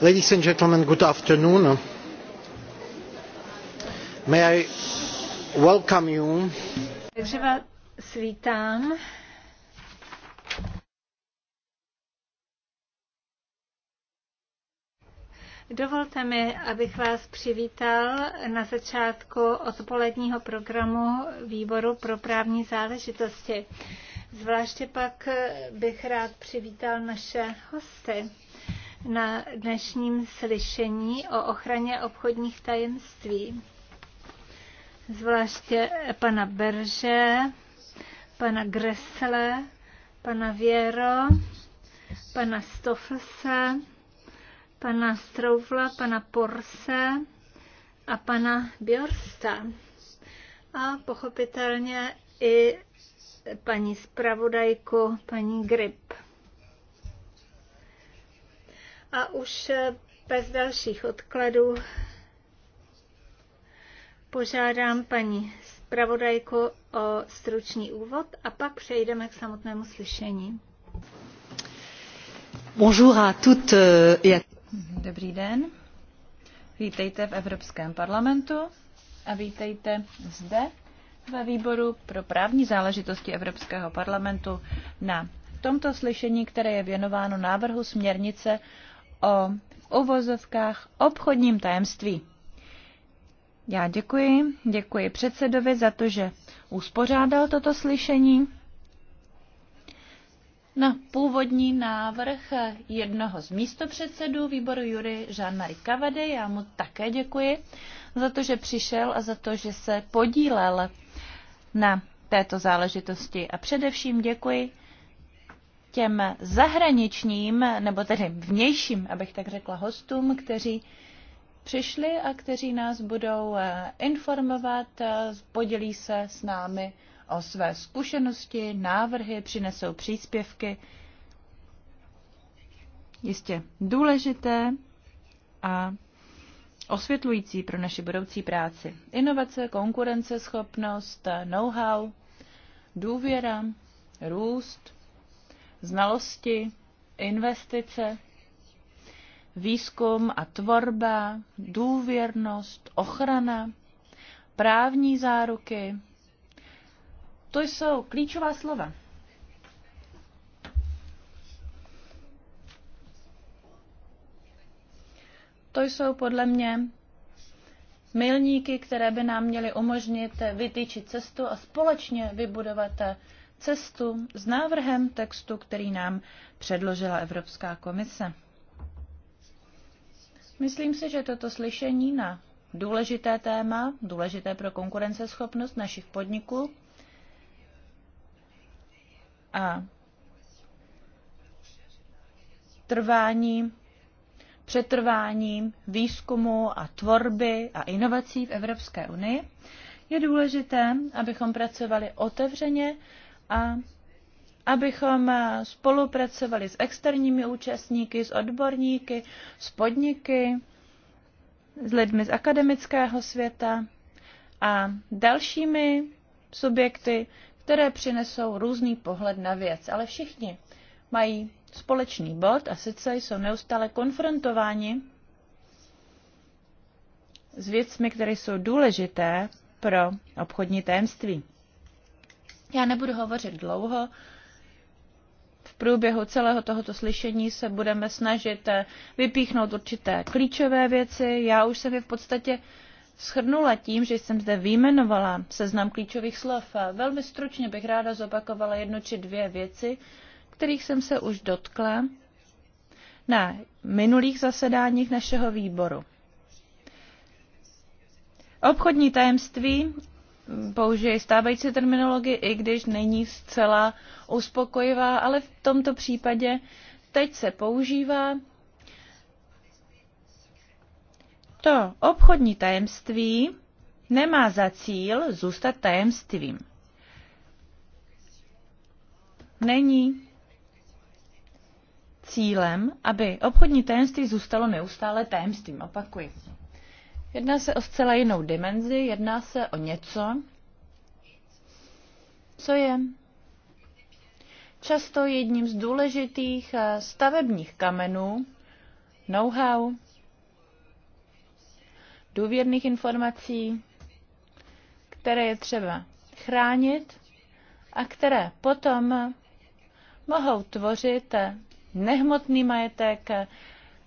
Ladies and gentlemen, good afternoon. May I welcome you. Takže vás vítám. Dovolte mi, abych vás přivítal na začátku odpoledního programu Výboru pro právní záležitosti. Zvláště pak bych rád přivítal naše hosty na dnešním slyšení o ochraně obchodních tajemství. Zvláště pana Berže, pana Gressle, pana Věro, pana Stoflse, pana Strouvla, pana Porse a pana Björsta A pochopitelně i paní zpravodajku, paní Grip a už eh, bez dalších odkladů požádám paní zpravodajku o stručný úvod a pak přejdeme k samotnému slyšení. Bonjour à toutes euh, et Dobrý den. Vítejte v Evropském parlamentu a vítejte zde ve výboru pro právní záležitosti Evropského parlamentu na tomto slyšení, které je věnováno návrhu směrnice o v uvozovkách obchodním tajemství. Já děkuji, děkuji předsedovi za to, že uspořádal toto slyšení. Na původní návrh jednoho z místopředsedů výboru Jury Jean-Marie Cavady, já mu také děkuji za to, že přišel a za to, že se podílel na této záležitosti. A především děkuji těm zahraničním, nebo tedy vnějším, abych tak řekla, hostům, kteří přišli a kteří nás budou eh, informovat, eh, podělí se s námi o své zkušenosti, návrhy, přinesou příspěvky. Jistě důležité a osvětlující pro naši budoucí práci. Inovace, konkurenceschopnost, eh, know-how, důvěra, růst – znalosti, investice, výzkum a tvorba, důvěrnost, ochrana, právní záruky. To jsou klíčová slova. To jsou podle mě milníky, které by nám měly umožnit vytýčit cestu a společně vybudovat cestu s návrhem textu, který nám předložila Evropská komise. Myslím si, že toto slyšení na důležité téma, důležité pro konkurenceschopnost našich podniků a trvání, přetrvání výzkumu a tvorby a inovací v Evropské unii, je důležité, abychom pracovali otevřeně a abychom spolupracovali s externími účastníky, s odborníky, s podniky, s lidmi z akademického světa a dalšími subjekty, které přinesou různý pohled na věc. Ale všichni mají společný bod a sice jsou neustále konfrontováni s věcmi, které jsou důležité pro obchodní tajemství. Já nebudu hovořit dlouho. V průběhu celého tohoto slyšení se budeme snažit eh, vypíchnout určité klíčové věci. Já už jsem je v podstatě shrnula tím, že jsem zde výjmenovala seznam klíčových slov. Velmi stručně bych ráda zopakovala jednu či dvě věci, kterých jsem se už dotkla na minulých zasedáních našeho výboru. Obchodní tajemství použije stávající terminologii, i když není zcela uspokojivá, ale v tomto případě teď se používá to obchodní tajemství nemá za cíl zůstat tajemstvím. Není cílem, aby obchodní tajemství zůstalo neustále tajemstvím. Opakuji. Jedná se o zcela jinou dimenzi, jedná se o něco, co je často jedním z důležitých eh, stavebních kamenů know-how, důvěrných informací, které je třeba chránit a které potom mohou tvořit eh, nehmotný majetek, eh,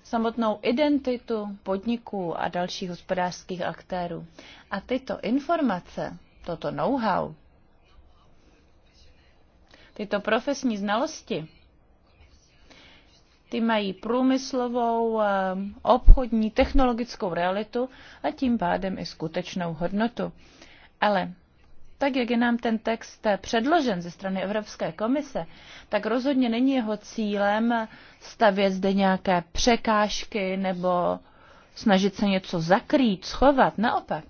samotnou identitu podniků a dalších hospodářských aktérů. A tyto informace, toto know-how, tyto profesní znalosti, ty mají průmyslovou, eh, obchodní, technologickou realitu a tím pádem i skutečnou hodnotu. Ale tak jak je nám ten text předložen ze strany Evropské komise, tak rozhodně není jeho cílem stavět zde nějaké překážky nebo snažit se něco zakrýt, schovat. Naopak,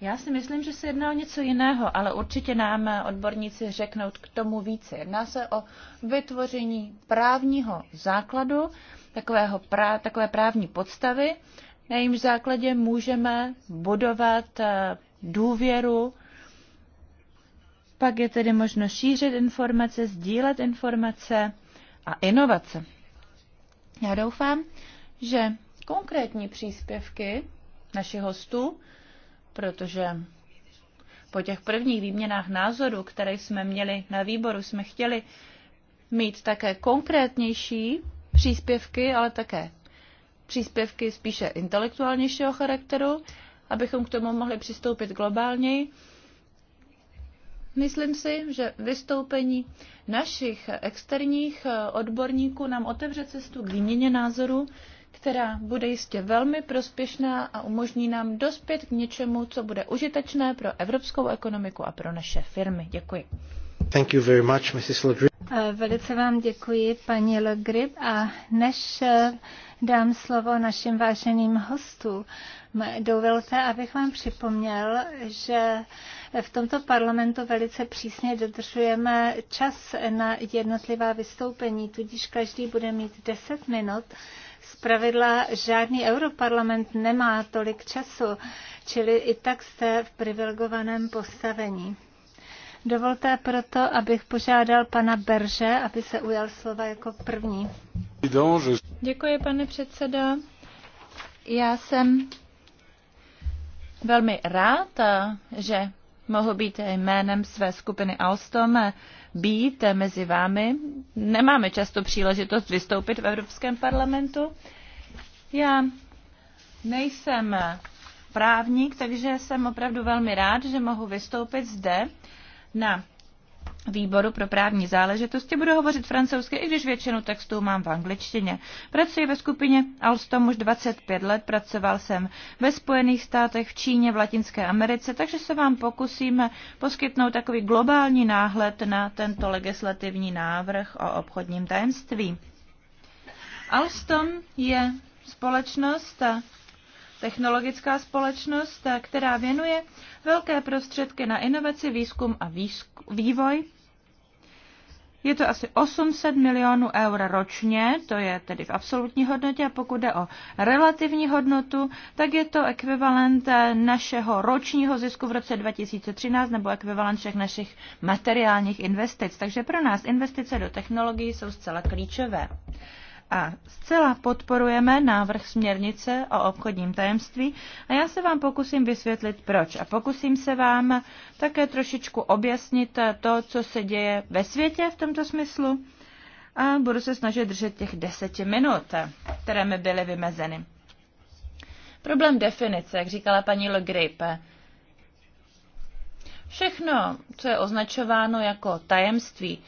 já si myslím, že se jedná o něco jiného, ale určitě nám odborníci řeknou k tomu více. Jedná se o vytvoření právního základu, takového prá- takové právní podstavy, na jejímž základě můžeme budovat důvěru pak je tedy možno šířit informace, sdílet informace a inovace. Já doufám, že konkrétní příspěvky našich hostů, protože po těch prvních výměnách názorů, které jsme měli na výboru, jsme chtěli mít také konkrétnější příspěvky, ale také příspěvky spíše intelektuálnějšího charakteru, abychom k tomu mohli přistoupit globálněji Myslím si, že vystoupení našich externích eh, odborníků nám otevře cestu k výměně názoru, která bude jistě velmi prospěšná a umožní nám dospět k něčemu, co bude užitečné pro evropskou ekonomiku a pro naše firmy. Děkuji. Thank you very much, Mrs. Eh, velice vám děkuji, paní Le a než eh, dám slovo našim váženým hostům, dovolte, abych vám připomněl, že v tomto parlamentu velice přísně dodržujeme čas na jednotlivá vystoupení, tudíž každý bude mít 10 minut. Z pravidla žádný europarlament nemá tolik času, čili i tak jste v privilegovaném postavení. Dovolte proto, abych požádal pana Berže, aby se ujal slova jako první. Děkuji, pane předsedo. Já jsem velmi rád, že mohl být jménem své skupiny Alstom být mezi vámi. Nemáme často příležitost vystoupit v Evropském parlamentu. Já nejsem právník, takže jsem opravdu velmi rád, že mohu vystoupit zde na výboru pro právní záležitosti budu hovořit francouzsky, i když většinu textů mám v angličtině. Pracuji ve skupině Alstom už 25 let, pracoval jsem ve Spojených státech, v Číně, v Latinské Americe, takže se vám pokusíme poskytnout takový globální náhled na tento legislativní návrh o obchodním tajemství. Alstom je společnost, technologická společnost, která věnuje velké prostředky na inovaci, výzkum a vývoj. Je to asi 800 milionů eur ročně, to je tedy v absolutní hodnotě a pokud jde o relativní hodnotu, tak je to ekvivalent eh, našeho ročního zisku v roce 2013 nebo ekvivalent všech našich materiálních investic. Takže pro nás investice do technologií jsou zcela klíčové a zcela podporujeme návrh směrnice o obchodním tajemství a já se vám pokusím vysvětlit proč a pokusím se vám také trošičku objasnit to, co se děje ve světě v tomto smyslu a budu se snažit držet těch deseti minut, které mi byly vymezeny. Problém definice, jak říkala paní Le všechno, co je označováno jako tajemství,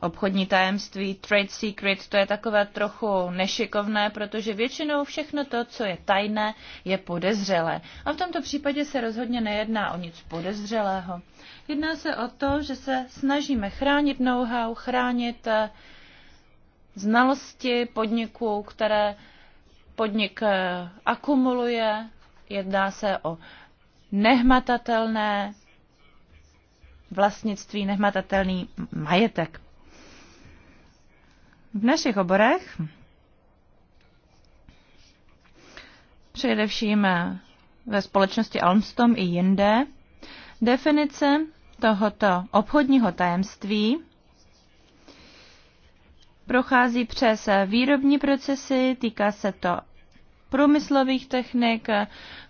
obchodní tajemství, trade secret, to je takové trochu nešikovné, protože většinou všechno to, co je tajné, je podezřelé. A v tomto případě se rozhodně nejedná o nic podezřelého. Jedná se o to, že se snažíme chránit know-how, chránit eh, znalosti podniků, které podnik eh, akumuluje. Jedná se o nehmatatelné vlastnictví, nehmatatelný majetek. V našich oborech, především ve společnosti Almstom i jinde, definice tohoto obchodního tajemství prochází přes výrobní procesy, týká se to průmyslových technik,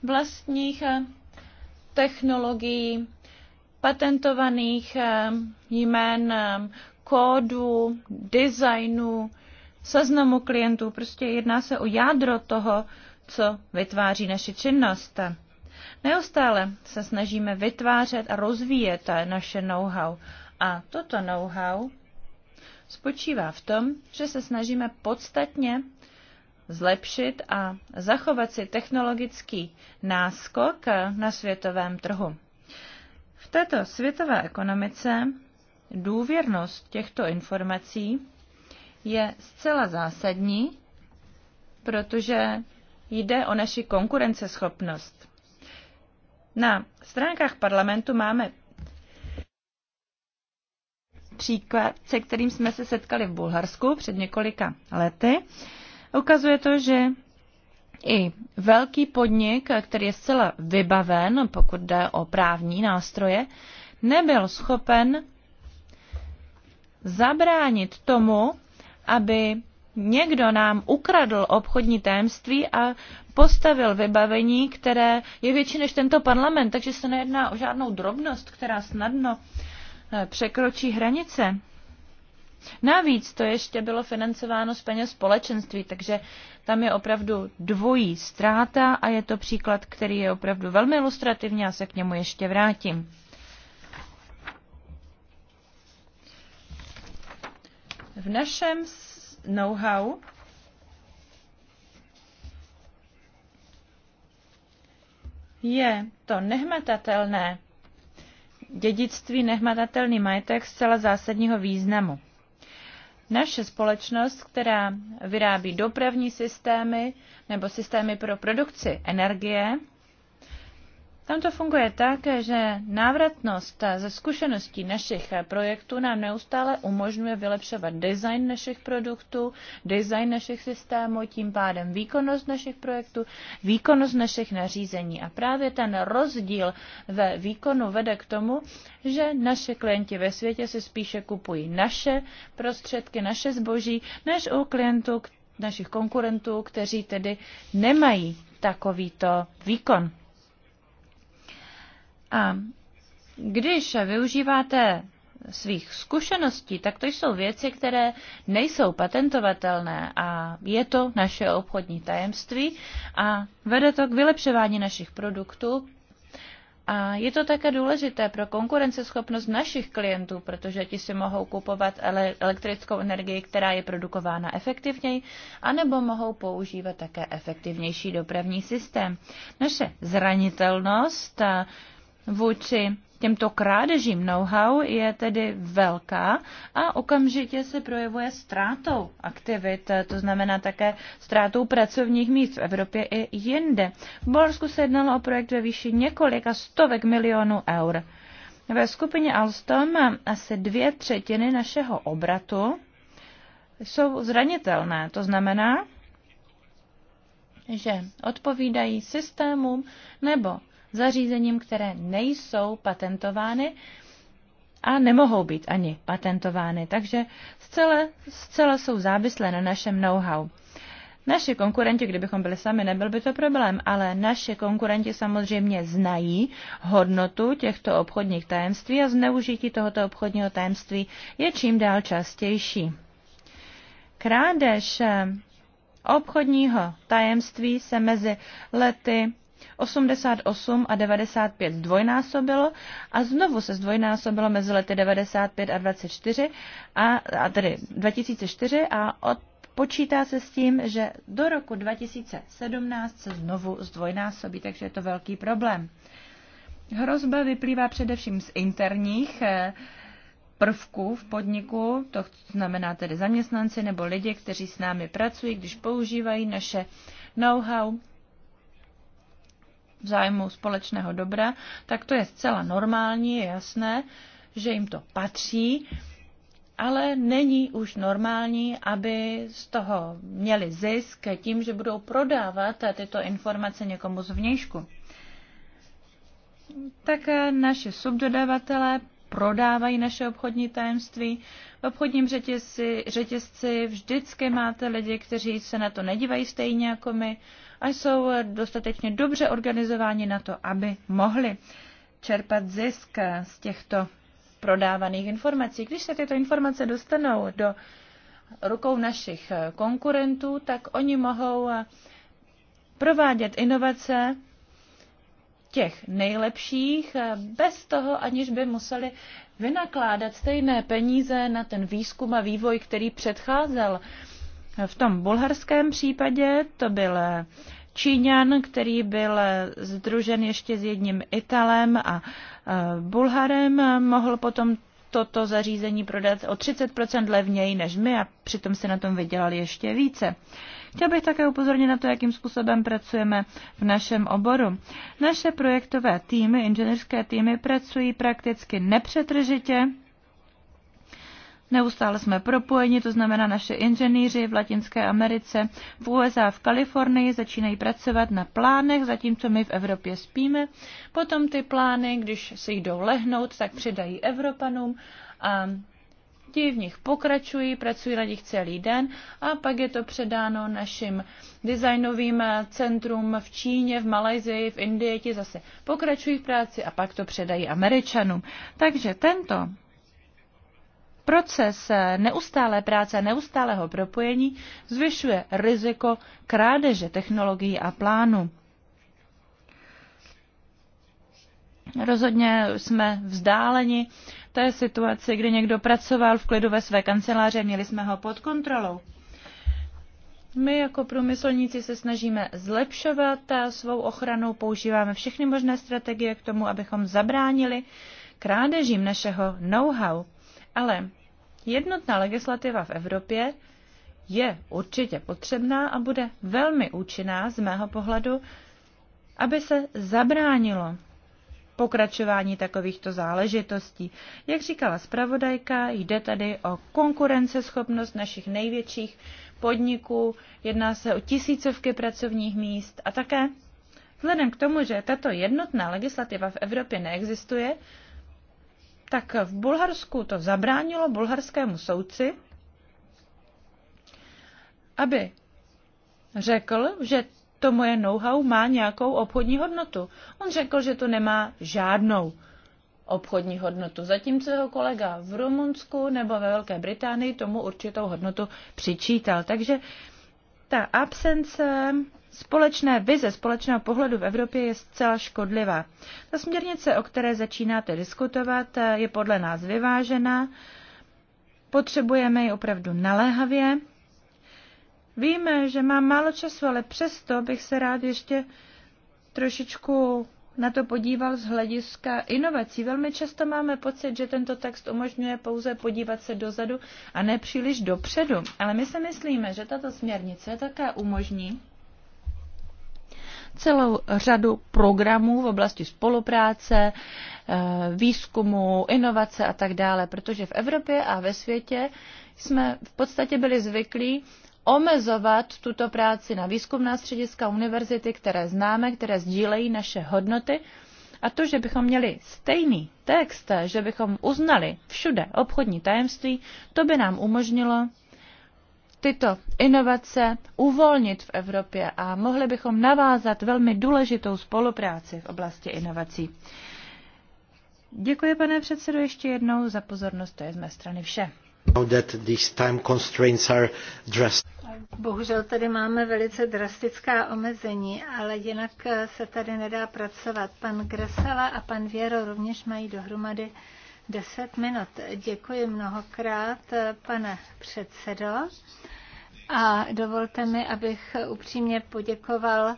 vlastních technologií, patentovaných jmén, kódu, designu, seznamu klientů. Prostě jedná se o jádro toho, co vytváří naše činnost. Neustále se snažíme vytvářet a rozvíjet naše know-how. A toto know-how spočívá v tom, že se snažíme podstatně zlepšit a zachovat si technologický náskok na světovém trhu. V této světové ekonomice důvěrnost těchto informací je zcela zásadní, protože jde o naši konkurenceschopnost. Na stránkách parlamentu máme příklad, se kterým jsme se setkali v Bulharsku před několika lety. Ukazuje to, že i velký podnik, který je zcela vybaven, pokud jde o právní nástroje, nebyl schopen zabránit tomu, aby někdo nám ukradl obchodní tajemství a postavil vybavení, které je větší než tento parlament, takže se nejedná o žádnou drobnost, která snadno eh, překročí hranice. Navíc to ještě bylo financováno z peněz společenství, takže tam je opravdu dvojí ztráta a je to příklad, který je opravdu velmi ilustrativní a se k němu ještě vrátím. v našem know-how je to nehmatatelné dědictví, nehmatatelný majetek zcela zásadního významu. Naše společnost, která vyrábí dopravní systémy nebo systémy pro produkci energie, tam to funguje tak, že návratnost ze zkušeností našich projektů nám neustále umožňuje vylepšovat design našich produktů, design našich systémů, tím pádem výkonnost našich projektů, výkonnost našich nařízení. A právě ten rozdíl ve výkonu vede k tomu, že naše klienti ve světě si spíše kupují naše prostředky, naše zboží, než u klientů našich konkurentů, kteří tedy nemají takovýto výkon. A když využíváte svých zkušeností, tak to jsou věci, které nejsou patentovatelné a je to naše obchodní tajemství a vede to k vylepšování našich produktů. A je to také důležité pro konkurenceschopnost našich klientů, protože ti si mohou kupovat elektrickou energii, která je produkována efektivněji, anebo mohou používat také efektivnější dopravní systém. Naše zranitelnost a vůči těmto krádežím know-how je tedy velká a okamžitě se projevuje ztrátou aktivit, to znamená také ztrátou pracovních míst v Evropě i jinde. V Bolsku se jednalo o projekt ve výši několika stovek milionů eur. Ve skupině Alstom asi dvě třetiny našeho obratu jsou zranitelné. To znamená, že odpovídají systémům nebo zařízením, které nejsou patentovány a nemohou být ani patentovány. Takže zcela, zcela jsou závislé na našem know-how. Naši konkurenti, kdybychom byli sami, nebyl by to problém, ale naši konkurenti samozřejmě znají hodnotu těchto obchodních tajemství a zneužití tohoto obchodního tajemství je čím dál častější. Krádež eh, obchodního tajemství se mezi lety 88 a 95 dvojnásobilo a znovu se zdvojnásobilo mezi lety 95 a 24, a, a tedy 2004 a od Počítá se s tím, že do roku 2017 se znovu zdvojnásobí, takže je to velký problém. Hrozba vyplývá především z interních eh, prvků v podniku, to znamená tedy zaměstnanci nebo lidi, kteří s námi pracují, když používají naše know-how, v zájmu společného dobra, tak to je zcela normální, je jasné, že jim to patří, ale není už normální, aby z toho měli zisk tím, že budou prodávat tyto informace někomu zvnějšku. Také naše subdodavatelé prodávají naše obchodní tajemství. V obchodním řetězci, řetězci vždycky máte lidi, kteří se na to nedívají stejně jako my a jsou dostatečně dobře organizováni na to, aby mohli čerpat zisk z těchto prodávaných informací. Když se tyto informace dostanou do rukou našich konkurentů, tak oni mohou provádět inovace těch nejlepších eh, bez toho, aniž by museli vynakládat stejné peníze na ten výzkum a vývoj, který předcházel. V tom bulharském případě to byl eh, Číňan, který byl eh, združen ještě s jedním Italem a Bulharem, mohl potom toto zařízení prodat o 30 levněji než my a přitom se na tom vydělal ještě více. Uh, Chtěl bych také upozornit na to, jakým způsobem pracujeme v našem oboru. Naše projektové týmy, inženýrské týmy pracují prakticky nepřetržitě, Neustále jsme propojeni, to znamená naše inženýři v Latinské Americe, v USA, v Kalifornii začínají pracovat na plánech, zatímco my v Evropě spíme. Potom ty plány, když se jdou lehnout, tak předají Evropanům a ti v nich pokračují, pracují na nich celý den a pak je to předáno našim designovým centrum v Číně, v Malajzii, v Indii, ti zase pokračují v práci a pak to předají Američanům. Takže tento proces neustálé práce a neustálého propojení zvyšuje riziko krádeže technologií a plánu. Rozhodně jsme vzdáleni té situaci, kdy někdo pracoval v klidu ve své kanceláři, měli jsme ho pod kontrolou. My jako průmyslníci se snažíme zlepšovat svou ochranu, používáme všechny možné strategie k tomu, abychom zabránili krádežím našeho know-how. Ale jednotná legislativa v Evropě je určitě potřebná a bude velmi účinná z mého pohledu, aby se zabránilo pokračování takovýchto záležitostí. Jak říkala zpravodajka, jde tady o konkurenceschopnost našich největších podniků, jedná se o tisícovky pracovních míst a také vzhledem k tomu, že tato jednotná legislativa v Evropě neexistuje, tak v Bulharsku to zabránilo bulharskému soudci, aby řekl, že to moje know-how má nějakou obchodní hodnotu. On řekl, že to nemá žádnou obchodní hodnotu, zatímco jeho kolega v Rumunsku nebo ve Velké Británii tomu určitou hodnotu přičítal. Takže ta absence společné vize, společného pohledu v Evropě je zcela škodlivá. Ta směrnice, o které začínáte diskutovat, je podle nás vyvážená. Potřebujeme ji opravdu naléhavě. Víme, že mám málo času, ale přesto bych se rád ještě trošičku na to podíval z hlediska inovací. Velmi často máme pocit, že tento text umožňuje pouze podívat se dozadu a ne příliš dopředu. Ale my si myslíme, že tato směrnice také umožní celou řadu programů v oblasti spolupráce, eh, výzkumu, inovace a tak dále, protože v Evropě a ve světě jsme v podstatě byli zvyklí omezovat tuto práci na výzkumná střediska univerzity, které známe, které sdílejí naše hodnoty. A to, že bychom měli stejný text, že bychom uznali všude obchodní tajemství, to by nám umožnilo tyto inovace uvolnit v Evropě a mohli bychom navázat velmi důležitou spolupráci v oblasti inovací. Děkuji, pane předsedo, ještě jednou za pozornost. To je z mé strany vše. Bohužel tady máme velice drastická omezení, ale jinak se tady nedá pracovat. Pan Gresala a pan Věro rovněž mají dohromady 10 minut. Děkuji mnohokrát, pane předsedo. A dovolte mi, abych upřímně poděkoval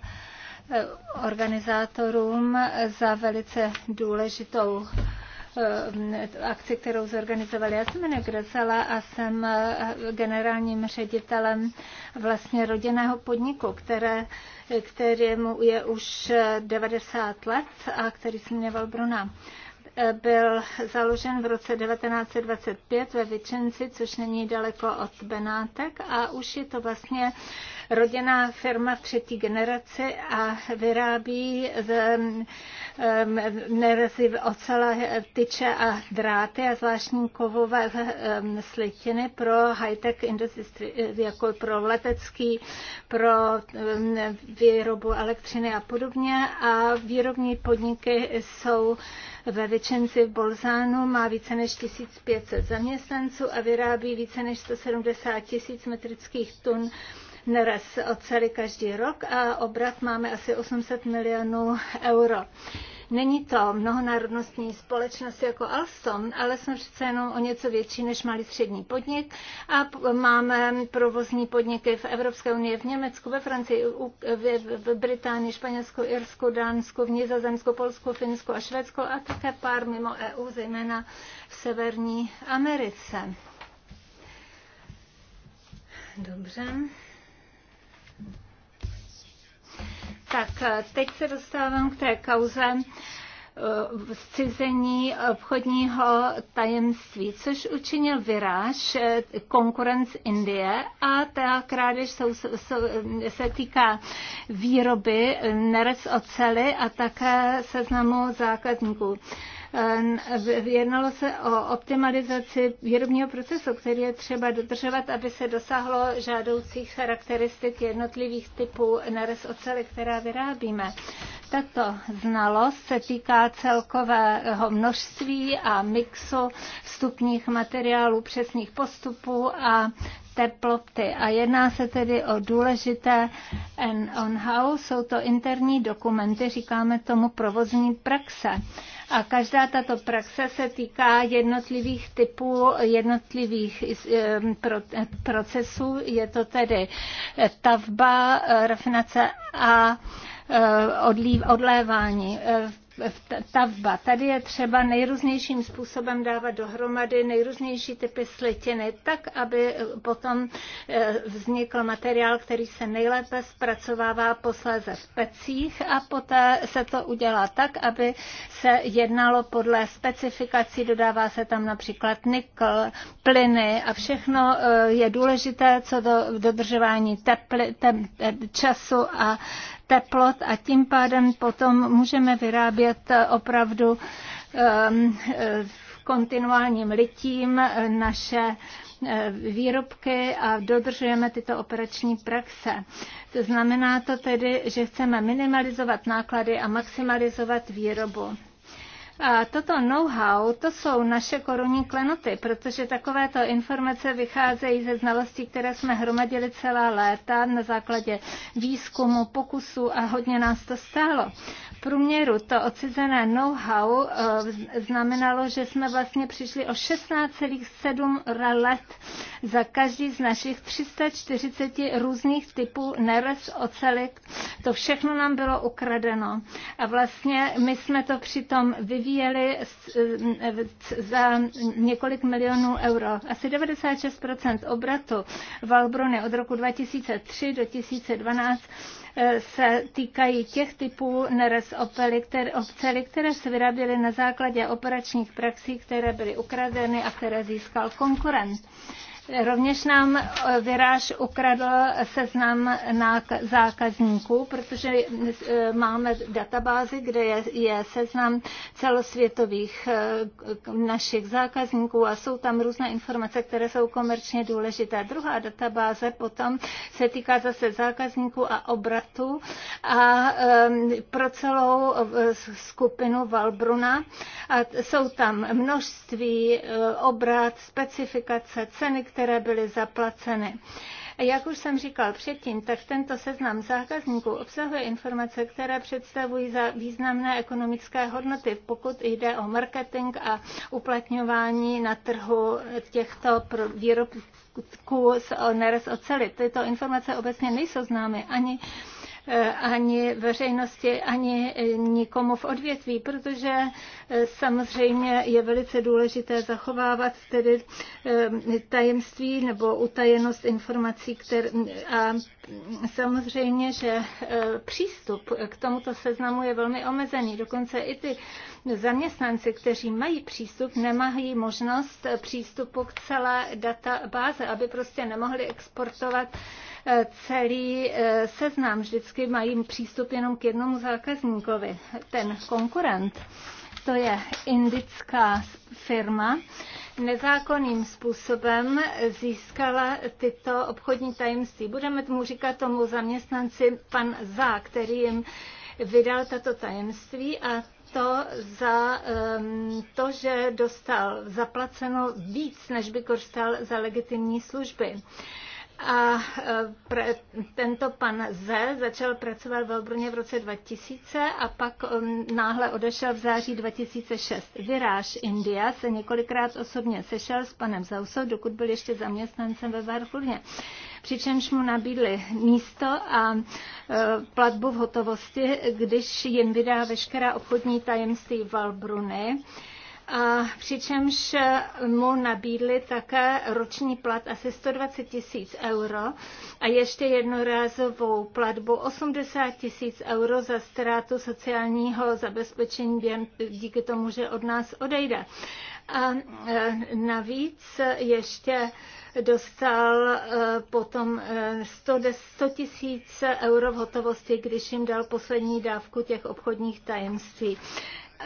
eh, organizátorům za velice důležitou Eh, akci, kterou zorganizovali. Já jsem jmenuji Grecela a jsem eh, generálním ředitelem vlastně rodinného podniku, které, kterému je už 90 eh, let a který se jmenoval Bruna byl založen v roce 1925 ve Vičenci, což není daleko od Benátek a už je to vlastně rodinná firma v třetí generaci a vyrábí z, nerezy ocela, tyče a dráty a zvláštní kovové slitiny pro high-tech industry, jako pro letecký, pro výrobu elektřiny a podobně. A výrobní podniky jsou ve Vičenci v Bolzánu, má více než 1500 zaměstnanců a vyrábí více než 170 tisíc metrických tun neraz oceli každý rok a obrat máme asi 800 milionů euro. Není to mnohonárodnostní společnost jako Alstom, ale jsme přece jenom o něco větší než malý střední podnik a máme provozní podniky v Evropské unii, v Německu, ve Francii, v Británii, Španělsku, Irsku, Dánsku, v Nizozemsku, Polsku, Finsku a Švédsku a také pár mimo EU, zejména v Severní Americe. Dobře. Tak eh, teď se dostávám k té kauze eh, zcizení obchodního tajemství, což učinil Viráž, eh, konkurenc Indie a ta krádež jsou, jsou, se týká výroby nerec ocely a také seznamu základníků. Jednalo se o optimalizaci výrobního procesu, který je třeba dodržovat, aby se dosáhlo žádoucích charakteristik jednotlivých typů nerez ocely, která vyrábíme. Tato znalost se týká celkového množství a mixu vstupních materiálů, přesných postupů a teploty. A jedná se tedy o důležité and on how. Jsou to interní dokumenty, říkáme tomu provozní praxe. A každá tato praxe se týká jednotlivých typů, jednotlivých eh, procesů. Je to tedy eh, tavba, eh, rafinace a Eh, odlív, odlévání, eh, stavba. Tady je třeba nejrůznějším způsobem dávat dohromady nejrůznější typy slitiny, tak, aby eh, potom vznikl materiál, který se nejlépe zpracovává posléze v pecích a poté se to udělá tak, aby se jednalo podle specifikací, dodává se tam například nikl, plyny a všechno je důležité co do dodržování tepli, te, času a teplot a tím pádem potom můžeme vyrábět opravdu ehm, kontinuálním litím naše eh, výrobky a dodržujeme tyto operační praxe. To znamená to tedy, že chceme minimalizovat náklady a maximalizovat výrobu. A toto know-how, to jsou naše korunní klenoty, protože takovéto informace vycházejí ze znalostí, které jsme hromadili celá léta na základě výzkumu, pokusů a hodně nás to stálo průměru to odcizené know-how eh, znamenalo, že jsme vlastně přišli o 16,7 let za každý z našich 340 různých typů nerez, oceli. To všechno nám bylo ukradeno. A vlastně my jsme to přitom vyvíjeli eh, eh, za několik milionů euro. Asi 96% obratu Valbrony od roku 2003 do 2012 se týkají těch typů nerez opely, které, obcely, které se vyráběly na základě operačních praxí, které byly ukradeny a které získal konkurent. Rovněž nám eh, Viráž ukradl seznam zákazníků, protože eh, máme databázi, kde je, je seznam celosvětových eh, našich zákazníků a jsou tam různé informace, které jsou komerčně důležité. Druhá databáze potom se týká zase zákazníků a obratu a ehm, pro celou skupinu Valbruna. A jsou tam množství, obrat, specifikace, ceny, které které byly zaplaceny. Jak už jsem říkal předtím, tak tento seznam zákazníků obsahuje informace, které představují za významné ekonomické hodnoty, pokud jde o marketing a uplatňování na trhu těchto výrobků z nerez oceli. Tyto informace obecně nejsou známy ani Eh, ani veřejnosti, ani nikomu v odvětví, protože eh, samozřejmě je velice důležité zachovávat tedy eh, tajemství nebo utajenost informací které, a samozřejmě, že přístup k tomuto seznamu je velmi omezený. Dokonce i ty zaměstnanci, kteří mají přístup, nemají možnost přístupu k celé databáze, aby prostě nemohli exportovat Eh, celý eh, seznam. Vždycky mají přístup jenom k jednomu zákazníkovi. Ten konkurent, to je indická firma, nezákonným způsobem získala tyto obchodní tajemství. Budeme tomu říkat tomu zaměstnanci pan Zá, který jim vydal tato tajemství a to za um, to, že dostal zaplaceno víc, než by korstal za legitimní služby. A e, pre, tento pan Z začal pracovat v Elbruně v roce 2000 a pak e, náhle odešel v září 2006. Viráž India se několikrát osobně sešel s panem Zausou, dokud byl ještě zaměstnancem ve Varfurně. Přičemž mu nabídli místo a e, platbu v hotovosti, když jim vydá veškerá obchodní tajemství Valbruny a přičemž mu nabídli také roční plat asi 120 tisíc euro a ještě jednorázovou platbu 80 tisíc euro za ztrátu sociálního zabezpečení díky tomu, že od nás odejde. A e, navíc ještě dostal e, potom 100 e, tisíc euro v hotovosti, když jim dal poslední dávku těch obchodních tajemství.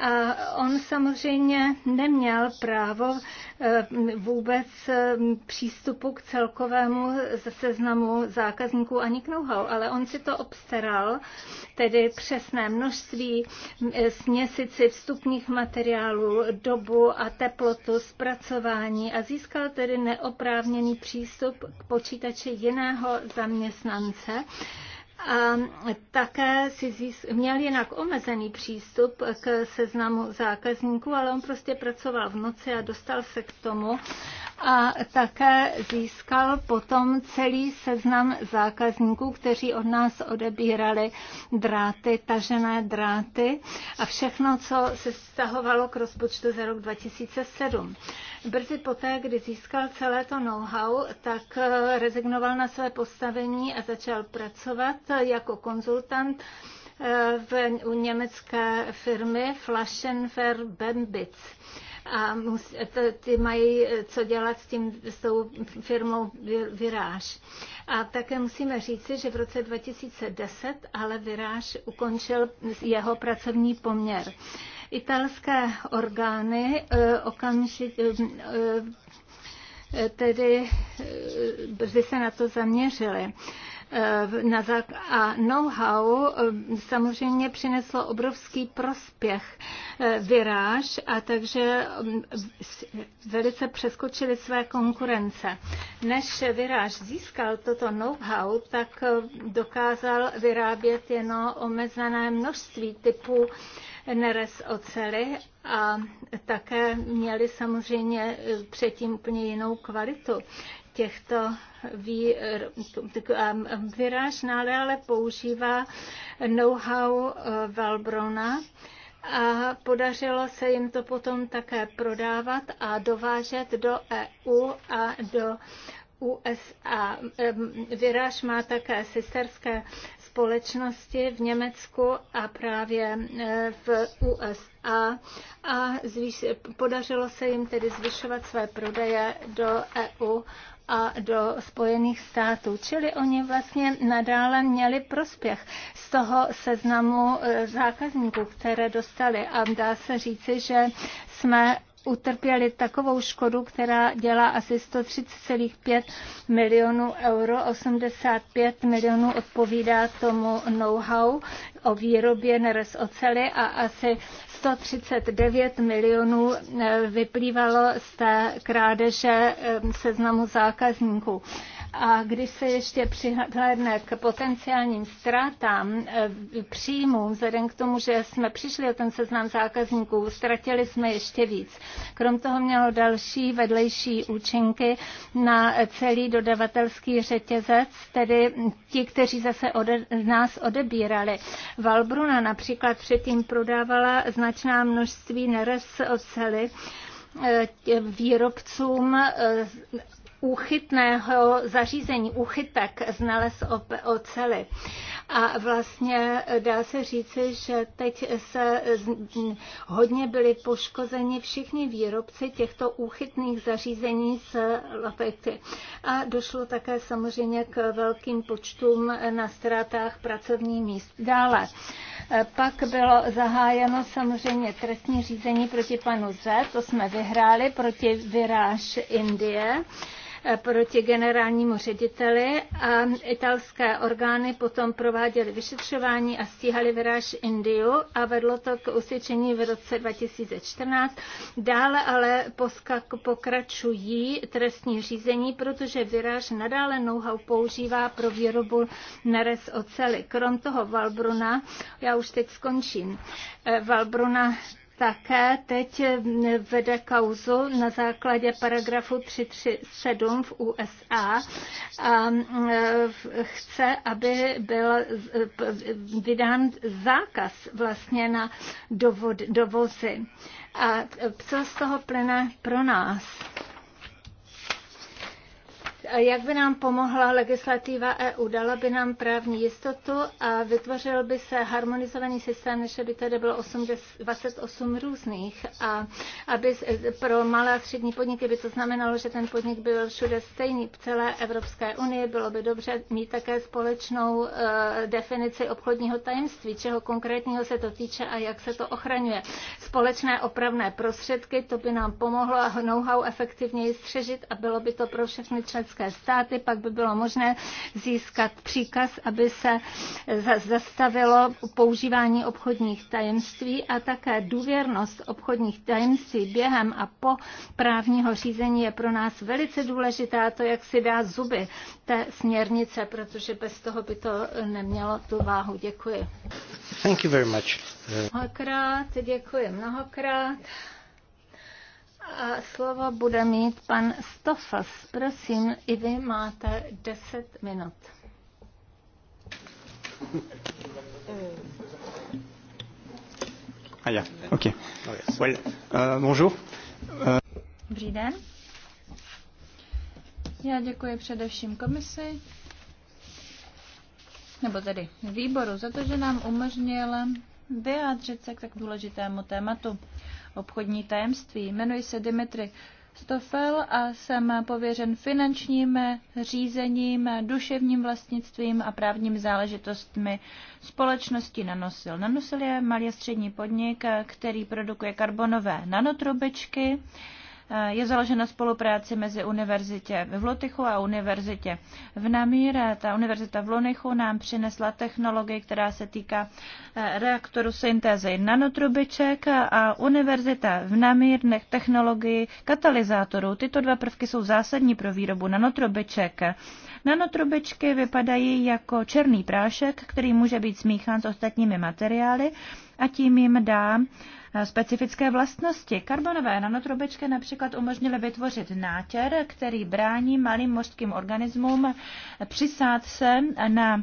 A on samozřejmě neměl právo eh, vůbec eh, přístupu k celkovému seznamu zákazníků ani k know-how, ale on si to obstaral, tedy přesné množství, eh, směsici vstupních materiálů, dobu a teplotu zpracování a získal tedy neoprávněný přístup k počítači jiného zaměstnance a také si zís, měl jinak omezený přístup k seznamu zákazníků, ale on prostě pracoval v noci a dostal se k tomu a také získal potom celý seznam zákazníků, kteří od nás odebírali dráty, tažené dráty a všechno, co se stahovalo k rozpočtu za rok 2007. Brzy poté, kdy získal celé to know-how, tak eh, rezignoval na své postavení a začal pracovat jako konzultant eh, v, u německé firmy Flaschenfer Bembitz a mus, ty mají eh, co dělat s, tím, s tou firmou Viráž. A také musíme říci, že v roce 2010 ale Viráž ukončil jeho pracovní poměr. Italské orgány eh, okamžitě eh, eh, tedy brzy se na to zaměřily. Eh, a know-how eh, samozřejmě přineslo obrovský prospěch eh, vyráž a takže mm, velice přeskočili své konkurence. Než vyráž získal toto know-how, tak dokázal vyrábět jenom omezené množství typů nerez ocely a také měli samozřejmě předtím úplně jinou kvalitu těchto Viráž um, nále ale používá know-how uh, Valbrona a podařilo se jim to potom také prodávat a dovážet do EU a do USA. Um, Vyráž má také sisterské společnosti v Německu a právě uh, v USA a zvýš- podařilo se jim tedy zvyšovat své prodeje do EU a do Spojených států. Čili oni vlastně nadále měli prospěch z toho seznamu e, zákazníků, které dostali. A dá se říci, že jsme utrpěli takovou škodu, která dělá asi 130,5 milionů euro, 85 milionů odpovídá tomu know-how o výrobě nerez oceli a asi 139 milionů eh, vyplývalo z té krádeže eh, seznamu zákazníků. A když se ještě přihlédne k potenciálním ztrátám eh, příjmů, vzhledem k tomu, že jsme přišli o ten seznam zákazníků, ztratili jsme ještě víc. Krom toho mělo další vedlejší účinky na celý dodavatelský řetězec, tedy ti, kteří zase ode, nás odebírali. Valbruna například předtím prodávala značná množství nerez oceli eh, výrobcům eh, úchytného zařízení, úchytek z nález ocely. A vlastně dá se říci, že teď se hodně byli poškozeni všichni výrobci těchto úchytných zařízení z lapety. A došlo také samozřejmě k velkým počtům na ztrátách pracovních míst. Dále. Pak bylo zahájeno samozřejmě trestní řízení proti panu Z, to jsme vyhráli proti Viráž Indie proti generálnímu řediteli a italské orgány potom prováděly vyšetřování a stíhali vyráž Indiu a vedlo to k usvědčení v roce 2014. Dále ale pokračují trestní řízení, protože vyráž nadále know-how používá pro výrobu nerez oceli. Krom toho Valbruna, já už teď skončím, eh, Valbruna také teď vede kauzu na základě paragrafu 337 v USA a chce, aby byl vydán zákaz vlastně na dovod, dovozy. A co z toho plyne pro nás? Jak by nám pomohla legislativa EU? Dala by nám právní jistotu a vytvořil by se harmonizovaný systém, než by tady bylo 8, 28 různých. A aby pro malé a střední podniky by to znamenalo, že ten podnik byl všude stejný v celé Evropské unii. Bylo by dobře mít také společnou e, definici obchodního tajemství, čeho konkrétního se to týče a jak se to ochraňuje. Společné opravné prostředky, to by nám pomohlo know-how efektivněji střežit a bylo by to pro všechny členské členské státy, pak by bylo možné získat příkaz, aby se zastavilo používání obchodních tajemství a také důvěrnost obchodních tajemství během a po právního řízení je pro nás velice důležitá, to jak si dá zuby té směrnice, protože bez toho by to nemělo tu váhu. Děkuji. Thank you very much. Mnohokrát, děkuji mnohokrát. A slovo bude mít pan Stofas. Prosím, i vy máte 10 minut. Ah, yeah. okay. Oh, well, uh, bonjour. Uh... Dobrý den. Já děkuji především komisi, nebo tedy výboru, za to, že nám umožnil vyjádřit se k tak důležitému tématu obchodní tajemství. Jmenuji se Dimitri Stofel a jsem pověřen finančním řízením, duševním vlastnictvím a právním záležitostmi společnosti Nanosil. Nanosil je malý a střední podnik, který produkuje karbonové nanotrubečky. Eh, je založen na spolupráci mezi univerzitě v Lutychu a univerzitě v Namír. Eh, ta univerzita v Lunichu nám přinesla technologii, která se týká eh, reaktoru syntézy nanotrubiček a univerzita v Namír technologii katalyzátorů. Tyto dva prvky jsou zásadní pro výrobu nanotrubiček. Nanotrubičky vypadají jako černý prášek, který může být smíchán s ostatními materiály a tím jim dá specifické vlastnosti. Karbonové nanotrubečky například umožnily vytvořit nátěr, který brání malým mořským organismům přisát se na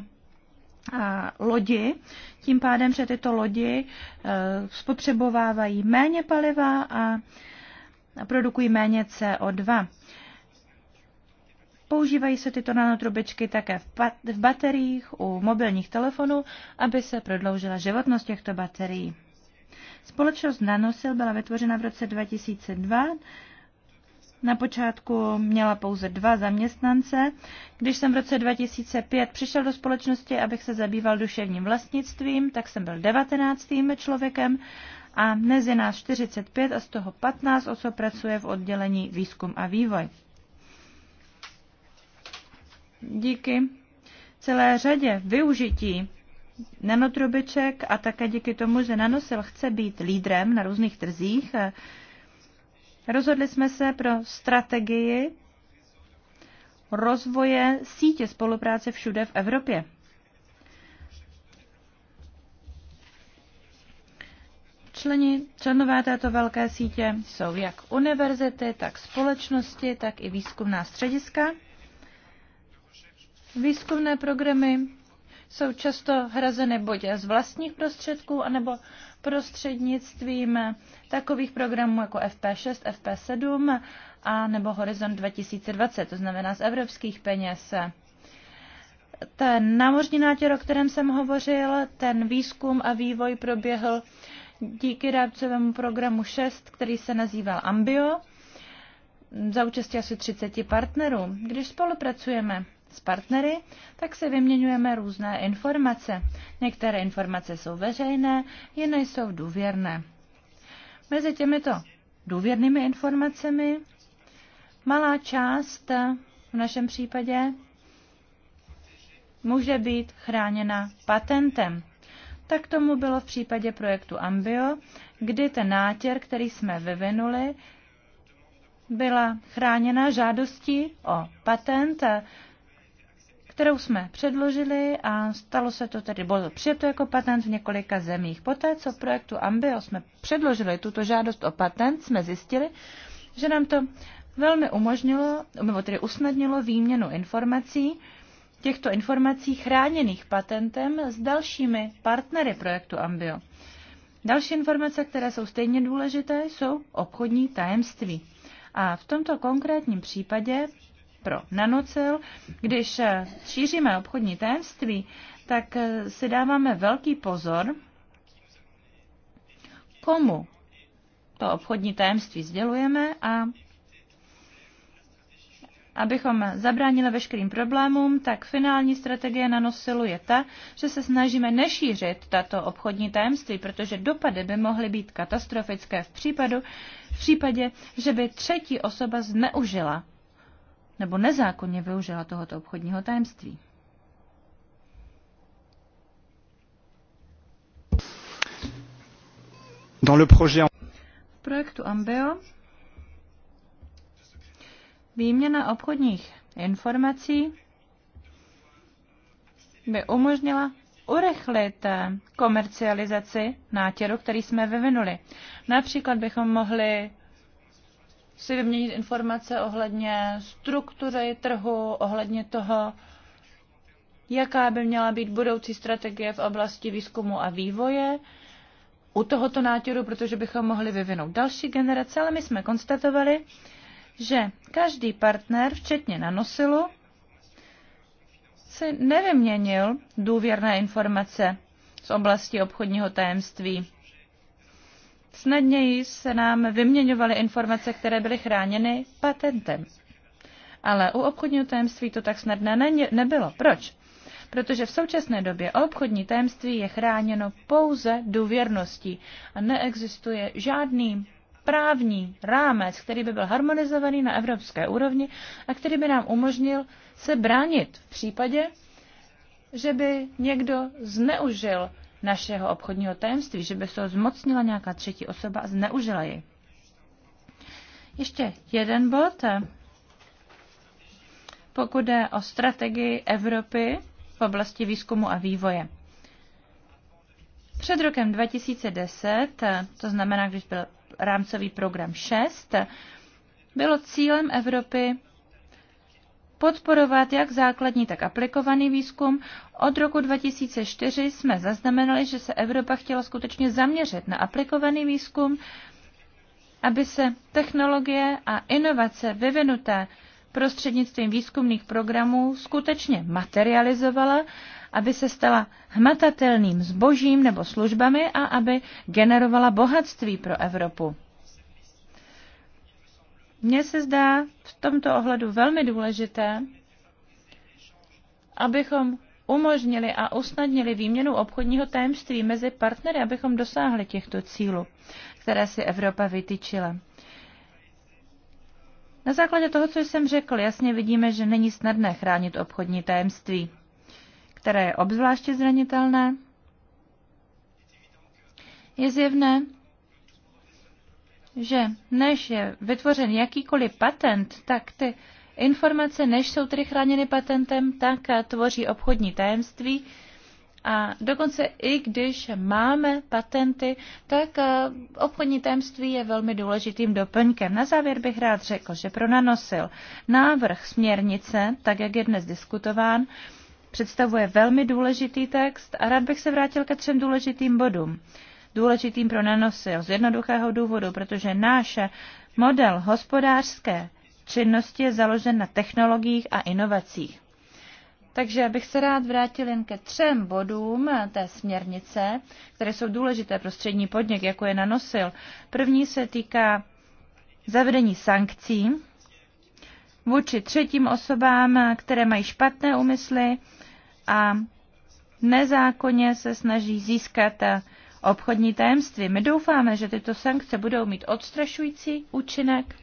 lodi, tím pádem, že tyto lodi e, spotřebovávají méně paliva a produkují méně CO2. Používají se tyto nanotrubičky také v, v bateriích u mobilních telefonů, aby se prodloužila životnost těchto baterií. Společnost Nanosil byla vytvořena v roce 2002. Na počátku měla pouze dva zaměstnance. Když jsem v roce 2005 přišel do společnosti, abych se zabýval duševním vlastnictvím, tak jsem byl 19. člověkem a dnes je nás 45 a z toho 15 osob pracuje v oddělení výzkum a vývoj. Díky celé řadě využití nanotrubiček a také díky tomu, že nanosil chce být lídrem na různých trzích, eh, rozhodli jsme se pro strategii rozvoje sítě spolupráce všude v Evropě. Členi, členové této velké sítě jsou jak univerzity, tak společnosti, tak i výzkumná střediska. Výzkumné programy jsou často hrazeny buď z vlastních prostředků, anebo prostřednictvím takových programů jako FP6, FP7 a nebo Horizon 2020, to znamená z evropských peněz. Ten námořní nátěr, o kterém jsem hovořil, ten výzkum a vývoj proběhl díky rámcovému programu 6, který se nazýval Ambio, za účastí asi 30 partnerů. Když spolupracujeme, s partnery, tak si vyměňujeme různé informace. Některé informace jsou veřejné, jiné jsou důvěrné. Mezi těmito důvěrnými informacemi malá část v našem případě může být chráněna patentem. Tak tomu bylo v případě projektu Ambio, kdy ten nátěr, který jsme vyvinuli, byla chráněna žádostí o patent kterou jsme předložili a stalo se to tedy, bylo přijeto jako patent v několika zemích. Poté, co projektu Ambio jsme předložili tuto žádost o patent, jsme zjistili, že nám to velmi umožnilo, nebo tedy usnadnilo výměnu informací, těchto informací chráněných patentem s dalšími partnery projektu Ambio. Další informace, které jsou stejně důležité, jsou obchodní tajemství. A v tomto konkrétním případě pro nanocel. Když eh, šíříme obchodní tajemství, tak eh, si dáváme velký pozor, komu to obchodní tajemství sdělujeme a Abychom zabránili veškerým problémům, tak finální strategie nanosilu je ta, že se snažíme nešířit tato obchodní tajemství, protože dopady by mohly být katastrofické v, případu, v případě, že by třetí osoba zneužila nebo nezákonně využila tohoto obchodního tajemství. Dans le projet... V projektu Ambeo výměna obchodních informací by umožnila urychlit komercializaci nátěru, který jsme vyvinuli. Například bychom mohli si vyměnit informace ohledně struktury trhu, ohledně toho, jaká by měla být budoucí strategie v oblasti výzkumu a vývoje u tohoto nátěru, protože bychom mohli vyvinout další generace, ale my jsme konstatovali, že každý partner, včetně nanosilu, si nevyměnil důvěrné informace z oblasti obchodního tajemství Snadněji se nám vyměňovaly informace, které byly chráněny patentem. Ale u obchodního tajemství to tak snadné ne- nebylo. Proč? Protože v současné době obchodní tajemství je chráněno pouze důvěrností a neexistuje žádný právní rámec, který by byl harmonizovaný na evropské úrovni a který by nám umožnil se bránit v případě, že by někdo zneužil našeho obchodního tajemství, že by se ho zmocnila nějaká třetí osoba a zneužila ji. Ještě jeden bod. Pokud jde o strategii Evropy v oblasti výzkumu a vývoje. Před rokem 2010, to znamená, když byl rámcový program 6, bylo cílem Evropy podporovat jak základní, tak aplikovaný výzkum. Od roku 2004 jsme zaznamenali, že se Evropa chtěla skutečně zaměřit na aplikovaný výzkum, aby se technologie a inovace vyvinuté prostřednictvím výzkumných programů skutečně materializovala, aby se stala hmatatelným zbožím nebo službami a aby generovala bohatství pro Evropu. Mně se zdá v tomto ohledu velmi důležité, abychom umožnili a usnadnili výměnu obchodního tajemství mezi partnery, abychom dosáhli těchto cílů, které si Evropa vytyčila. Na základě toho, co jsem řekl, jasně vidíme, že není snadné chránit obchodní tajemství, které je obzvláště zranitelné. Je zjevné, že než je vytvořen jakýkoliv patent, tak ty informace, než jsou tedy chráněny patentem, tak tvoří obchodní tajemství. A dokonce i když máme patenty, tak eh, obchodní tajemství je velmi důležitým doplňkem. Na závěr bych rád řekl, že pro nanosil návrh směrnice, tak jak je dnes diskutován, představuje velmi důležitý text a rád bych se vrátil ke třem důležitým bodům důležitým pro nanosil. Z jednoduchého důvodu, protože náš model hospodářské činnosti je založen na technologiích a inovacích. Takže bych se rád vrátil jen ke třem bodům té směrnice, které jsou důležité pro střední podnik, jako je nanosil. První se týká zavedení sankcí vůči třetím osobám, které mají špatné úmysly a nezákonně se snaží získat obchodní tajemství. My doufáme, že tyto sankce budou mít odstrašující účinek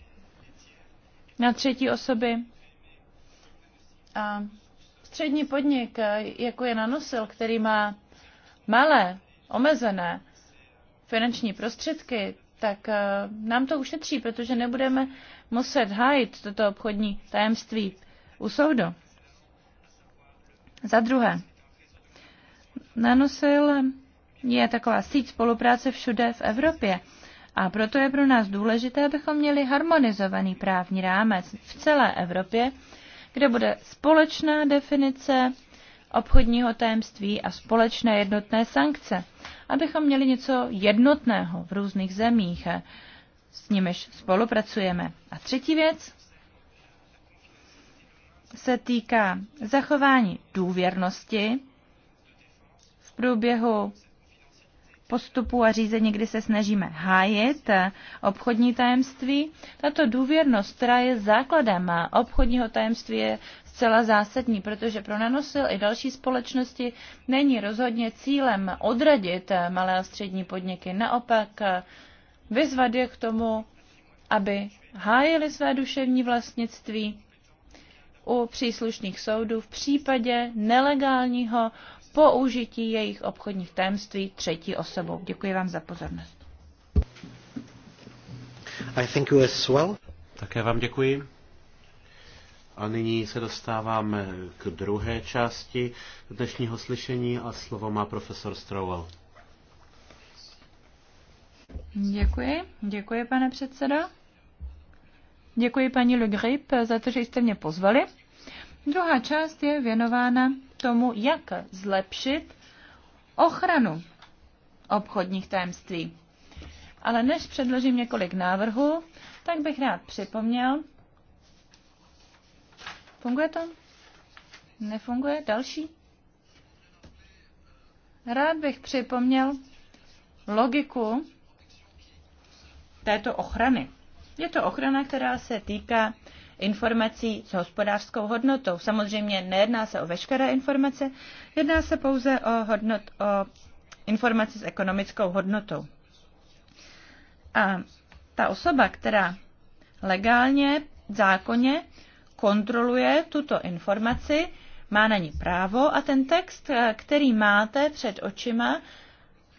na třetí osoby. A střední podnik, jako je Nanosil, který má malé, omezené finanční prostředky, tak eh, nám to ušetří, protože nebudeme muset hájit toto obchodní tajemství u soudu. Za druhé, Nanosil je taková síť spolupráce všude v Evropě. A proto je pro nás důležité, abychom měli harmonizovaný právní rámec v celé Evropě, kde bude společná definice obchodního tajemství a společné jednotné sankce, abychom měli něco jednotného v různých zemích, s nimiž spolupracujeme. A třetí věc se týká zachování důvěrnosti v průběhu postupů a řízení, kdy se snažíme hájit obchodní tajemství. Tato důvěrnost, která je základem obchodního tajemství, je zcela zásadní, protože pro Nanosil i další společnosti není rozhodně cílem odradit malé a střední podniky. Naopak vyzvat je k tomu, aby hájili své duševní vlastnictví u příslušných soudů v případě nelegálního použití jejich obchodních tajemství třetí osobou. Děkuji vám za pozornost. I thank you as well. Také vám děkuji. A nyní se dostáváme k druhé části dnešního slyšení a slovo má profesor Strouval. Děkuji, děkuji pane předsedo. Děkuji paní Le Grip za to, že jste mě pozvali. Druhá část je věnována tomu, jak zlepšit ochranu obchodních tajemství. Ale než předložím několik návrhů, tak bych rád připomněl. Funguje to? Nefunguje? Další? Rád bych připomněl logiku této ochrany. Je to ochrana, která se týká informací s hospodářskou hodnotou. Samozřejmě nejedná se o veškeré informace, jedná se pouze o, hodnot, o informaci s ekonomickou hodnotou. A ta osoba, která legálně, zákonně kontroluje tuto informaci, má na ní právo a ten text, který máte před očima,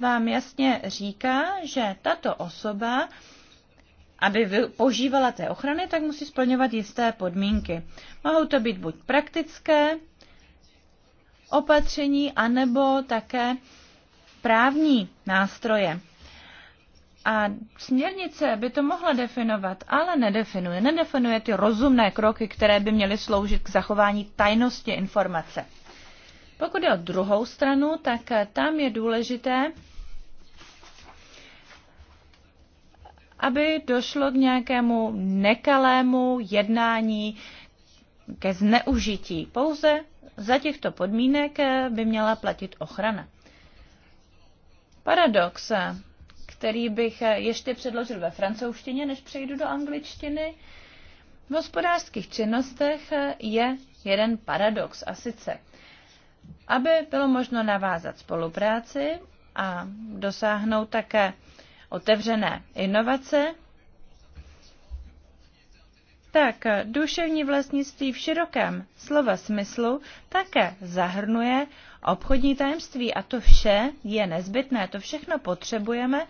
vám jasně říká, že tato osoba aby požívala té ochrany, tak musí splňovat jisté podmínky. Mohou to být buď praktické opatření, anebo také právní nástroje. A směrnice by to mohla definovat, ale nedefinuje. Nedefinuje ty rozumné kroky, které by měly sloužit k zachování tajnosti informace. Pokud je o druhou stranu, tak tam je důležité, aby došlo k nějakému nekalému jednání, ke zneužití. Pouze za těchto podmínek eh, by měla platit ochrana. Paradox, eh, který bych eh, ještě předložil ve francouzštině, než přejdu do angličtiny, v hospodářských činnostech je jeden paradox a sice, aby bylo možno navázat spolupráci a dosáhnout také otevřené inovace, tak duševní vlastnictví v širokém slova smyslu také zahrnuje obchodní tajemství a to vše je nezbytné, to všechno potřebujeme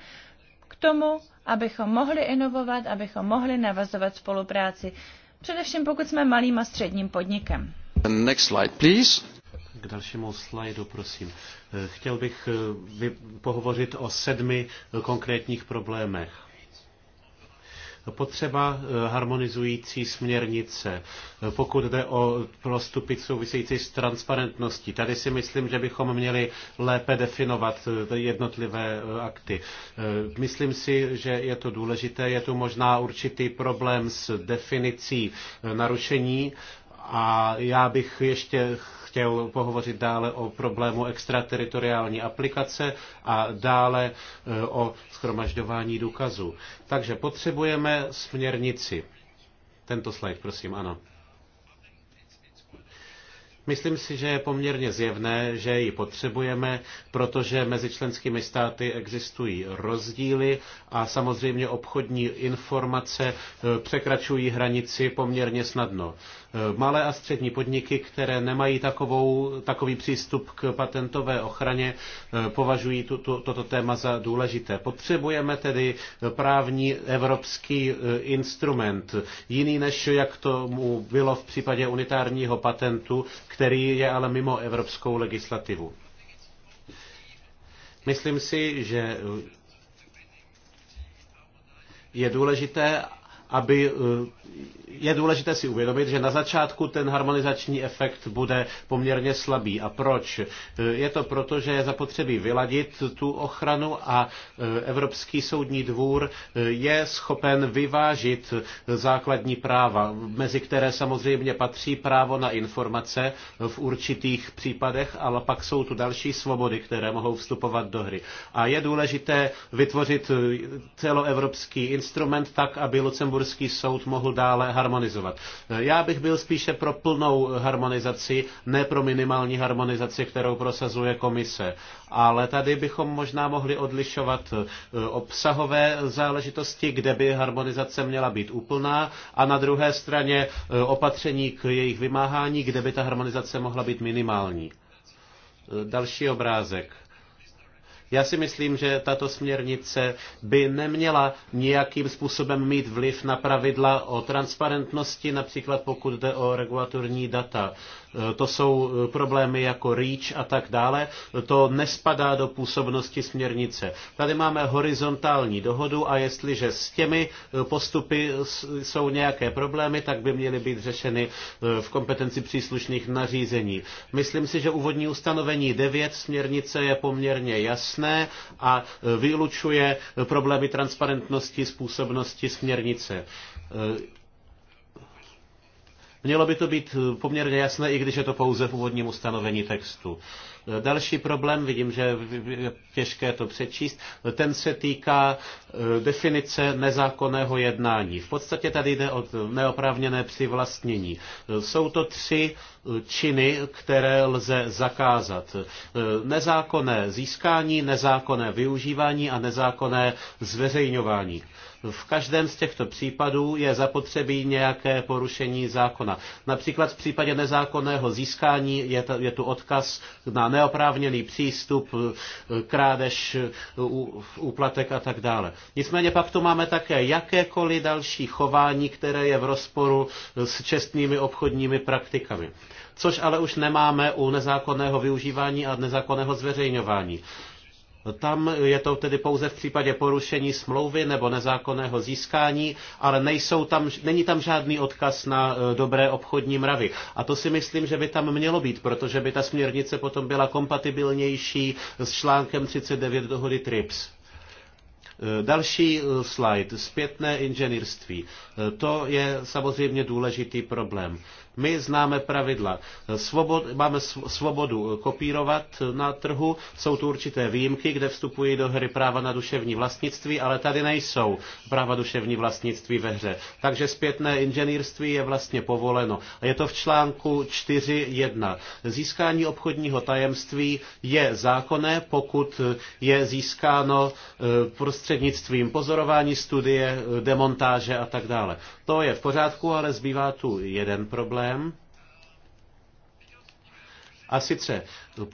k tomu, abychom mohli inovovat, abychom mohli navazovat spolupráci, především pokud jsme malým a středním podnikem. Next slide, please. K dalšímu slajdu, prosím. Eh, chtěl bych eh, pohovořit o sedmi konkrétních problémech potřeba eh, harmonizující směrnice, pokud jde o prostupy související s transparentností. Tady si myslím, že bychom měli lépe definovat jednotlivé akty. Myslím si, že je to důležité. Je tu možná určitý problém s definicí narušení a já bych ještě chtěl pohovořit dále o problému extrateritoriální aplikace a dále eh, o schromažďování důkazů. Takže potřebujeme směrnici. Tento slide, prosím, ano. Myslím si, že je poměrně zjevné, že ji potřebujeme, protože mezi členskými státy existují rozdíly a samozřejmě obchodní informace eh, překračují hranici poměrně snadno. Malé a střední podniky, které nemají takovou, takový přístup k patentové ochraně, eh, považují tu, tu, toto téma za důležité. Potřebujeme tedy právní evropský eh, instrument, jiný než jak tomu bylo v případě unitárního patentu, který je ale mimo evropskou legislativu. Myslím si, že je důležité, aby eh, je důležité si uvědomit, že na začátku ten harmonizační efekt bude poměrně slabý. A proč? Eh, je to proto, že je zapotřebí vyladit tu ochranu a eh, Evropský soudní dvůr je schopen vyvážit základní práva, mezi které samozřejmě patří právo na informace v určitých případech, ale pak jsou tu další svobody, které mohou vstupovat do hry. A je důležité vytvořit celoevropský instrument tak, aby Lucemburg Lucemburský soud mohl dále harmonizovat. Já bych byl spíše pro plnou harmonizaci, ne pro minimální harmonizaci, kterou prosazuje komise. Ale tady bychom možná mohli odlišovat eh, obsahové záležitosti, kde by harmonizace měla být úplná a na druhé straně eh, opatření k jejich vymáhání, kde by ta harmonizace mohla být minimální. Eh, další obrázek. Já si myslím, že tato směrnice by neměla nějakým způsobem mít vliv na pravidla o transparentnosti, například pokud jde o regulatorní data. Eh, to jsou eh, problémy jako REACH a tak dále, to nespadá do působnosti směrnice. Tady máme horizontální dohodu a jestliže s těmi eh, postupy jsou nějaké problémy, tak by měly být řešeny v kompetenci příslušných nařízení. Myslím si, že úvodní ustanovení 9 směrnice je poměrně jasné a vylučuje problémy transparentnosti, způsobnosti směrnice. Mělo by to být poměrně jasné, i když je to pouze v úvodním ustanovení textu. Další problém, vidím, že je těžké to přečíst, ten se týká eh, definice nezákonného jednání. V podstatě tady jde o neoprávněné přivlastnění. Eh, jsou to tři eh, činy, které lze zakázat. Nezákonné získání, nezákonné využívání a nezákonné zveřejňování. V každém z těchto případů je zapotřebí nějaké porušení zákona. Například v případě nezákonného získání je, je tu odkaz na neoprávněný přístup, e, krádež, e, úplatek a tak dále. Nicméně pak tu máme také jakékoliv další chování, které je v rozporu s čestnými obchodními praktikami což ale už nemáme u nezákonného využívání a nezákonného zveřejňování. Tam je to tedy pouze v případě porušení smlouvy nebo nezákonného získání, ale nejsou tam, není tam žádný odkaz na e, dobré obchodní mravy. A to si myslím, že by tam mělo být, protože by ta směrnice potom byla kompatibilnější s článkem 39 dohody TRIPS. E, další e, slide, zpětné inženýrství. To je samozřejmě důležitý problém. My známe pravidla. Svobod, máme svobodu kopírovat na trhu, jsou tu určité výjimky, kde vstupují do hry práva na duševní vlastnictví, ale tady nejsou práva duševní vlastnictví ve hře. Takže zpětné inženýrství je vlastně povoleno. Je to v článku 4.1. Získání obchodního tajemství je zákonné, pokud je získáno eh, prostřednictvím pozorování studie, eh, demontáže a tak dále. To je v pořádku, ale zbývá tu jeden problém systém, a sice,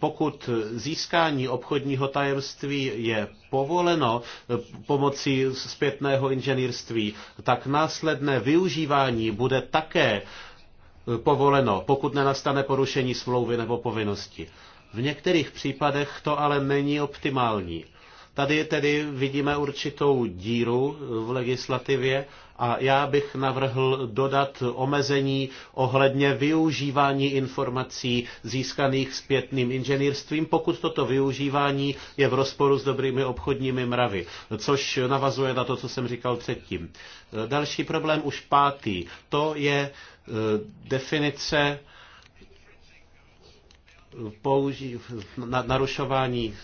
pokud získání obchodního tajemství je povoleno eh, pomocí zpětného inženýrství, tak následné využívání bude také eh, povoleno, pokud nenastane porušení smlouvy nebo povinnosti. V některých případech to ale není optimální. Tady tedy vidíme určitou díru v legislativě a já bych navrhl dodat omezení ohledně využívání informací získaných zpětným inženýrstvím, pokud toto využívání je v rozporu s dobrými obchodními mravy, což navazuje na to, co jsem říkal předtím. Další problém už pátý, to je e, definice použi- narušování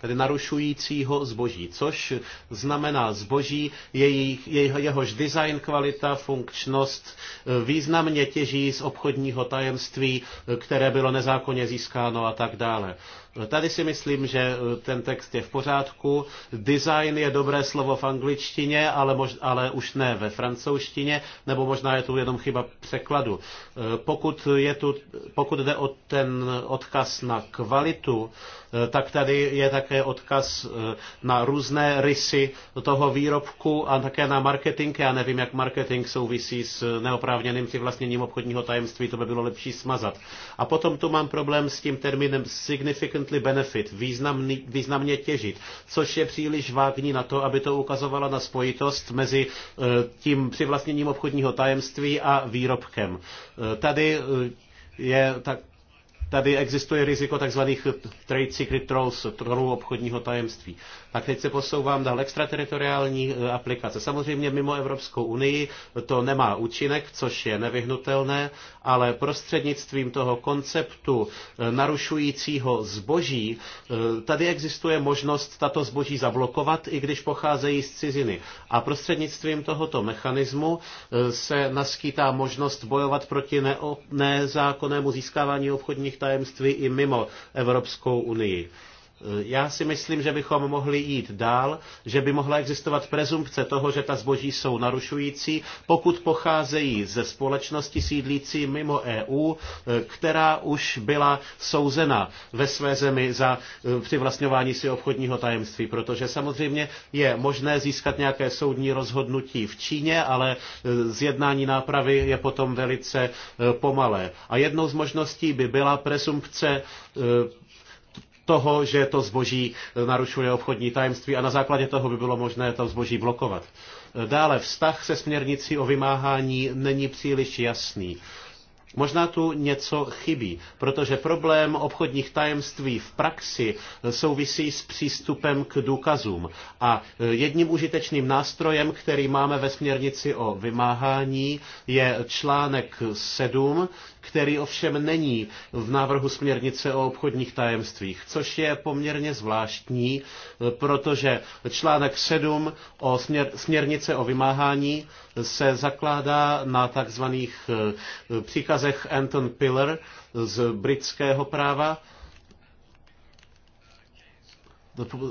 tedy narušujícího zboží, což znamená zboží, jej, jehož design, kvalita, funkčnost eh, významně těží z obchodního tajemství, eh, které bylo nezákonně získáno a tak dále. No, tady si myslím, že eh, ten text je v pořádku. Design je dobré slovo v angličtině, ale, mož, ale už ne ve francouzštině, nebo možná je tu jenom chyba překladu. Eh, pokud, je tu, pokud jde o ten odkaz na kvalitu, eh, tak tady je také odkaz na různé rysy toho výrobku a také na marketing. Já nevím, jak marketing souvisí s neoprávněným přivlastněním obchodního tajemství, to by bylo lepší smazat. A potom tu mám problém s tím termínem significant significantly benefit, významný, významně těžit, což je příliš vágní na to, aby to ukazovala na spojitost mezi eh, tím přivlastněním obchodního tajemství a výrobkem. Eh, tady eh, je tak tady existuje riziko tzv. trade secret trolls, trolů obchodního tajemství. Tak teď se posouvám dál extrateritoriální e, aplikace. Samozřejmě mimo Evropskou unii to nemá účinek, což je nevyhnutelné, ale prostřednictvím toho konceptu e, narušujícího zboží, e, tady existuje možnost tato zboží zablokovat, i když pocházejí z ciziny. A prostřednictvím tohoto mechanismu se naskýtá možnost bojovat proti nezákonnému získávání obchodních tajemství i mimo Evropskou unii. Eh, já si myslím, že bychom mohli jít dál, že by mohla existovat prezumpce toho, že ta zboží jsou narušující, pokud pocházejí ze společnosti sídlící mimo EU, eh, která už byla souzena ve své zemi za eh, přivlastňování si obchodního tajemství, protože samozřejmě je možné získat nějaké soudní rozhodnutí v Číně, ale zjednání nápravy je potom velice pomalé. A jednou z možností by byla presumpce toho, že to zboží eh, narušuje obchodní tajemství a na základě toho by bylo možné to zboží blokovat. Eh, dále vztah se směrnicí o vymáhání není příliš jasný. Možná tu něco chybí, protože problém obchodních tajemství v praxi eh, souvisí s přístupem k důkazům. A jedním užitečným nástrojem, který máme ve směrnici o vymáhání, je článek 7, který ovšem není v návrhu směrnice o obchodních tajemstvích, což je poměrně zvláštní, protože článek 7 o směr, směrnice o vymáhání se zakládá na takzvaných eh, příkazech Anton Piller z britského práva,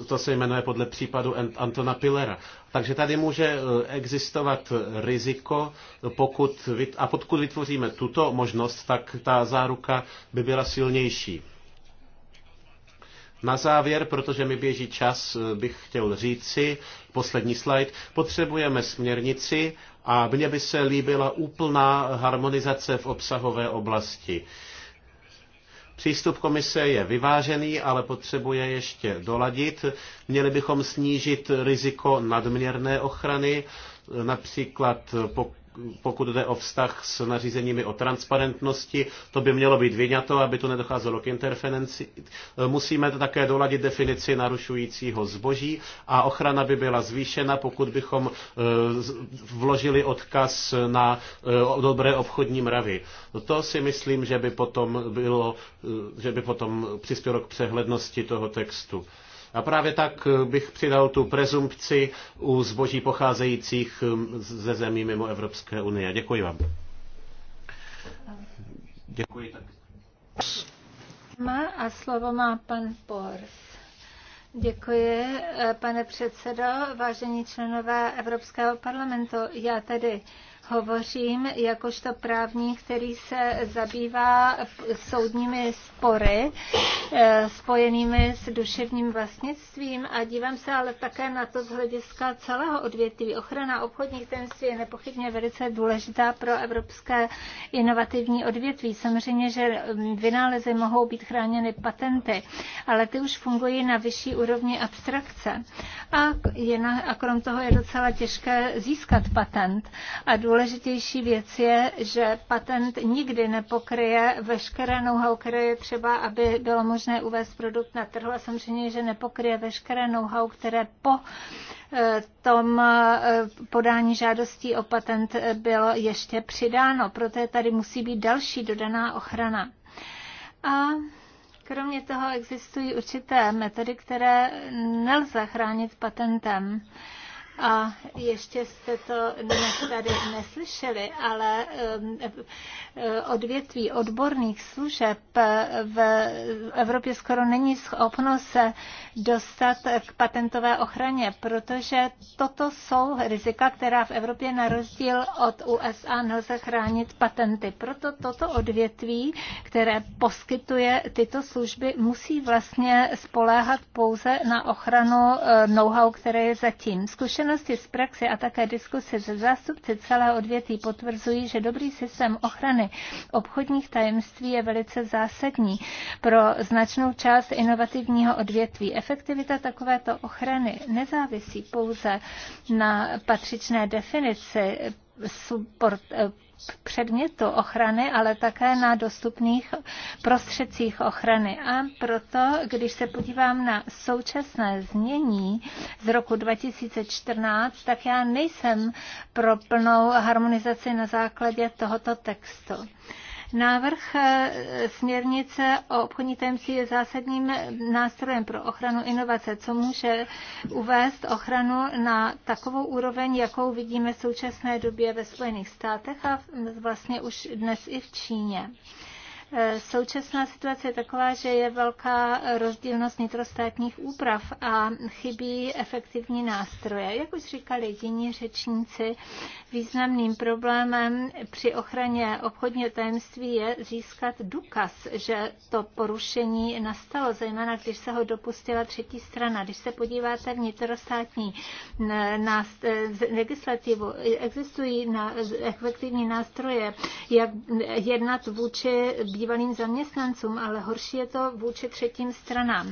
to se jmenuje podle případu Antona Pillera. Takže tady může eh, existovat riziko, pokud, a pokud vytvoříme tuto možnost, tak ta záruka by byla silnější. Na závěr, protože mi běží čas, eh, bych chtěl říci, poslední slide, potřebujeme směrnici a mně by se líbila úplná harmonizace v obsahové oblasti. Přístup komise je vyvážený, ale potřebuje ještě doladit. Měli bychom snížit riziko nadměrné ochrany, například pokud pokud jde o vztah s nařízeními o transparentnosti, to by mělo být vyňato, aby to nedocházelo k interferenci. Musíme také doladit definici narušujícího zboží a ochrana by byla zvýšena, pokud bychom e, vložili odkaz na e, dobré obchodní mravy. To si myslím, že by potom, bylo, e, že by potom přispělo k přehlednosti toho textu. A právě tak eh, bych přidal tu prezumpci u zboží pocházejících hm, ze zemí mimo Evropské unie. Děkuji vám. Děkuji. Tak. Má a slovo má pan Pors. Děkuji, eh, pane předsedo, vážení členové Evropského parlamentu. Já tedy Hovořím jakožto právník, který se zabývá soudními spory eh, spojenými s duševním vlastnictvím a dívám se ale také na to z hlediska celého odvětví. Ochrana obchodních tenství je nepochybně velice důležitá pro evropské inovativní odvětví. Samozřejmě, že mm, vynálezy mohou být chráněny patenty, ale ty už fungují na vyšší úrovni abstrakce. A, je na, a krom toho je docela těžké získat patent. A důležité důležitější věc je, že patent nikdy nepokryje veškeré know-how, které je třeba, aby bylo možné uvést produkt na trhu a samozřejmě, že nepokryje veškeré know-how, které po eh, tom eh, podání žádostí o patent eh, bylo ještě přidáno. Proto tady musí být další dodaná ochrana. A kromě toho existují určité metody, které nelze chránit patentem a ještě jste to dnes tady neslyšeli, ale um, eh, odvětví odborných služeb eh, v Evropě skoro není schopno se dostat k patentové ochraně, protože toto jsou rizika, která v Evropě na rozdíl od USA nelze chránit patenty. Proto toto odvětví, které poskytuje tyto služby, musí vlastně spoléhat pouze na ochranu eh, know-how, které je zatím. Zkušenost Zkušenosti z praxe a také diskuse se zástupci celého odvětví potvrzují, že dobrý systém ochrany obchodních tajemství je velice zásadní pro značnou část inovativního odvětví. Efektivita takovéto ochrany nezávisí pouze na patřičné definici eh, eh, předmětu ochrany, ale také na dostupných prostředcích ochrany. A proto, když se podívám na současné změní z roku 2014, tak já nejsem pro plnou harmonizaci na základě tohoto textu. Návrh eh, směrnice o obchodní tajemství je zásadním eh, nástrojem pro ochranu inovace, co může uvést ochranu na takovou úroveň, jakou vidíme v současné době ve Spojených státech a vlastně už dnes i v Číně. Eh, současná situace je taková, že je velká rozdílnost vnitrostátních úprav a chybí efektivní nástroje. Jak už říkali jiní řečníci, významným problémem při ochraně obchodního tajemství je získat důkaz, že to porušení nastalo, zejména když se ho dopustila třetí strana. Když se podíváte vnitrostátní nitrostátní eh, legislativu, existují na efektivní nástroje, jak jednat vůči bývalým zaměstnancům, ale horší je to vůči třetím stranám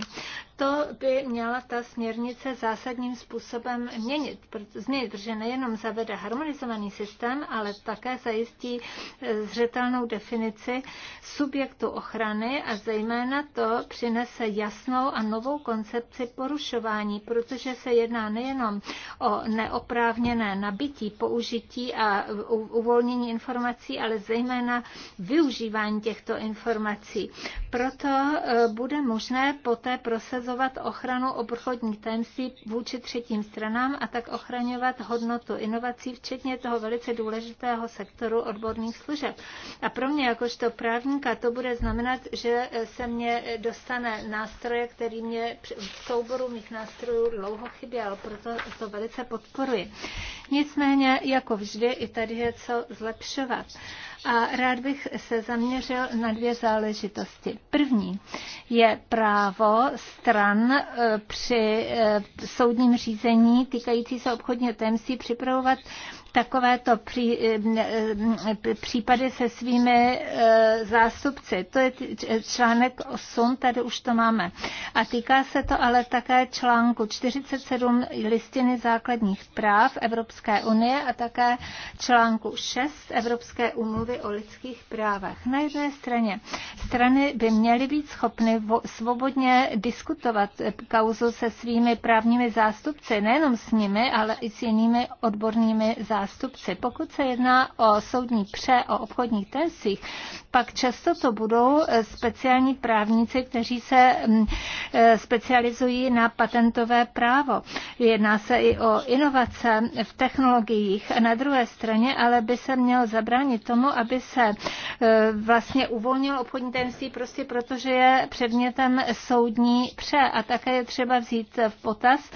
to by měla ta směrnice zásadním způsobem měnit, změnit, protože nejenom zavede harmonizovaný systém, ale také zajistí eh, zřetelnou definici subjektu ochrany a zejména to přinese jasnou a novou koncepci porušování, protože se jedná nejenom o neoprávněné nabití, použití a uvolnění informací, ale zejména využívání těchto informací. Proto eh, bude možné poté prosazovat prosazovat ochranu obchodních tajemství vůči třetím stranám a tak ochraňovat hodnotu inovací, včetně toho velice důležitého sektoru odborných služeb. A pro mě jakožto právníka to bude znamenat, že se mě dostane nástroje, který mě v souboru mých nástrojů dlouho chyběl, proto to velice podporuji. Nicméně, jako vždy, i tady je co zlepšovat. A rád bych se zaměřil na dvě záležitosti. První je právo stran e, při e, soudním řízení týkající se obchodního tajemství připravovat takovéto pří, eh, eh, eh, případy se svými zástupci. To je článek 8, tady už to máme. A týká se to ale také článku 47 listiny základních práv Evropské unie a také článku 6 Evropské umluvy o lidských právech. Na jedné straně strany by měly být schopny svobodně diskutovat kauzu se svými právními zástupci, nejenom s nimi, ale i s jinými odbornými zástupci zástupci. Pokud se jedná o soudní pře, o obchodních tensích, pak často to budou eh, speciální právníci, kteří se mm, eh, specializují na patentové právo. Jedná se i o inovace v technologiích. Na druhé straně ale by se mělo zabránit tomu, aby se eh, vlastně uvolnilo obchodní tajemství prostě proto, že je předmětem soudní pře. A také je třeba vzít v potaz,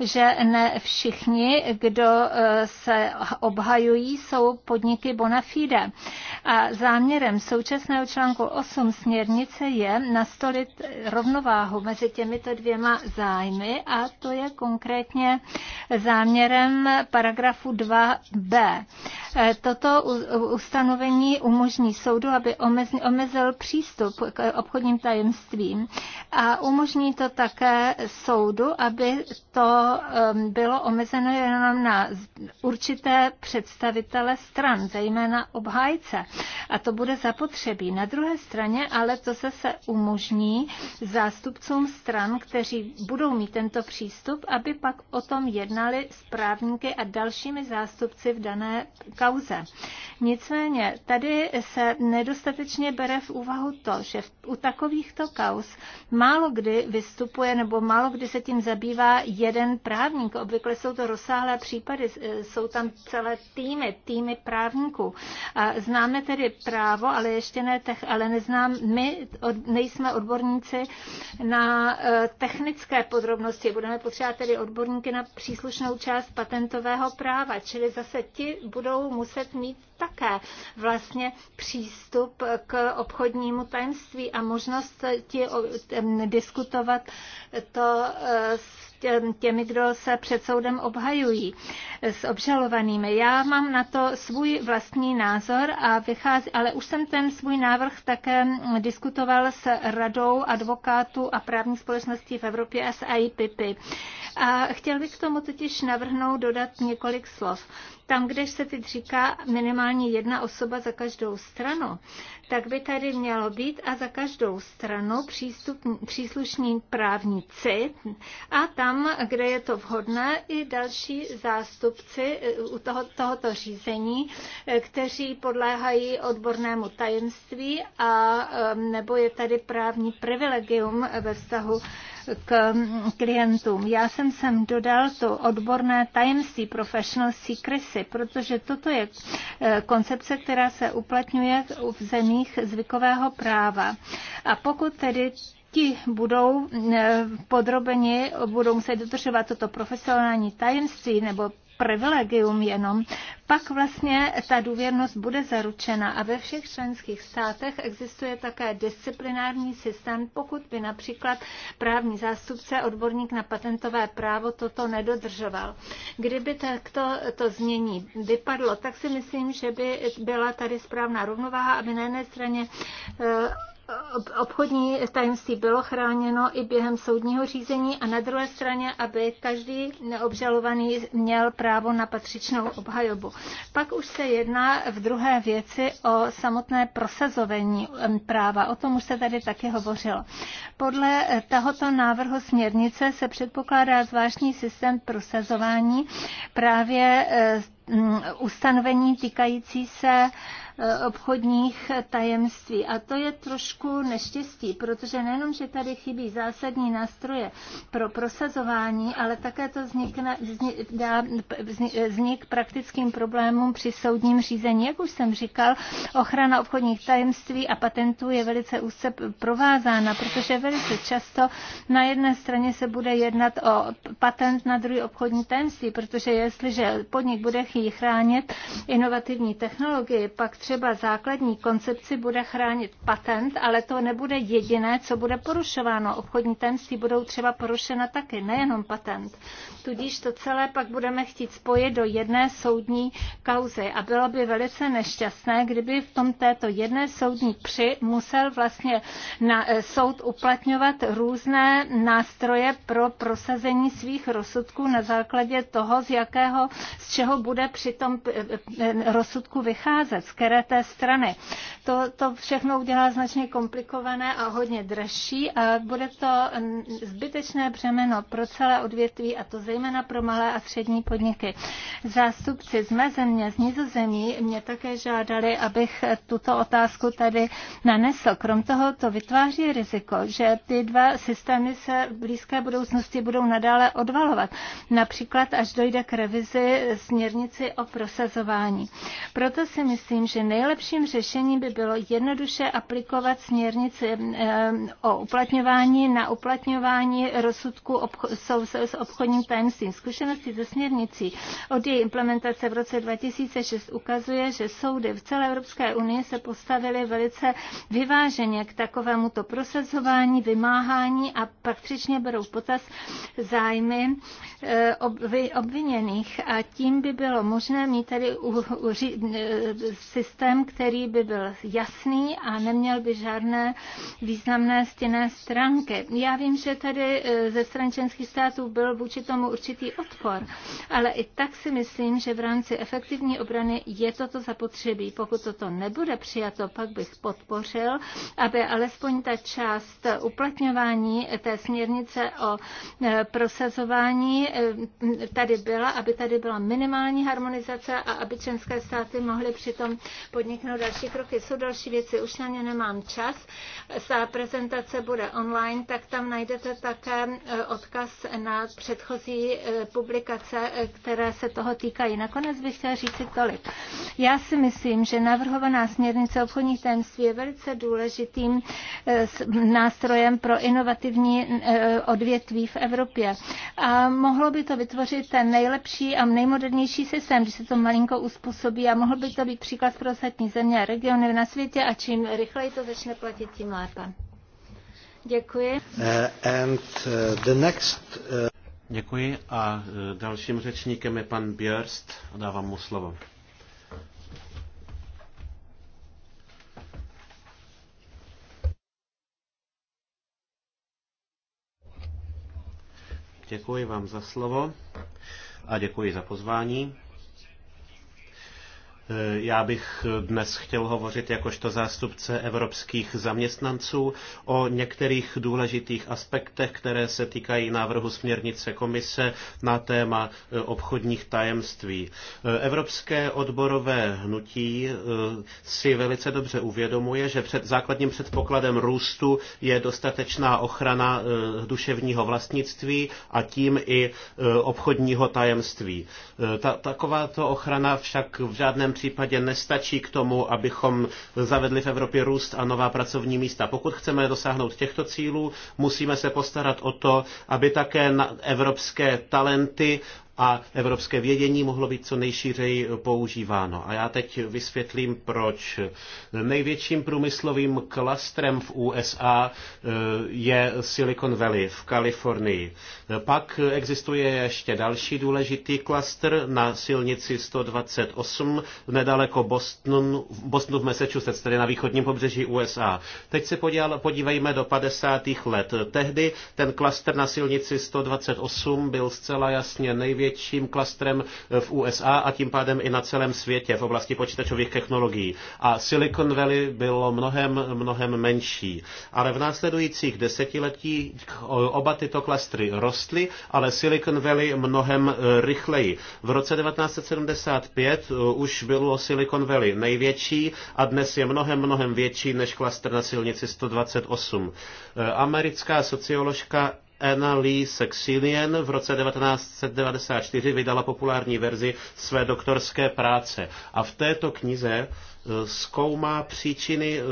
že ne všichni, kdo se obhajují, jsou podniky bona fide. A záměrem současného článku 8 směrnice je nastolit rovnováhu mezi těmito dvěma zájmy a to je konkrétně záměrem paragrafu 2b. Toto ustanovení umožní soudu, aby omezil přístup k obchodním tajemstvím a umožní to také soudu, aby to um, bylo omezeno jenom na určité představitele stran, zejména obhájce. A to bude zapotřebí. Na druhé straně ale to se umožní zástupcům stran, kteří budou mít tento přístup, aby pak o tom jednali s právníky a dalšími zástupci v dané kauze. Nicméně tady se nedostatečně bere v úvahu to, že u takovýchto kauz málo kdy vystupuje nebo málo kdy se tím zabývá jeden právník. Obvykle jsou to rozsáhlé případy, jsou tam celé týmy, týmy právníků. A známe tedy právo, ale ještě ne, tech, ale neznám, my od, nejsme odborníci na e, technické podrobnosti. Budeme potřebovat tedy odborníky na příslušnou část patentového práva, čili zase ti budou muset mít také vlastně přístup k obchodnímu tajemství a možnost ti diskutovat to eh, s těmi, kdo se před soudem obhajují s obžalovanými. Já mám na to svůj vlastní názor, a vychází, ale už jsem ten svůj návrh také diskutoval s radou advokátů a právní společností v Evropě SIPP. A chtěl bych k tomu totiž navrhnout dodat několik slov tam, kde se teď říká minimálně jedna osoba za každou stranu, tak by tady mělo být a za každou stranu přístup, příslušní právníci a tam, kde je to vhodné, i další zástupci eh, u toho, tohoto řízení, eh, kteří podléhají odbornému tajemství a eh, nebo je tady právní privilegium ve vztahu k klientům. Já jsem sem dodal to odborné tajemství professional secrecy, protože toto je eh, koncepce, která se uplatňuje v zemích zvykového práva. A pokud tedy ti budou eh, podrobeni, budou muset dodržovat toto profesionální tajemství nebo privilegium jenom, pak vlastně ta důvěrnost bude zaručena a ve všech členských státech existuje také disciplinární systém, pokud by například právní zástupce, odborník na patentové právo toto nedodržoval. Kdyby takto to změní vypadlo, tak si myslím, že by byla tady správná rovnováha, aby na jedné straně eh, obchodní tajemství bylo chráněno i během soudního řízení a na druhé straně, aby každý neobžalovaný měl právo na patřičnou obhajobu. Pak už se jedná v druhé věci o samotné prosazování práva. O tom už se tady taky hovořilo. Podle tohoto návrhu směrnice se předpokládá zvláštní systém prosazování právě eh, mm, ustanovení týkající se Eh, obchodních tajemství. A to je trošku neštěstí, protože nejenom, že tady chybí zásadní nástroje pro prosazování, ale také to vznikne, vznik, dá vznik praktickým problémům při soudním řízení. Jak už jsem říkal, ochrana obchodních tajemství a patentů je velice úzce provázána, protože velice často na jedné straně se bude jednat o patent, na druhý obchodní tajemství, protože jestliže podnik bude chránit inovativní technologie, pak třeba základní koncepci bude chránit patent, ale to nebude jediné, co bude porušováno. Obchodní tajemství budou třeba porušena taky, nejenom patent. Tudíž to celé pak budeme chtít spojit do jedné soudní kauzy. A bylo by velice nešťastné, kdyby v tom této jedné soudní při musel vlastně na, eh, soud uplatňovat různé nástroje pro prosazení svých rozsudků na základě toho, z jakého, z čeho bude při tom eh, eh, rozsudku vycházet, z které které té strany. To, to všechno udělá značně komplikované a hodně dražší a bude to zbytečné břemeno pro celé odvětví a to zejména pro malé a střední podniky. Zástupci z mé země, z nizozemí, mě také žádali, abych tuto otázku tady nanesl. Krom toho to vytváří riziko, že ty dva systémy se v blízké budoucnosti budou nadále odvalovat. Například až dojde k revizi směrnici o prosazování. Proto si myslím, že nejlepším řešením by bylo jednoduše aplikovat směrnice eh, o uplatňování na uplatňování rozsudku obcho- s obchodním tajemstvím. Zkušenosti ze směrnicí od její implementace v roce 2006 ukazuje, že soudy v celé Evropské unii se postavily velice vyváženě k takovémuto prosazování, vymáhání a patřičně berou potaz zájmy eh, obviněných a tím by bylo možné mít tady eh, systém systém, který by byl jasný a neměl by žádné významné stěné stránky. Já vím, že tady eh, ze strany členských států byl vůči tomu určitý odpor, ale i tak si myslím, že v rámci efektivní obrany je toto zapotřebí. Pokud toto nebude přijato, pak bych podpořil, aby alespoň ta část uplatňování té směrnice o eh, prosazování eh, tady byla, aby tady byla minimální harmonizace a aby členské státy mohly přitom podniknout další kroky. Jsou další věci, už na ně nemám čas. Ta prezentace bude online, tak tam najdete také e, odkaz na předchozí e, publikace, e, které se toho týkají. Nakonec bych chtěla říct tolik. Já si myslím, že navrhovaná směrnice obchodních tajemství je velice důležitým nástrojem pro inovativní odvětví v Evropě. A mohlo by to vytvořit ten nejlepší a nejmodernější systém, když se to malinko uspůsobí a mohl by to být příklad pro ostatní země a regiony na světě a čím rychleji to začne platit, tím lépe. Děkuji. Uh, and, uh, the next, uh... Děkuji a dalším řečníkem je pan Björst a dávám mu slovo. Děkuji vám za slovo a děkuji za pozvání. Eh, já bych dnes chtěl hovořit jakožto zástupce evropských zaměstnanců o některých důležitých aspektech, které se týkají návrhu směrnice komise na téma eh, obchodních tajemství. Eh, Evropské odborové hnutí si velice dobře uvědomuje, že před základním předpokladem růstu je dostatečná ochrana duševního vlastnictví a tím i obchodního tajemství. Ta, takováto ochrana však v žádném případě nestačí k tomu, abychom zavedli v Evropě růst a nová pracovní místa. Pokud chceme dosáhnout těchto cílů, musíme se postarat o to, aby také evropské talenty a evropské vědění mohlo být co nejšířeji používáno. A já teď vysvětlím, proč. Největším průmyslovým klastrem v USA eh, je Silicon Valley v Kalifornii. Pak existuje ještě další důležitý klastr na silnici 128 nedaleko Bostonu, Bostonu v Massachusetts, tedy na východním pobřeží USA. Teď se podívejme do 50. let. Tehdy ten klastr na silnici 128 byl zcela jasně největší největším klastrem eh, v USA a tím pádem i na celém světě v oblasti počítačových technologií. A Silicon Valley bylo mnohem, mnohem menší. Ale v následujících desetiletí oba tyto klastry rostly, ale Silicon Valley mnohem eh, rychleji. V roce 1975 eh, už bylo Silicon Valley největší a dnes je mnohem, mnohem větší než klastr na silnici 128. Americká socioložka Anna Lee Saxenian v roce 1994 vydala populární verzi své doktorské práce. A v této knize e, zkoumá příčiny e,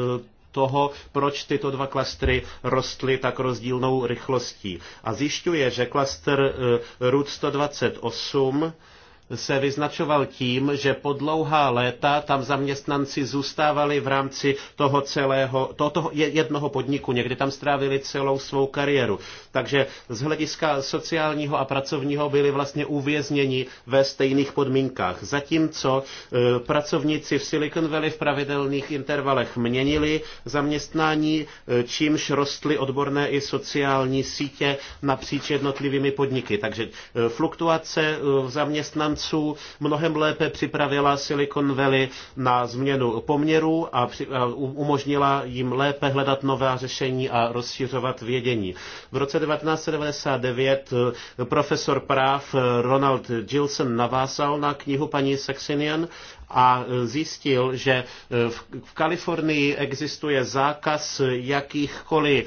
toho, proč tyto dva klastry rostly tak rozdílnou rychlostí. A zjišťuje, že klastr e, RUT 128 se vyznačoval tím, že po dlouhá léta tam zaměstnanci zůstávali v rámci toho celého, toho, toho jednoho podniku, někdy tam strávili celou svou kariéru. Takže z hlediska sociálního a pracovního byli vlastně uvězněni ve stejných podmínkách. Zatímco e, pracovníci v Silicon Valley v pravidelných intervalech měnili zaměstnání, e, čímž rostly odborné i sociální sítě napříč jednotlivými podniky. Takže e, fluktuace v zaměstnanců zaměstnanců mnohem lépe připravila Silicon Valley na změnu poměrů a, při, a umožnila jim lépe hledat nová řešení a rozšiřovat vědění. V roce 1999 eh, profesor práv eh, Ronald Gilson navázal na knihu paní Saxinian a e, zjistil, že e, v Kalifornii existuje zákaz jakýchkoliv e,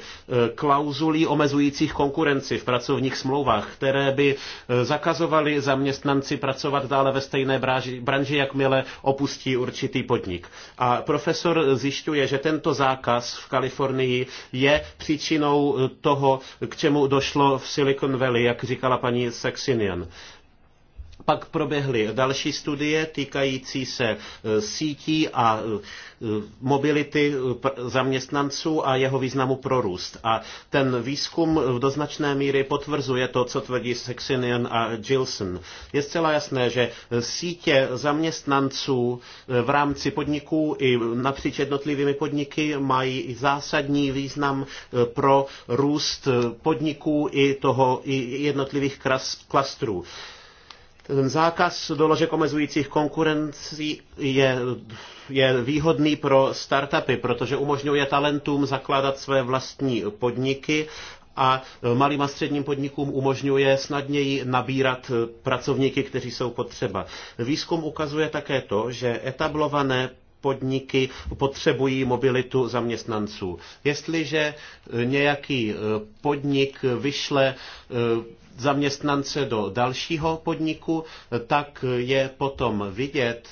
klauzulí omezujících konkurenci v pracovních smlouvách, které by zakazovaly zaměstnanci pracovat dále ve stejné branži, jakmile opustí určitý podnik. A profesor zjišťuje, že tento zákaz v Kalifornii je příčinou toho, k čemu došlo v Silicon Valley, jak říkala paní Saxinian. Pak proběhly další studie týkající se e, sítí a e, mobility e, zaměstnanců a jeho významu pro růst. A ten výzkum v doznačné míry potvrzuje to, co tvrdí Sexinian a Gilson. Je zcela jasné, že sítě zaměstnanců v rámci podniků i napříč jednotlivými podniky mají zásadní význam pro růst podniků i, toho, i jednotlivých klastrů. Ten zákaz doložek omezujících konkurencí je, je výhodný pro startupy, protože umožňuje talentům zakládat své vlastní podniky a malým a středním podnikům umožňuje snadněji nabírat pracovníky, kteří jsou potřeba. Výzkum ukazuje také to, že etablované podniky potřebují mobilitu zaměstnanců. Jestliže nějaký podnik vyšle zaměstnance do dalšího podniku, tak je potom vidět,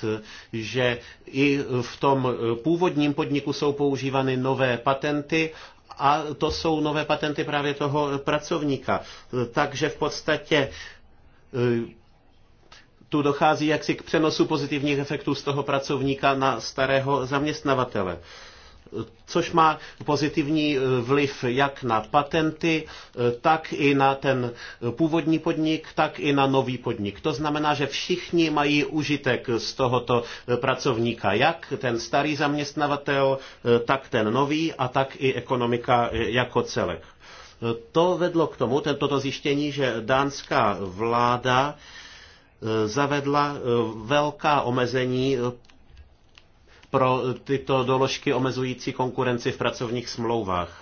že i v tom původním podniku jsou používány nové patenty a to jsou nové patenty právě toho pracovníka. Takže v podstatě e, tu dochází jaksi k přenosu pozitivních efektů z toho pracovníka na starého zaměstnavatele což má pozitivní eh, vliv jak na patenty, eh, tak i na ten původní podnik, tak i na nový podnik. To znamená, že všichni mají užitek z tohoto eh, pracovníka, jak ten starý zaměstnavatel, tak ten nový a tak i ekonomika jako celek. To vedlo k tomu, toto zjištění, že dánská vláda zavedla velká omezení pro tyto doložky omezující konkurenci v pracovních smlouvách.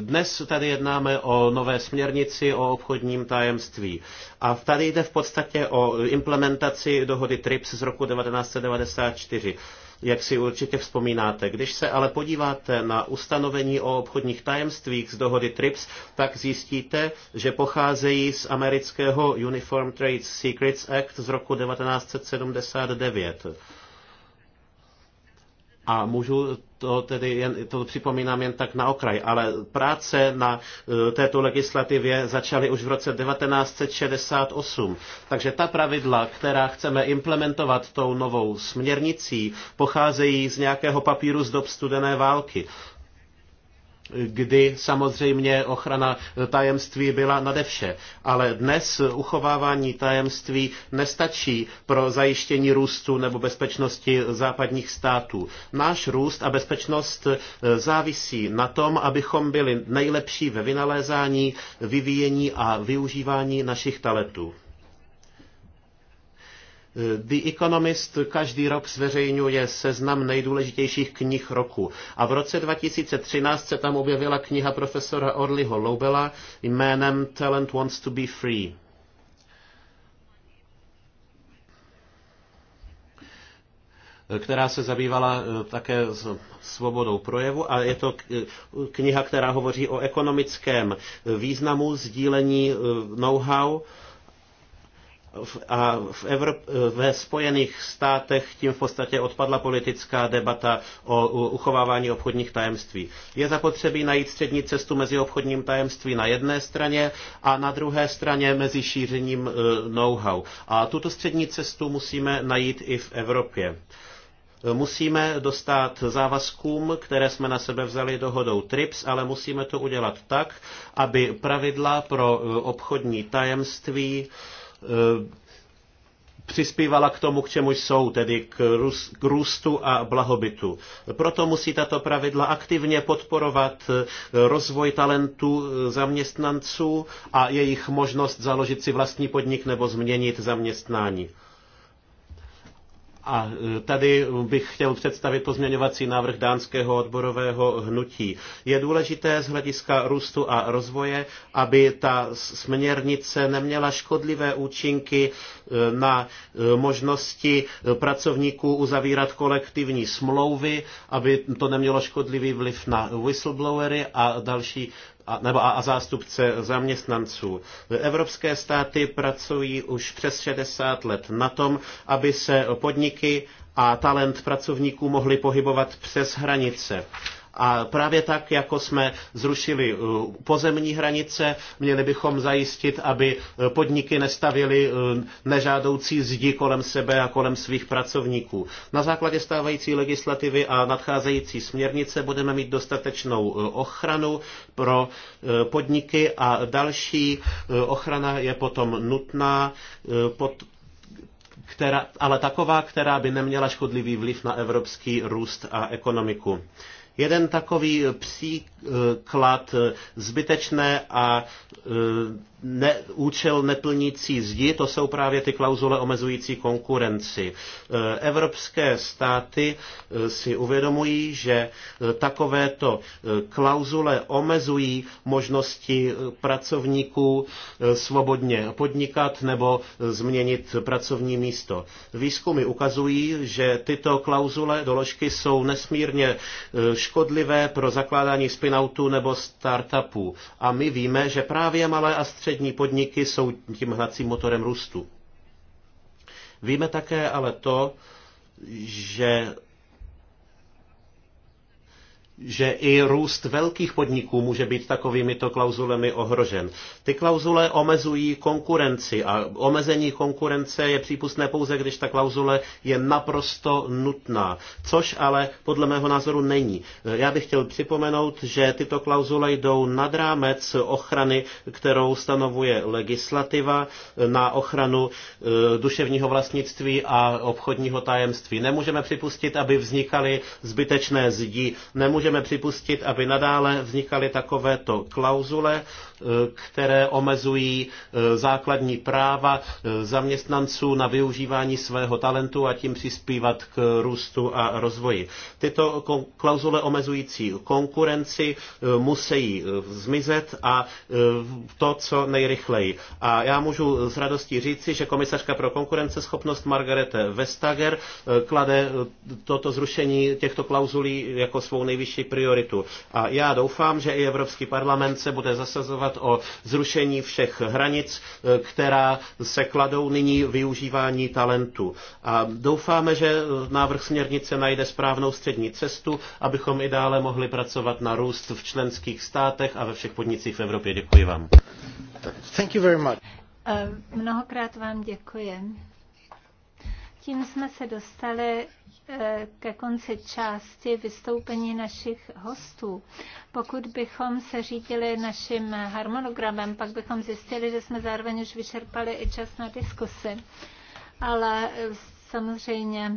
Dnes tady jednáme o nové směrnici o obchodním tajemství. A tady jde v podstatě o implementaci dohody TRIPS z roku 1994 jak si určitě vzpomínáte. Když se ale podíváte na ustanovení o obchodních tajemstvích z dohody TRIPS, tak zjistíte, že pocházejí z amerického Uniform Trade Secrets Act z roku 1979. A můžu to tedy jen, to připomínám jen tak na okraj, ale práce na eh, této legislativě začaly už v roce 1968. Takže ta pravidla, která chceme implementovat tou novou směrnicí, pocházejí z nějakého papíru z dob studené války kdy samozřejmě ochrana tajemství byla nade vše. Ale dnes uchovávání tajemství nestačí pro zajištění růstu nebo bezpečnosti západních států. Náš růst a bezpečnost e, závisí na tom, abychom byli nejlepší ve vynalézání, vyvíjení a využívání našich talentů. Eh, The Economist každý rok zveřejňuje seznam nejdůležitějších knih roku. A v roce 2013 se tam objevila kniha profesora Orliho Lobela jménem Talent Wants to be Free. Eh, která se zabývala eh, také svobodou projevu a je to kniha, která hovoří o ekonomickém významu sdílení know-how a v Evrop- ve Spojených státech tím v podstatě odpadla politická debata o uchovávání obchodních tajemství. Je zapotřebí najít střední cestu mezi obchodním tajemství na jedné straně a na druhé straně mezi šířením e, know-how. A tuto střední cestu musíme najít i v Evropě musíme dostat závazkům, které jsme na sebe vzali dohodou TRIPS, ale musíme to udělat tak, aby pravidla pro e, obchodní tajemství Eh, přispívala k tomu, k čemu jsou, tedy k, k růstu a blahobytu. Proto musí tato pravidla aktivně podporovat eh, rozvoj talentů eh, zaměstnanců a jejich možnost založit si vlastní podnik nebo změnit zaměstnání. A e, tady bych chtěl představit pozměňovací návrh dánského odborového hnutí. Je důležité z hlediska růstu a rozvoje, aby ta směrnice neměla škodlivé účinky e, na e, možnosti pracovníků uzavírat kolektivní smlouvy, aby to nemělo škodlivý vliv na whistleblowery a další a, nebo a, a zástupce zaměstnanců. Evropské státy pracují už přes 60 let na tom, aby se podniky a talent pracovníků mohli pohybovat přes hranice. A právě tak, jako jsme zrušili uh, pozemní hranice, měli bychom zajistit, aby uh, podniky nestavili uh, nežádoucí zdi kolem sebe a kolem svých pracovníků. Na základě stávající legislativy a nadcházející směrnice budeme mít dostatečnou ochranu pro podniky a další ochrana je potom nutná, pod, která, ale taková, která by neměla škodlivý vliv na evropský růst a ekonomiku. Jeden takový psí klad zbytečné a e, ne, účel neplnící zdi, to jsou právě ty klauzule omezující konkurenci. E, evropské státy e, si uvědomují, že e, takovéto klauzule omezují možnosti pracovníků svobodně podnikat nebo změnit pracovní místo. Výzkumy ukazují, že tyto klauzule, doložky jsou nesmírně škodlivé pro zakládání spin-outů nebo startupů. A my víme, že právě malé a střední střední podniky jsou tím hnacím motorem růstu. Víme také ale to, že že i růst velkých podniků může být takovýmito klauzulemi ohrožen. Ty klauzule omezují konkurenci a omezení konkurence je přípustné pouze, když ta klauzule je naprosto nutná, což ale podle mého názoru není. Já bych chtěl připomenout, že tyto klauzule jdou nad rámec ochrany, kterou stanovuje legislativa na ochranu eh, duševního vlastnictví a obchodního tajemství. Nemůžeme připustit, aby vznikaly zbytečné zdi. Nemůžeme nemůžeme připustit, aby nadále vznikaly takovéto klauzule, které omezují eh, základní práva eh, zaměstnanců na využívání svého talentu a tím přispívat k růstu a rozvoji. Tyto klauzule omezující konkurenci eh, musí zmizet a to, co nejrychleji. A já můžu s radostí říci, že komisařka pro konkurenceschopnost Margarete Vestager klade toto zrušení těchto klauzulí jako svou nejvyšší prioritu. A já doufám, že i Evropský parlament se bude zasazovat například o zrušení všech hranic, e, která se kladou nyní využívání talentu. A doufáme, že návrh směrnice najde správnou střední cestu, abychom i dále mohli pracovat na růst v členských státech a ve všech podnicích v Evropě. Děkuji vám. Thank you very much. Eh, mnohokrát vám děkuji. Tím jsme se dostali Eh, ke konci části vystoupení našich hostů. Pokud bychom se řídili naším harmonogramem, pak bychom zjistili, že jsme zároveň už vyčerpali i čas na diskusy. Ale eh, samozřejmě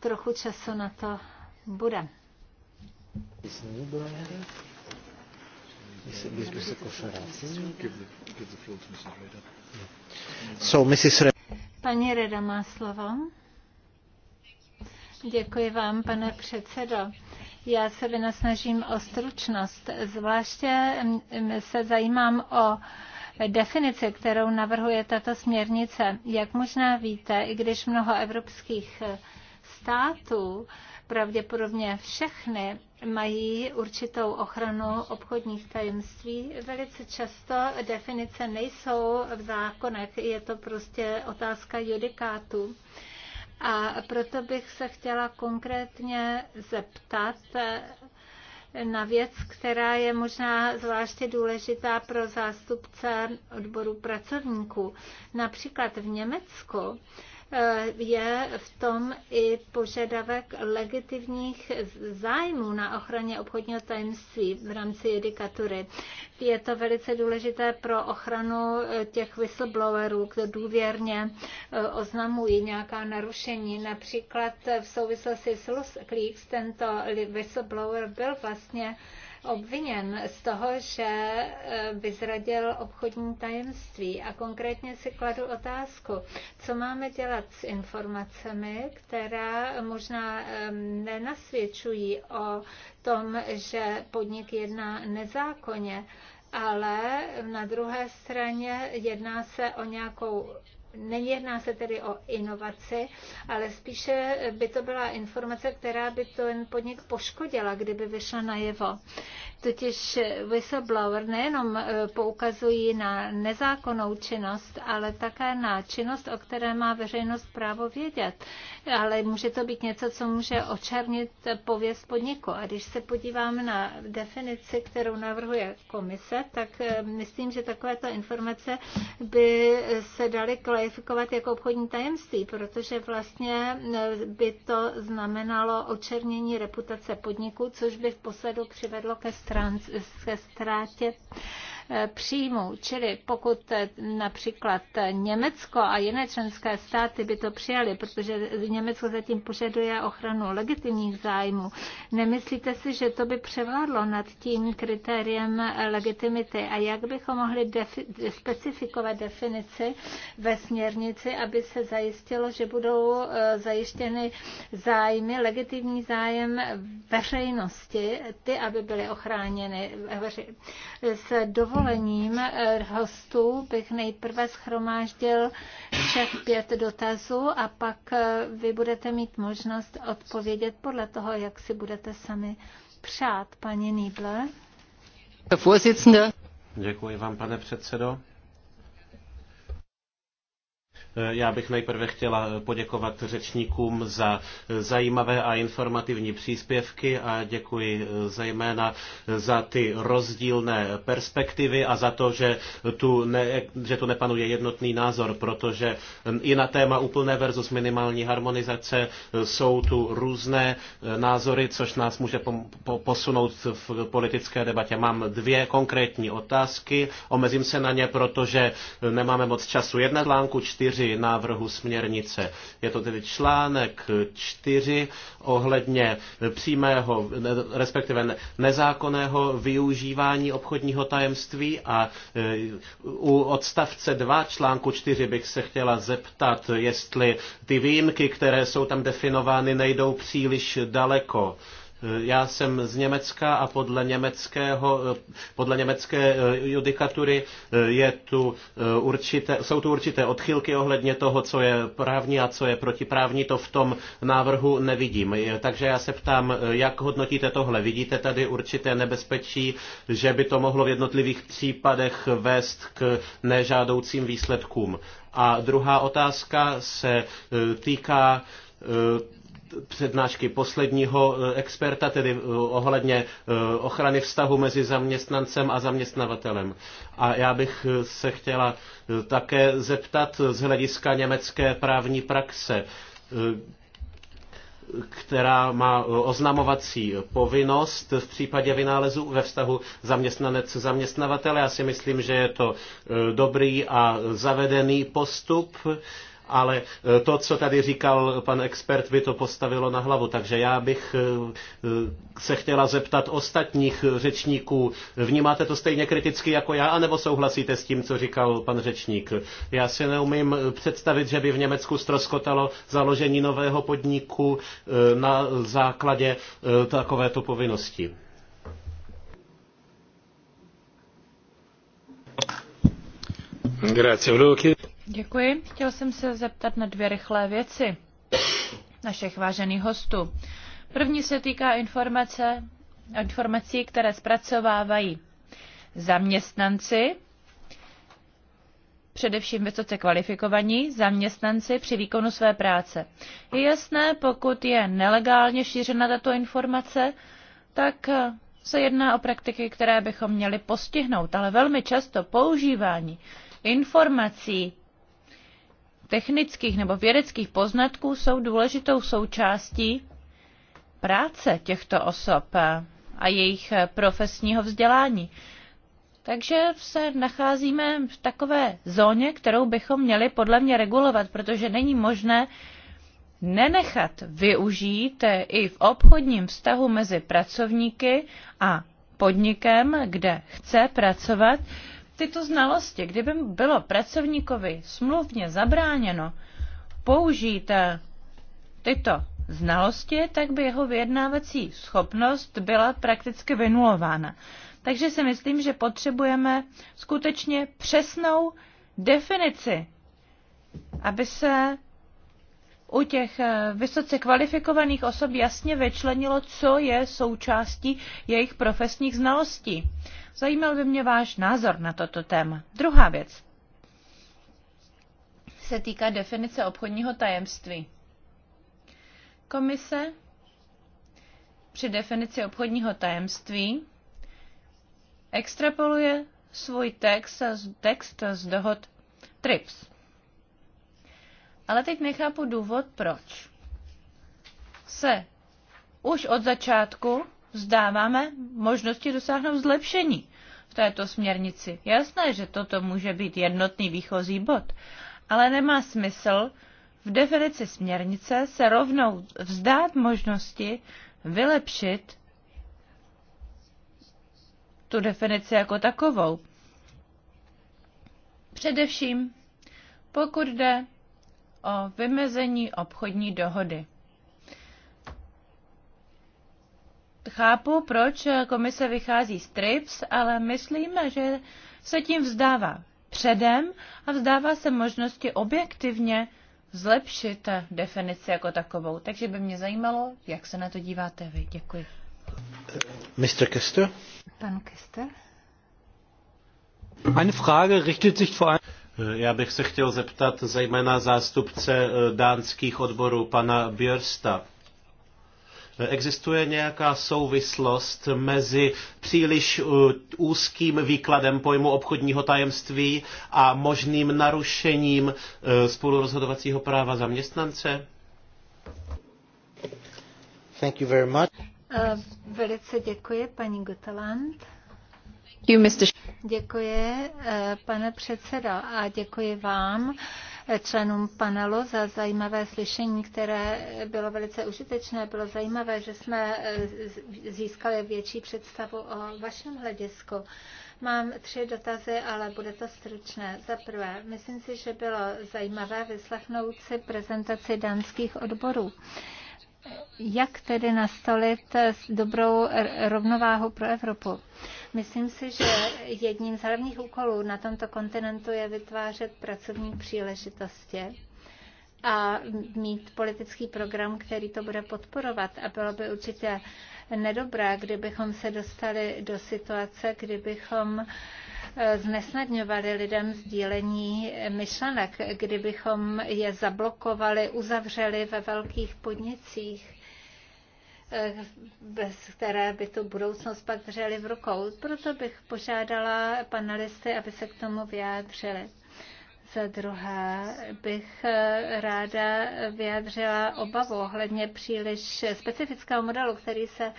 trochu času na to bude. So, Mrs. Paní Reda má slovo. Děkuji vám, pane předsedo. Já se vynasnažím o stručnost. Zvláště se zajímám o definici, kterou navrhuje tato směrnice. Jak možná víte, i když mnoho evropských států, pravděpodobně všechny, mají určitou ochranu obchodních tajemství. Velice často definice nejsou v zákonech, je to prostě otázka judikátu. A proto bych se chtěla konkrétně zeptat, na věc, která je možná zvláště důležitá pro zástupce odboru pracovníků. Například v Německu Eh, je v tom i požadavek legitimních zájmů na ochraně obchodního tajemství v rámci judikatury. Je to velice důležité pro ochranu eh, těch whistleblowerů, kdo důvěrně eh, oznamují nějaká narušení. Například v souvislosti s LuxLeaks tento whistleblower byl vlastně obviněn z toho, že by eh, zradil obchodní tajemství. A konkrétně si kladu otázku, co máme dělat s informacemi, která možná eh, nenasvědčují o tom, že podnik jedná nezákonně ale na druhé straně jedná se o nějakou nejedná se tedy o inovaci, ale spíše by to byla informace, která by ten podnik poškodila, kdyby vyšla najevo. Totiž whistleblower nejenom eh, poukazují na nezákonnou činnost, ale také na činnost, o které má veřejnost právo vědět. Ale může to být něco, co může očernit pověst podniku. A když se podíváme na definici, kterou navrhuje komise, tak eh, myslím, že takovéto informace by se daly kvalifikovat jako obchodní tajemství, protože vlastně eh, by to znamenalo očernění reputace podniku, což by v posledu přivedlo ke stranu ztrátě. Eh, příjmů. Čili pokud eh, například eh, Německo a jiné členské státy by to přijali, protože Německo zatím požaduje ochranu legitimních zájmů, nemyslíte si, že to by převládlo nad tím kritériem legitimity? A jak bychom mohli defi- specifikovat definici ve směrnici, aby se zajistilo, že budou zajištěny zájmy, legitimní zájem veřejnosti, ty, aby byly ochráněny s dovolení dovolením eh, hostů bych nejprve schromáždil všech pět dotazů a pak eh, vy budete mít možnost odpovědět podle toho, jak si budete sami přát. Paní Nýble. Děkuji vám, pane předsedo. Eh, já bych nejprve chtěla eh, poděkovat řečníkům za eh, zajímavé a informativní příspěvky a děkuji zejména za ty rozdílné perspektivy a za to, že tu, ne, že tu nepanuje jednotný názor, protože i na téma úplné versus minimální harmonizace jsou tu různé názory, což nás může posunout v politické debatě. Mám dvě konkrétní otázky, omezím se na ně, protože nemáme moc času. Jedna z článku čtyři 4 návrhu směrnice. Je to tedy článek 4 ohledně přímého, respektive nezákonného využívání obchodního tajemství a e, u odstavce 2 článku 4 bych se chtěla zeptat, jestli ty výjimky, které jsou tam definovány, nejdou příliš daleko. Já jsem z Německa a podle, německého, podle německé eh, judikatury eh, je tu eh, určité, jsou tu určité odchylky ohledně toho, co je právní a co je protiprávní. To v tom návrhu nevidím. Takže já se ptám, jak hodnotíte tohle? Vidíte tady určité nebezpečí, že by to mohlo v jednotlivých případech vést k nežádoucím výsledkům? A druhá otázka se týká přednášky posledního eh, experta, tedy eh, ohledně eh, ochrany vztahu mezi zaměstnancem a zaměstnavatelem. A já bych se chtěla také zeptat z hlediska německé právní praxe, která má oznamovací povinnost v případě vynálezu ve vztahu zaměstnanec zaměstnavatele. Já si myslím, že je to dobrý a zavedený postup ale eh, to, co tady říkal pan expert, by to postavilo na hlavu. Takže já bych eh, eh, se chtěla zeptat ostatních řečníků, vnímáte to stejně kriticky jako já, anebo souhlasíte s tím, co říkal pan řečník? Já si neumím představit, že by v Německu stroskotalo založení nového podniku na základě takovéto povinnosti. Grazie, volevo chiedere... Děkuji. Chtěl jsem se zeptat na dvě rychlé věci našich vážených hostů. První se týká informace, informací, které zpracovávají zaměstnanci, především vysoce kvalifikovaní zaměstnanci při výkonu své práce. Je jasné, pokud je nelegálně šířena tato informace, tak se jedná o praktiky, které bychom měli postihnout, ale velmi často používání informací technických nebo vědeckých poznatků jsou důležitou součástí práce těchto osob a jejich profesního vzdělání. Takže se nacházíme v takové zóně, kterou bychom měli podle mě regulovat, protože není možné nenechat využít i v obchodním vztahu mezi pracovníky a podnikem, kde chce pracovat, tyto znalosti. Kdyby bylo pracovníkovi smluvně zabráněno použít eh, tyto znalosti, tak by jeho vyjednávací schopnost byla prakticky vynulována. Takže si myslím, že potřebujeme skutečně přesnou definici, aby se u těch eh, vysoce kvalifikovaných osob jasně vyčlenilo, co je součástí jejich profesních znalostí. Zajímal by mě váš názor na toto téma. Druhá věc se týká definice obchodního tajemství. Komise při definici obchodního tajemství extrapoluje svůj text, text z dohod TRIPS. Ale teď nechápu důvod, proč se už od začátku vzdáváme možnosti dosáhnout zlepšení v této směrnici. Jasné, že toto může být jednotný výchozí bod, ale nemá smysl v definici směrnice se rovnou vzdát možnosti vylepšit tu definici jako takovou. Především, pokud jde o vymezení obchodní dohody. Chápu, proč komise vychází z TRIPS, ale myslíme, že se tím vzdává předem a vzdává se možnosti objektivně zlepšit definici jako takovou. Takže by mě zajímalo, jak se na to díváte vy. Děkuji. Mr. Kester? Pan Kester? Eine Frage richtet sich vor allem... Já bych se chtěl zeptat zejména zástupce eh, dánských odborů, pana Björsta. Existuje nějaká souvislost mezi příliš eh, úzkým výkladem pojmu obchodního tajemství a možným narušením eh, spolurozhodovacího práva zaměstnance? Thank you very much. Velice děkuji, paní Uh, Děkuji, eh, pane předsedo, a děkuji vám eh, členům panelu za zajímavé slyšení, které bylo velice užitečné. Bylo zajímavé, že jsme eh, získali větší představu o vašem hledisku. Mám tři dotazy, ale bude to stručné. Za prvé, myslím si, že bylo zajímavé vyslechnout si prezentaci dánských odborů jak tedy nastolit dobrou rovnováhu pro Evropu. Myslím si, že jedním z hlavních úkolů na tomto kontinentu je vytvářet pracovní příležitosti a mít politický program, který to bude podporovat. A bylo by určitě nedobré, kdybychom se dostali do situace, kdybychom Eh, znesnadňovali lidem sdílení myšlenek, kdybychom je zablokovali, uzavřeli ve velkých podnicích eh, bez které by tu budoucnost pak drželi v rukou. Proto bych požádala panelisty, aby se k tomu vyjádřili. Za druhé bych eh, ráda vyjádřila obavu ohledně příliš specifického modelu, který se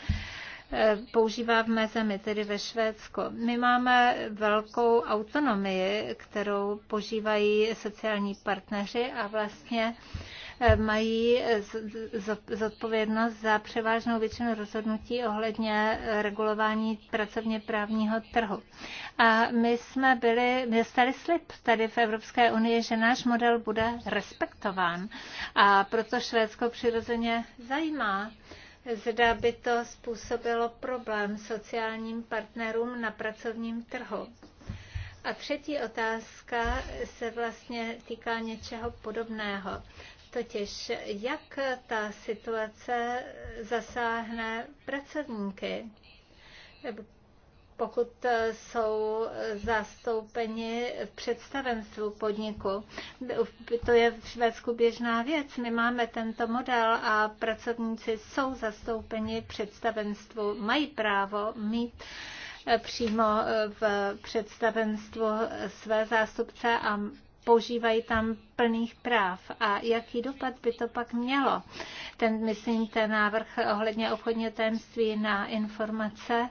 Eh, používá v mé zemi, tedy ve Švédsku. My máme velkou autonomii, kterou požívají sociální partneři a vlastně eh, mají zodpovědnost za převážnou většinu rozhodnutí ohledně eh, regulování pracovně právního trhu. A my jsme byli, dostali slib tady v Evropské unii, že náš model bude respektován. A proto Švédsko přirozeně zajímá zda by to způsobilo problém sociálním partnerům na pracovním trhu. A třetí otázka se vlastně týká něčeho podobného. Totiž, jak ta situace zasáhne pracovníky, pokud eh, jsou eh, zastoupeni v představenstvu podniku. To je v Švédsku běžná věc. My máme tento model a pracovníci jsou zastoupeni v představenstvu, mají právo mít eh, přímo v představenstvu své zástupce a používají tam plných práv a jaký dopad by to pak mělo. Ten, myslím, ten návrh ohledně obchodního tajemství na informace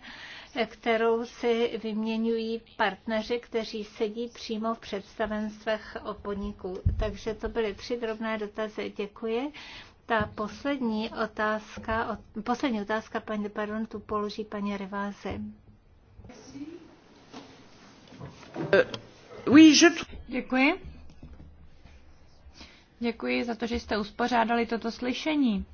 kterou si vyměňují partneři, kteří sedí přímo v představenstvech o podniku. Takže to byly tři drobné dotazy. Děkuji. Ta poslední otázka, poslední otázka, paní pardon, tu položí paní Rivázy. Eh, Děkuji. Děkuji za to, že jste uspořádali toto slyšení.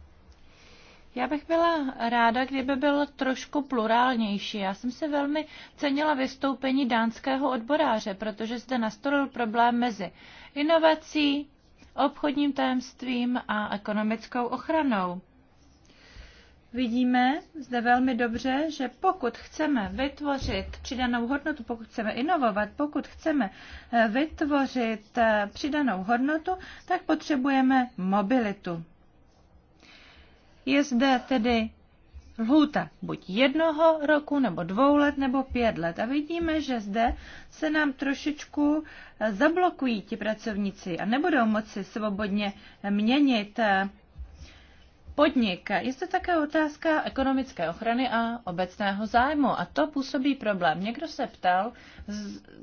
Já bych byla ráda, kdyby byl trošku plurálnější. Já jsem se velmi cenila vystoupení dánského odboráře, protože zde nastolil problém mezi inovací, obchodním tajemstvím a ekonomickou ochranou. Vidíme zde velmi dobře, že pokud chceme vytvořit přidanou hodnotu, pokud chceme inovovat, pokud chceme eh, vytvořit eh, přidanou hodnotu, tak potřebujeme mobilitu. Je zde tedy lhůta buď jednoho roku, nebo dvou let, nebo pět let. A vidíme, že zde se nám trošičku eh, zablokují ti pracovníci a nebudou moci svobodně měnit eh, podnik. Je zde také otázka ekonomické ochrany a obecného zájmu a to působí problém. Někdo se ptal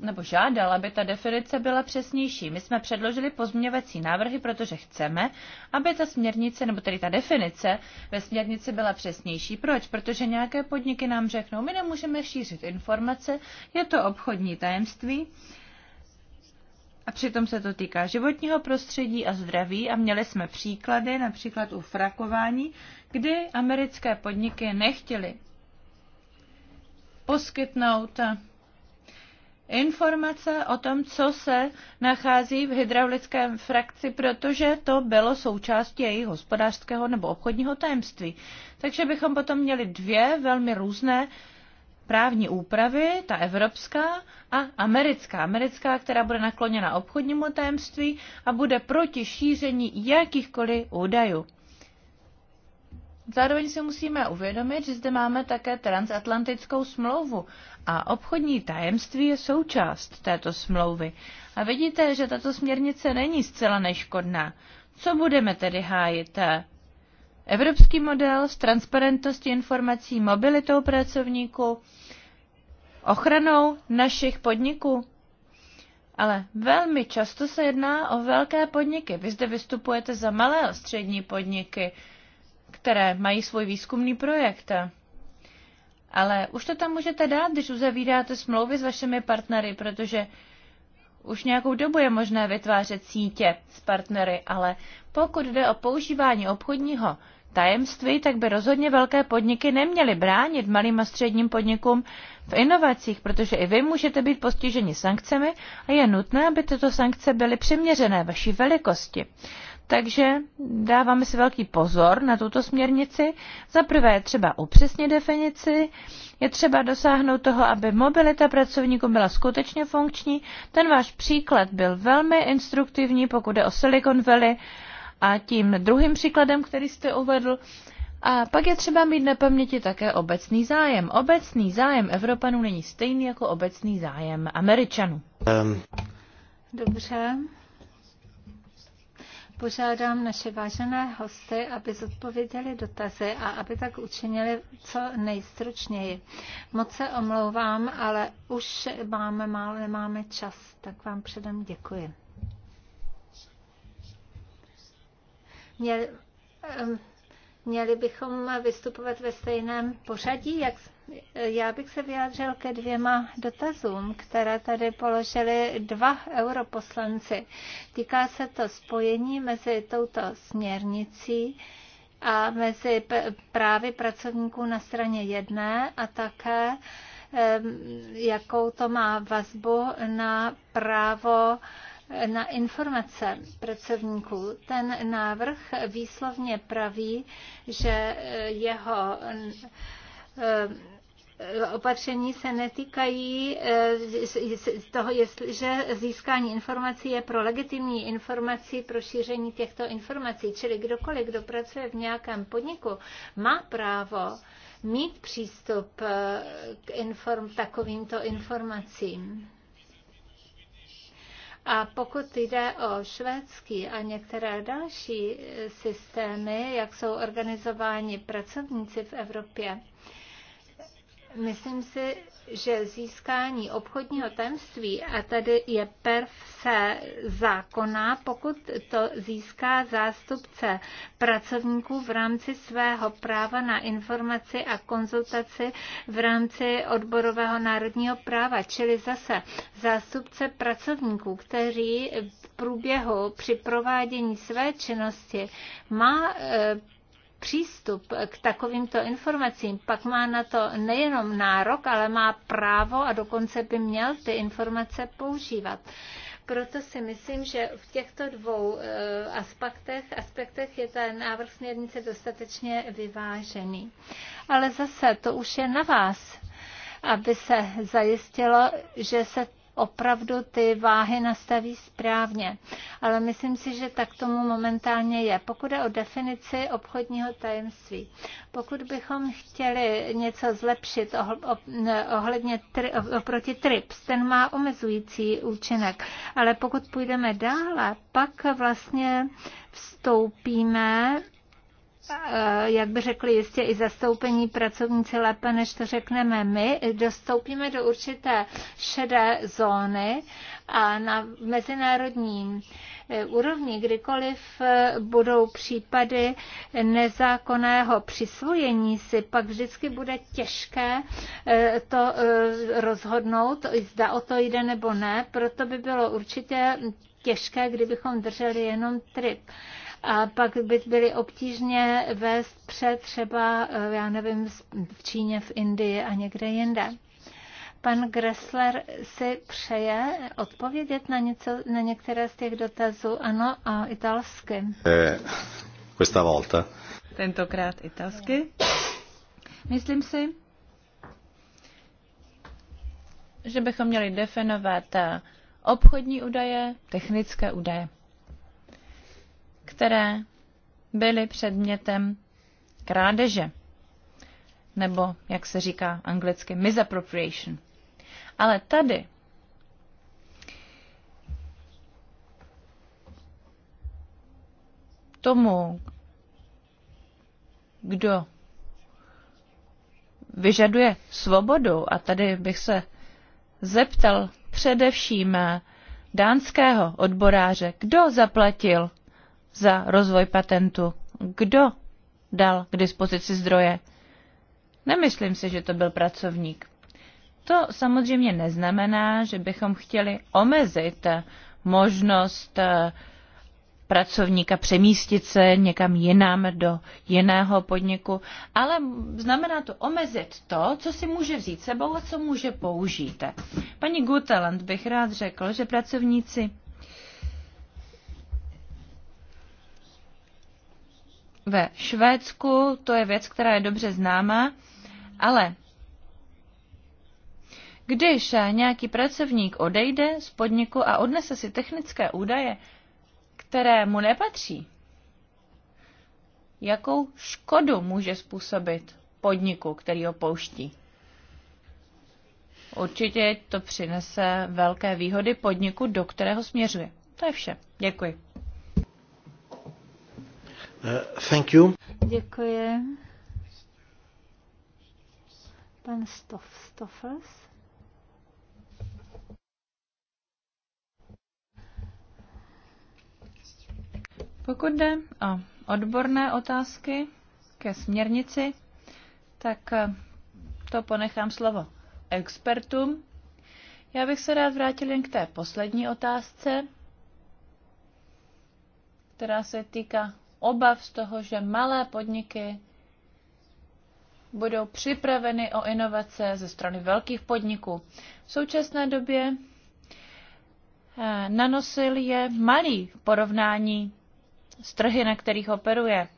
nebo žádal, aby ta definice byla přesnější. My jsme předložili pozměňovací návrhy, protože chceme, aby ta směrnice nebo tedy ta definice ve směrnici byla přesnější. Proč? Protože nějaké podniky nám řeknou, my nemůžeme šířit informace, je to obchodní tajemství a přitom se to týká životního prostředí a zdraví a měli jsme příklady, například u frakování, kdy americké podniky nechtěly poskytnout informace o tom, co se nachází v hydraulickém frakci, protože to bylo součástí jejich hospodářského nebo obchodního tajemství. Takže bychom potom měli dvě velmi různé uh, právní úpravy, ta evropská a americká. Americká, která bude nakloněna obchodnímu tajemství a bude proti šíření jakýchkoliv údajů. Zároveň si musíme uvědomit, že zde máme také transatlantickou smlouvu a obchodní tajemství je součást této smlouvy. A vidíte, že tato směrnice není zcela neškodná. Co budeme tedy hájit? evropský model s transparentností informací, mobilitou pracovníků, ochranou našich podniků. Ale velmi často se jedná o velké podniky. Vy zde vystupujete za malé a střední podniky, které mají svůj výzkumný projekt. Ale už to tam můžete dát, když uzavíráte smlouvy s vašimi partnery, protože už nějakou dobu je možné vytvářet sítě s partnery, ale pokud jde o používání obchodního tajemství, tak by rozhodně velké podniky neměly bránit malým a středním podnikům v inovacích, protože i vy můžete být postiženi sankcemi a je nutné, aby tyto sankce byly přiměřené vaší velikosti. Takže dáváme si velký pozor na tuto směrnici. Za prvé je třeba upřesnit definici, je třeba dosáhnout toho, aby mobilita pracovníků byla skutečně funkční. Ten váš příklad byl velmi instruktivní, pokud je o Silicon Valley a tím druhým příkladem, který jste uvedl, a pak je třeba mít na paměti také obecný zájem. Obecný zájem Evropanů není stejný jako obecný zájem Američanů. Um. Dobře. Požádám naše vážené hosty, aby zodpověděli dotazy a aby tak učinili co nejstručněji. Moc se omlouvám, ale už máme málo, nemáme čas, tak vám předem děkuji. měli, měli bychom vystupovat ve stejném pořadí, jak já bych se vyjádřil ke dvěma dotazům, které tady položili dva europoslanci. Týká se to spojení mezi touto směrnicí a mezi právy pracovníků na straně jedné a také jakou to má vazbu na právo na informace pracovníků. Ten návrh výslovně praví, že eh, jeho eh, opatření se netýkají eh, toho, že získání informací je pro legitimní informací, pro šíření těchto informací. Čili kdokoliv, kdo pracuje v nějakém podniku, má právo mít přístup k inform, takovýmto informacím. A pokud jde o švédský a některé další e, systémy, jak jsou organizováni pracovníci v Evropě, myslím si, že získání obchodního tajemství, a tady je per se zákona, pokud to získá zástupce pracovníků v rámci svého práva na informaci a konzultaci v rámci odborového národního práva, čili zase zástupce pracovníků, kteří v průběhu při provádění své činnosti má eh, přístup k takovýmto informacím, pak má na to nejenom nárok, ale má právo a dokonce by měl ty informace používat. Proto si myslím, že v těchto dvou eh, aspektech, aspektech je ten návrh směrnice dostatečně vyvážený. Ale zase to už je na vás, aby se zajistilo, že se opravdu ty váhy nastaví správně. Ale myslím si, že tak tomu momentálně je. Pokud je o definici obchodního tajemství, pokud bychom chtěli něco zlepšit ohledně tri, oproti TRIPS, ten má omezující účinek, ale pokud půjdeme dále, pak vlastně vstoupíme Eh, jak by řekli jistě i zastoupení pracovníci lépe, než to řekneme my, dostoupíme do určité šedé zóny a na mezinárodním eh, úrovni, kdykoliv eh, budou případy nezákonného přisvojení si, pak vždycky bude těžké to rozhodnout, zda o to jde nebo ne, proto by bylo určitě těžké, kdybychom drželi jenom trip a pak by byly obtížně vést před třeba, eh, já nevím, v Číně, v Indii a někde jinde. Pan Gressler si přeje odpovědět na, něco, na některé z těch dotazů, ano, a italsky. Eh, questa volta. Tentokrát italsky. Myslím si, že bychom měli definovat eh, obchodní údaje, technické údaje které byly předmětem krádeže, nebo, jak se říká anglicky, misappropriation. Ale tady tomu, kdo vyžaduje svobodu, a tady bych se zeptal především dánského odboráře, kdo zaplatil za rozvoj patentu? Kdo dal k dispozici zdroje? Nemyslím si, že to byl pracovník. To samozřejmě neznamená, že bychom chtěli omezit možnost eh, pracovníka přemístit se někam jinam do jiného podniku, ale znamená to omezit to, co si může vzít sebou a co může použít. Paní Guteland bych rád řekl, že pracovníci ve Švédsku, to je věc, která je dobře známá, ale když nějaký pracovník odejde z podniku a odnese si technické údaje, které mu nepatří, jakou škodu může způsobit podniku, který ho pouští? Určitě to přinese velké výhody podniku, do kterého směřuje. To je vše. Děkuji. Uh, thank you. Děkuji. Pan Stoff, Stoffers. Pokud jde o odborné otázky ke směrnici, tak eh, to ponechám slovo expertům. Já bych se rád vrátil jen k té poslední otázce, která se týká obav z toho, že malé podniky budou připraveny o inovace ze strany velkých podniků. V současné době eh, nanosil je malý v porovnání s trhy, na kterých operuje.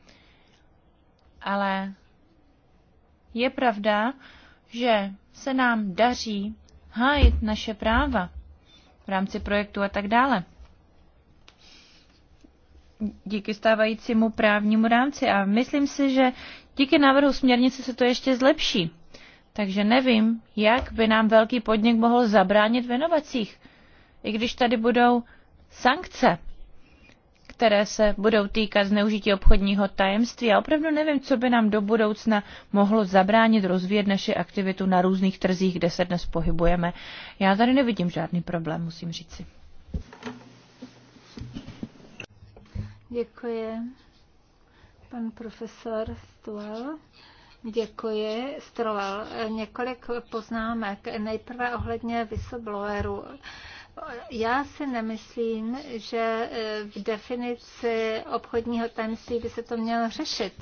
Ale je pravda, že se nám daří hájit naše práva v rámci projektu a tak dále díky stávajícímu právnímu rámci a myslím si, že díky návrhu směrnice se to ještě zlepší. Takže nevím, jak by nám velký podnik mohl zabránit v inovacích, i když tady budou sankce, které se budou týkat zneužití obchodního tajemství. A opravdu nevím, co by nám do budoucna mohlo zabránit rozvíjet naši aktivitu na různých trzích, kde se dnes pohybujeme. Já tady nevidím žádný problém, musím říci. Děkuji. Pan profesor Stuel. Děkuji. Stroval několik poznámek. Nejprve ohledně whistlebloweru. Já si nemyslím, že v definici obchodního tajemství by se to mělo řešit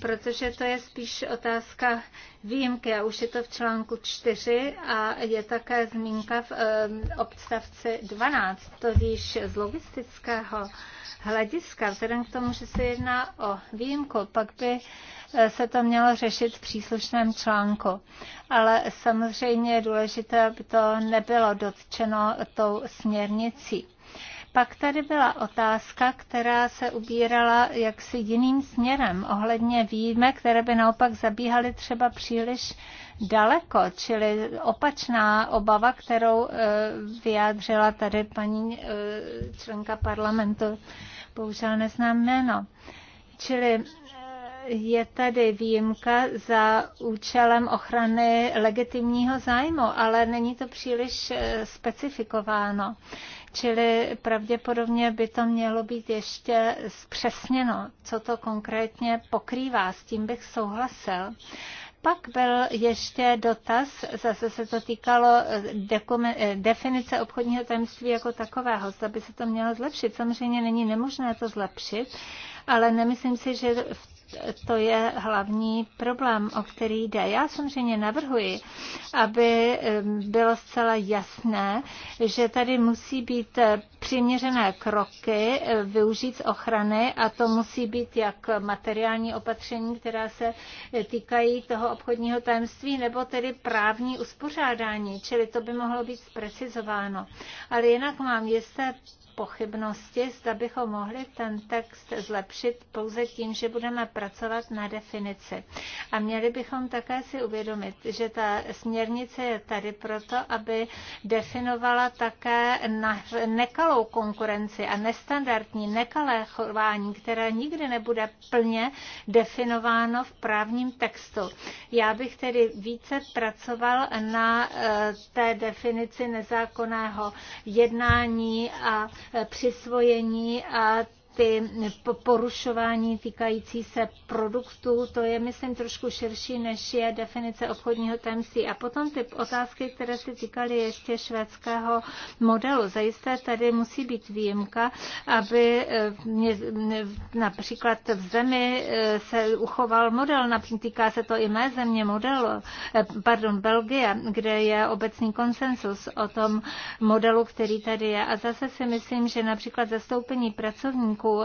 protože to je spíš otázka výjimky a už je to v článku 4 a je také zmínka v obstavci 12, totiž z logistického hlediska, vzhledem k tomu, že se jedná o výjimku, pak by eh, se to mělo řešit v příslušném článku. Ale samozřejmě je důležité, aby to nebylo dotčeno tou směrnicí. Pak tady byla otázka, která se ubírala jaksi jiným směrem ohledně výjime, které by naopak zabíhaly třeba příliš daleko, čili opačná obava, kterou eh, vyjádřila tady paní eh, členka parlamentu, bohužel neznám jméno. Čili eh, je tady výjimka za účelem ochrany legitimního zájmu, ale není to příliš specifikováno čili pravděpodobně by to mělo být ještě zpřesněno, co to konkrétně pokrývá. S tím bych souhlasil. Pak byl ještě dotaz, zase se to týkalo eh, eh, definice obchodního tajemství jako takového, zda by se to mělo zlepšit. Samozřejmě není nemožné to zlepšit, ale nemyslím si, že v to je hlavní problém, o který jde. Já samozřejmě navrhuji, aby eh, bylo zcela jasné, že tady musí být eh, přiměřené kroky eh, využít z ochrany a to musí být jak materiální opatření, která se eh, týkají toho obchodního tajemství, nebo tedy právní uspořádání, čili to by mohlo být zprecizováno. Ale jinak mám jisté pochybnosti, zda bychom mohli ten text zlepšit pouze tím, že budeme pracovat na definici. A měli bychom také si uvědomit, že ta směrnice je tady proto, aby definovala také nekalou nekalou konkurenci a nestandardní nekalé chování, které nikdy nebude plně definováno v právním textu. Já bych tedy více pracoval na eh, té definici nezákonného jednání a eh, přisvojení a ty porušování týkající se produktů, to je, myslím, trošku širší, než je definice obchodního tajemství. A potom ty otázky, které se týkaly ještě švédského modelu. Zajisté tady musí být výjimka, aby eh, například v zemi eh, se uchoval model, například týká se to i mé země model, eh, pardon, Belgie, kde je obecný konsensus o tom modelu, který tady je. A zase si myslím, že například zastoupení pracovníků účastníků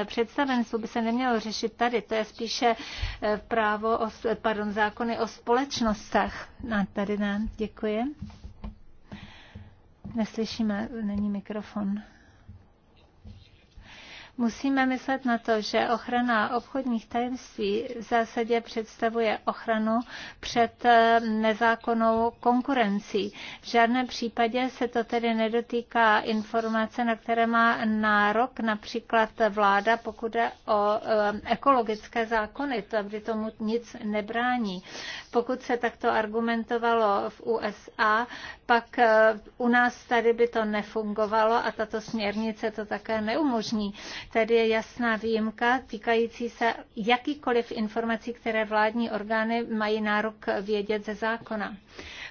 eh, představenstvu by se nemělo řešit tady. To je spíše eh, právo, o, pardon, zákony o společnostech. A tady nám děkuji. Neslyšíme, není mikrofon. Musíme myslet na to, že ochrana obchodních tajemství v zásadě představuje ochranu před eh, nezákonnou konkurencí. V žádném případě se to tedy nedotýká informace, na které má nárok například vláda, pokud je o eh, ekologické zákony. To by tomu nic nebrání. Pokud se takto argumentovalo v USA, pak eh, u nás tady by to nefungovalo a tato směrnice to také neumožní. Tady je jasná výjimka týkající se jakýkoliv informací, které vládní orgány mají nárok vědět ze zákona.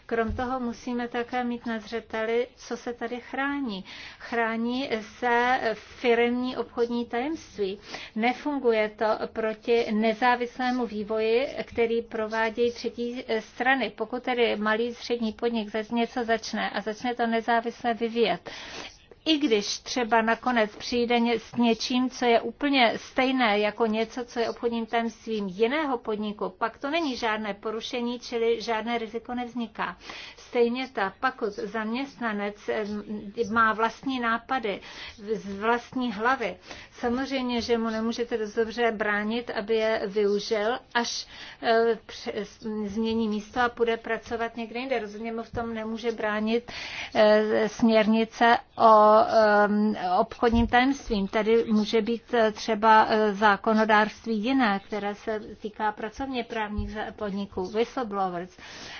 Krom toho musíme také mít na zřeteli, co se tady chrání. Chrání se firmní obchodní tajemství. Nefunguje to proti nezávislému vývoji, který provádějí třetí strany. Pokud tedy malý střední podnik něco začne a začne to nezávisle vyvíjet, i když třeba nakonec přijde s něčím, co je úplně stejné jako něco, co je obchodním tajemstvím jiného podniku, pak to není žádné porušení, čili žádné riziko nevzniká. Stejně tak, pokud zaměstnanec má vlastní nápady z vlastní hlavy, samozřejmě, že mu nemůžete dost dobře bránit, aby je využil, až e, změní místo a bude pracovat někde jinde. Rozhodně mu v tom nemůže bránit e, směrnice o Um, obchodním tajemstvím. Tady může být eh, třeba eh, zákonodárství jiné, které se týká pracovně právních podniků, whistleblowers.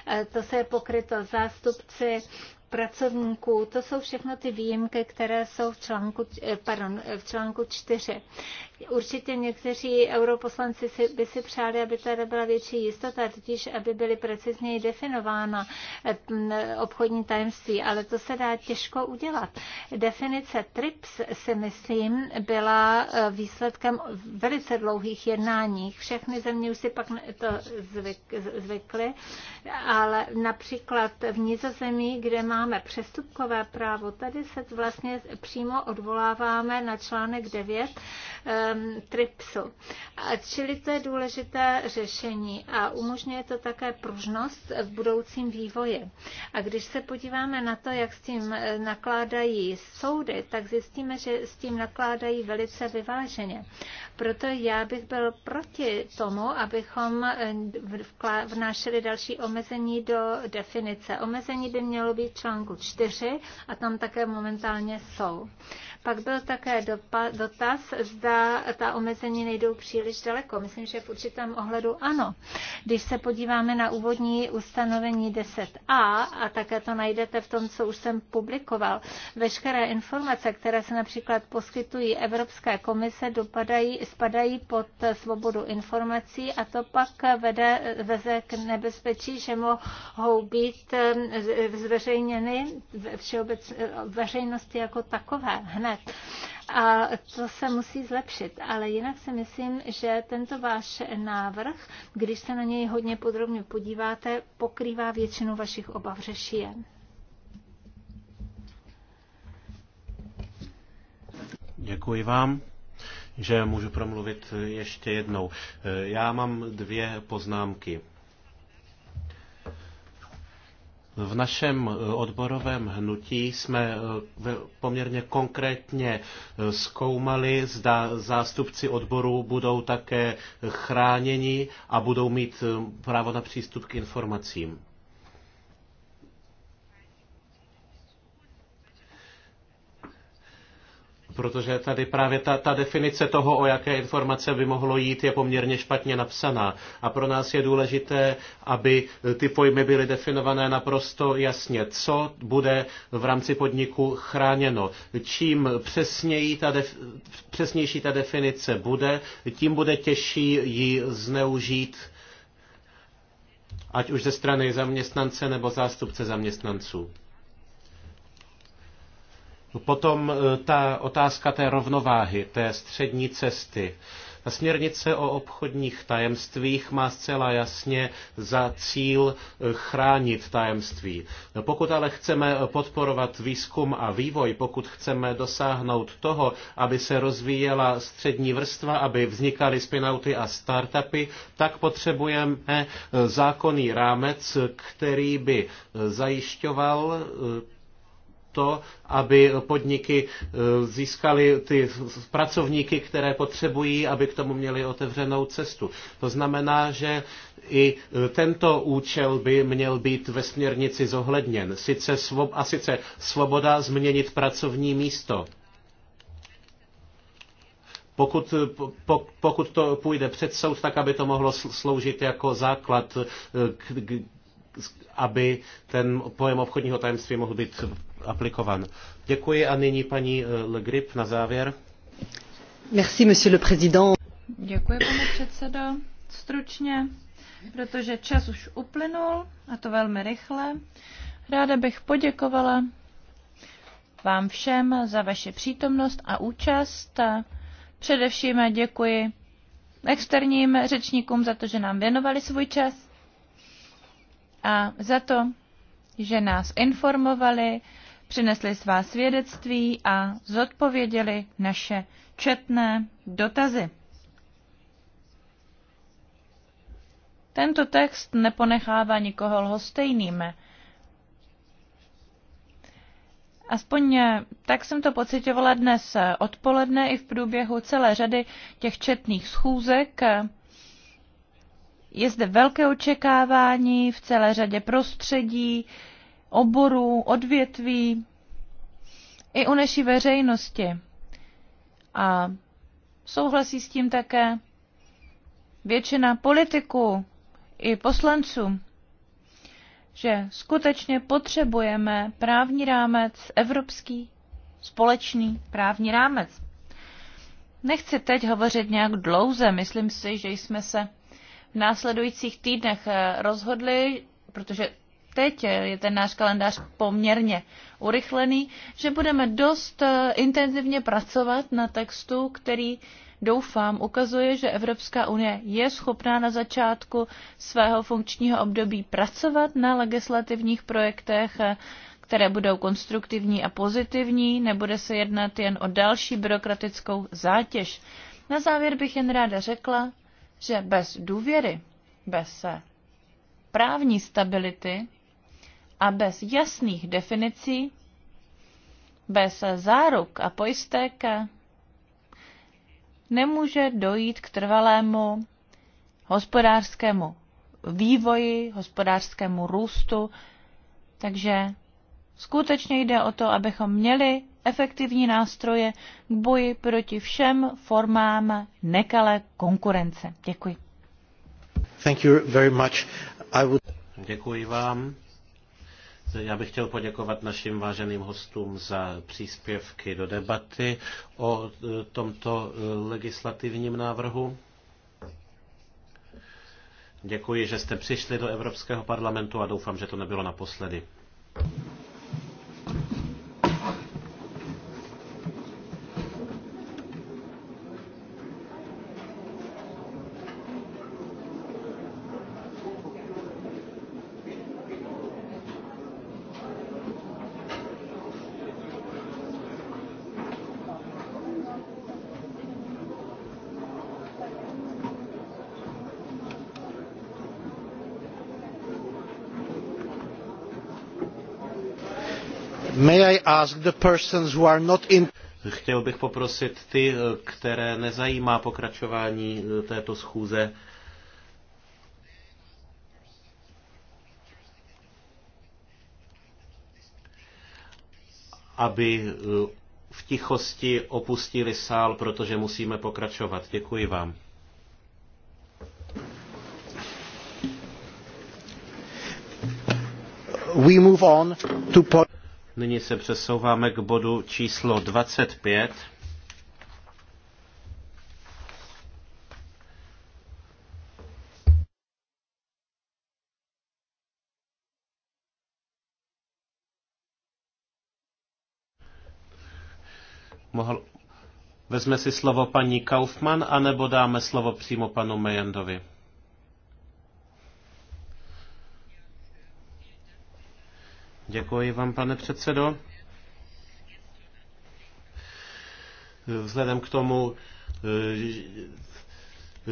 Eh, to se je pokryto zástupci pracovníků. To jsou všechno ty výjimky, které jsou v článku, eh, pardon, v článku čtyři. Určitě někteří europoslanci si, by si přáli, aby tady byla větší jistota, totiž aby byly precizněji definována eh, obchodní tajemství, ale to se dá těžko udělat. Definice TRIPS si myslím byla eh, výsledkem velice dlouhých jednání. Všechny země už si pak to zvykly, ale například v Nizozemí, kde má máme přestupkové právo, tady se vlastně přímo odvoláváme na článek 9 um, ehm, TRIPSu. A čili to je důležité řešení a umožňuje to také pružnost v budoucím vývoji. A když se podíváme na to, jak s tím eh, nakládají soudy, tak zjistíme, že s tím nakládají velice vyváženě. Proto já bych byl proti tomu, abychom eh, vnášeli další omezení do definice. Omezení by mělo být článku 4 a tam také momentálně jsou. Pak byl také dotaz, zda ta omezení nejdou příliš daleko. Myslím, že v určitém ohledu ano. Když se podíváme na úvodní ustanovení 10a, a také to najdete v tom, co už jsem publikoval, veškeré informace, které se například poskytují Evropské komise, dopadají, spadají pod svobodu informací a to pak vede, veze k nebezpečí, že mohou být eh, zveřejněny všeobec, veřejnosti jako takové hned let. A to se musí zlepšit. Ale jinak si myslím, že tento váš návrh, když se na něj hodně podrobně podíváte, pokrývá většinu vašich obav, řeší je. Děkuji vám že můžu promluvit ještě jednou. Já mám dvě poznámky. V našem eh, odborovém hnutí jsme eh, poměrně konkrétně eh, zkoumali, zda zástupci odborů budou také chráněni a budou mít právo na přístup k informacím. protože tady právě ta, ta definice toho, o jaké informace by mohlo jít, je poměrně špatně napsaná. A pro nás je důležité, aby ty pojmy byly definované naprosto jasně. Co bude v rámci podniku chráněno? Čím přesněji ta def, přesnější ta definice bude, tím bude těžší ji zneužít ať už ze strany zaměstnance nebo zástupce zaměstnanců. Potom e, ta otázka té rovnováhy, té střední cesty. Ta směrnice o obchodních tajemstvích má zcela jasně za cíl e, chránit tajemství. Pokud ale chceme podporovat výzkum a vývoj, pokud chceme dosáhnout toho, aby se rozvíjela střední vrstva, aby vznikaly spinauty a startupy, tak potřebujeme e, zákonný rámec, který by zajišťoval to, aby podniky eh, získaly ty pracovníky, které potřebují, aby k tomu měli otevřenou cestu. To znamená, že i eh, tento účel by měl být ve směrnici zohledněn. Sice svob- a sice svoboda změnit pracovní místo. Pokud, eh, po, pokud to půjde před soud, tak aby to mohlo sloužit jako základ, k, k, aby ten pojem obchodního tajemství mohl být aplikovan. Děkuji a nyní paní eh, Le Grip na závěr. Merci, monsieur le président. Děkuji, pane předsedo. Stručně, protože čas už uplynul, a to velmi rychle. Ráda bych poděkovala vám všem za vaši přítomnost a účast. Především děkuji externím řečníkům za to, že nám věnovali svůj čas a za to, že nás informovali přinesli svá svědectví a zodpověděli naše četné dotazy. Tento text neponechává nikoho lhostejným. Aspoň eh, tak jsem to pocitovala dnes eh, odpoledne i v průběhu celé řady těch četných schůzek. Je zde velké očekávání v celé řadě prostředí, oborů, odvětví, i u naší veřejnosti. A souhlasí s tím také většina politiků i poslanců, že skutečně potřebujeme právní rámec, evropský společný právní rámec. Nechci teď hovořit nějak dlouze, myslím si, že jsme se v následujících týdnech eh, rozhodli, protože teď eh, je ten náš kalendář poměrně urychlený, že budeme dost eh, intenzivně pracovat na textu, který doufám ukazuje, že Evropská unie je schopná na začátku svého funkčního období pracovat na legislativních projektech, eh, které budou konstruktivní a pozitivní, nebude se jednat jen o další byrokratickou zátěž. Na závěr bych jen ráda řekla, že bez důvěry, bez právní stability a bez jasných definicí, bez záruk a pojistek nemůže dojít k trvalému hospodářskému vývoji, hospodářskému růstu. Takže skutečně jde o to, abychom měli efektivní nástroje k boji proti všem formám nekalé konkurence. Děkuji. Thank you very much. I would... Děkuji vám. Já bych chtěl poděkovat našim váženým hostům za příspěvky do debaty o e, tomto e, legislativním návrhu. Děkuji, že jste přišli do Evropského parlamentu a doufám, že to nebylo naposledy. ask the persons who are not in... Chtěl bych poprosit ty, které nezajímá pokračování eh, této schůze, aby eh, v tichosti opustili sál, protože musíme pokračovat. Děkuji vám. We move on to Nyní se přesouváme k bodu číslo 25. Mohl... Vezme si slovo paní Kaufmann, anebo dáme slovo přímo panu Mejendovi? Děkuji vám, pane předsedo. Vzhledem k tomu,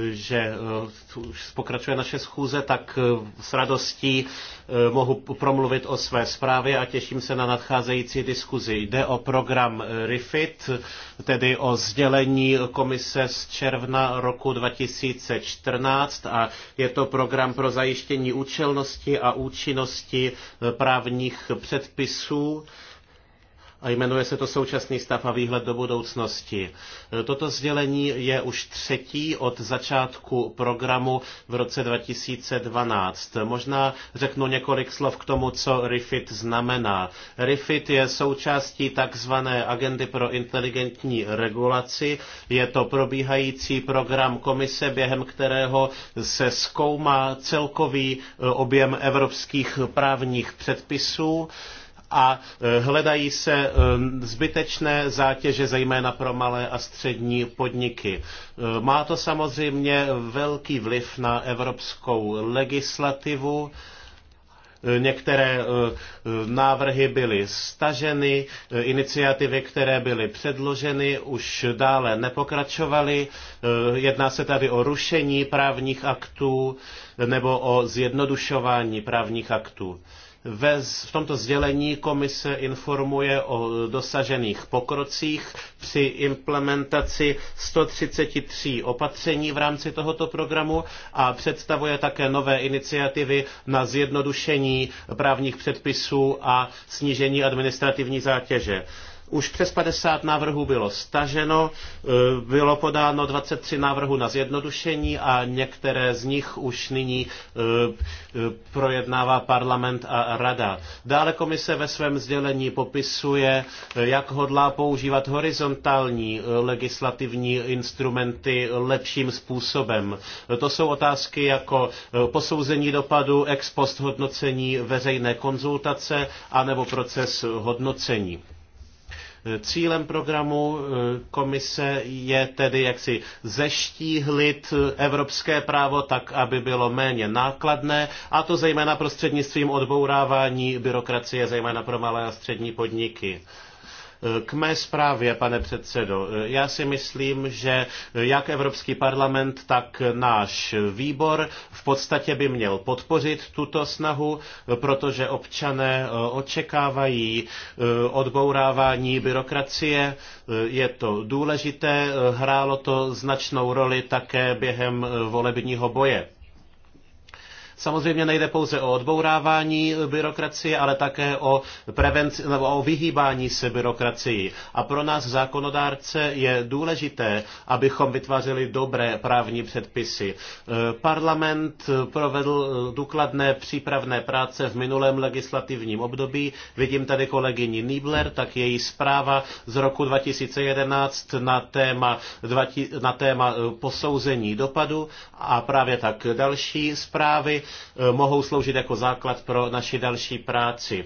že eh, už pokračuje naše schůze, tak eh, s radostí eh, mohu promluvit o své zprávě a těším se na nadcházející diskuzi. Jde o program RIFIT, tedy o sdělení komise z června roku 2014 a je to program pro zajištění účelnosti a účinnosti právních předpisů a jmenuje se to Současný stav a výhled do budoucnosti. Toto sdělení je už třetí od začátku programu v roce 2012. Možná řeknu několik slov k tomu, co RIFIT znamená. RIFIT je součástí takzvané agendy pro inteligentní regulaci. Je to probíhající program komise, během kterého se zkoumá celkový eh, objem evropských právních předpisů a e, hledají se e, zbytečné zátěže, zejména pro malé a střední podniky. E, má to samozřejmě velký vliv na evropskou legislativu. Některé návrhy byly staženy, iniciativy, které byly předloženy, už dále nepokračovaly. Jedná se tady o rušení právních aktů nebo o zjednodušování právních aktů v tomto sdělení komise informuje o dosažených pokrocích při implementaci 133 opatření v rámci tohoto programu a představuje také nové iniciativy na zjednodušení právních předpisů a snížení administrativní zátěže. Už přes 50 návrhů bylo staženo, eh, bylo podáno 23 návrhů na zjednodušení a některé z nich už nyní eh, eh, projednává parlament a rada. Dále komise ve svém sdělení popisuje, jak hodlá používat horizontální legislativní instrumenty lepším způsobem. To jsou otázky jako posouzení dopadu, ex post hodnocení veřejné konzultace anebo proces hodnocení. Cílem programu eh, komise je tedy jaksi zeštíhlit evropské právo tak, aby bylo méně nákladné, a to zejména prostřednictvím odbourávání byrokracie, zejména pro malé a střední podniky. K mé zprávě, pane předsedo, já si myslím, že jak Evropský parlament, tak náš výbor v podstatě by měl podpořit tuto snahu, protože občané eh, očekávají eh, odbourávání byrokracie. Eh, je to důležité, hrálo to značnou roli také během volebního boje. Samozřejmě nejde pouze o odbourávání byrokracie, ale také o, prevenci, nebo o vyhýbání se byrokracii. A pro nás zákonodárce je důležité, abychom vytvářeli dobré právní předpisy. Eh, Parlament provedl eh, důkladné přípravné práce v minulém legislativním období. Vidím tady kolegyni Niebler, tak její zpráva z roku 2011 na téma, na téma eh, posouzení dopadu a právě tak další zprávy. Eh, mohou sloužit jako základ pro naši další práci.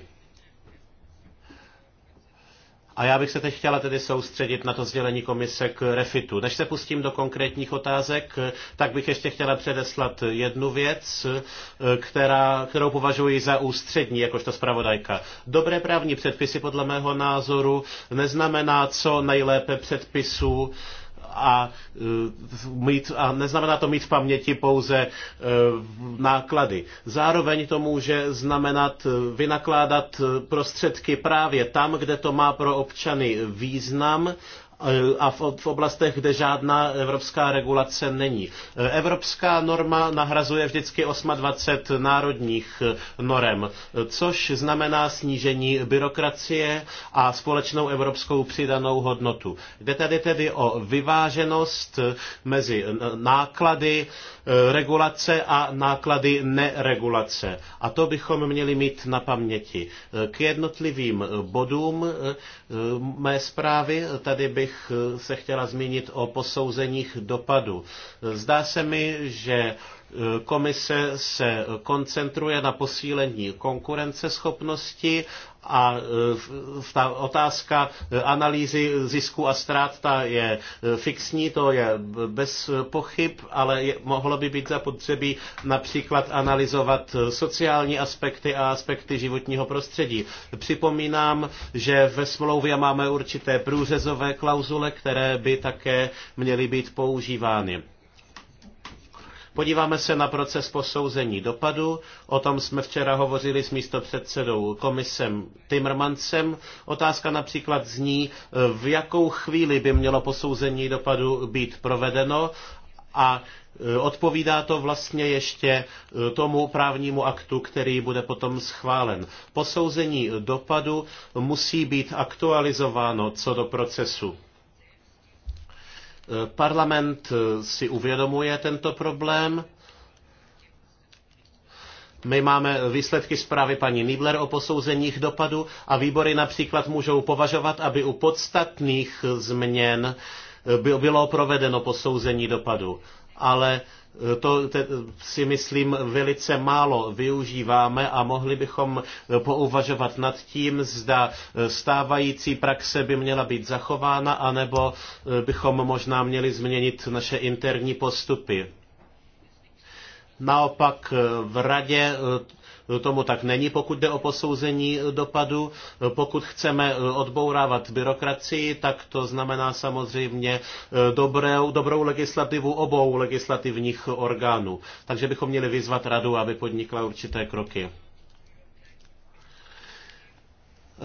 A já bych se teď chtěla tedy soustředit na to sdělení komise k refitu. Než se pustím do konkrétních otázek, tak bych ještě chtěla předeslat jednu věc, eh, která, kterou považuji za ústřední, jakožto zpravodajka. Dobré právní předpisy podle mého názoru neznamená co nejlépe předpisů, a, e, mít, a neznamená to mít v paměti pouze e, náklady. Zároveň to může znamenat e, vynakládat prostředky právě tam, kde to má pro občany význam Eh, a v oblastech, kde žádná evropská regulace není. Eh, evropská norma nahrazuje vždycky 28 národních eh, norem, což znamená snížení byrokracie a společnou evropskou přidanou hodnotu. Jde tady tedy o vyváženost mezi náklady regulace a náklady neregulace. A to bychom měli mít na paměti. K jednotlivým bodům mé zprávy tady bych bych eh, se chtěla zmínit o posouzeních dopadu. Zdá se mi, že Komise se koncentruje na posílení konkurenceschopnosti a e, ta otázka analýzy zisku a ztrát ta je fixní, to je bez pochyb, ale je, mohlo by být zapotřebí například analyzovat sociální aspekty a aspekty životního prostředí. Připomínám, že ve smlouvě máme určité průřezové klauzule, které by také měly být používány. Podíváme se na proces posouzení dopadu. O tom jsme včera hovořili s místopředsedou komisem Timmermansem. Otázka například zní, v jakou chvíli by mělo posouzení dopadu být provedeno a e, odpovídá to vlastně ještě e, tomu právnímu aktu, který bude potom schválen. Posouzení dopadu musí být aktualizováno co do procesu. Parlament eh, si uvědomuje tento problém. My máme výsledky zprávy paní Nibler o posouzeních dopadu a výbory například můžou považovat, aby u podstatných změn eh, bylo provedeno posouzení dopadu. Ale Eh, to si myslím velice málo využíváme a mohli bychom eh, pouvažovat nad tím, zda eh, stávající praxe by měla být zachována, anebo bychom možná měli změnit naše interní postupy. Naopak v radě No tomu tak není, pokud jde o posouzení e, dopadu. E, pokud chceme e, odbourávat byrokracii, tak to znamená samozřejmě dobrou, dobrou legislativu obou legislativních orgánů. Takže bychom měli vyzvat radu, aby podnikla určité kroky.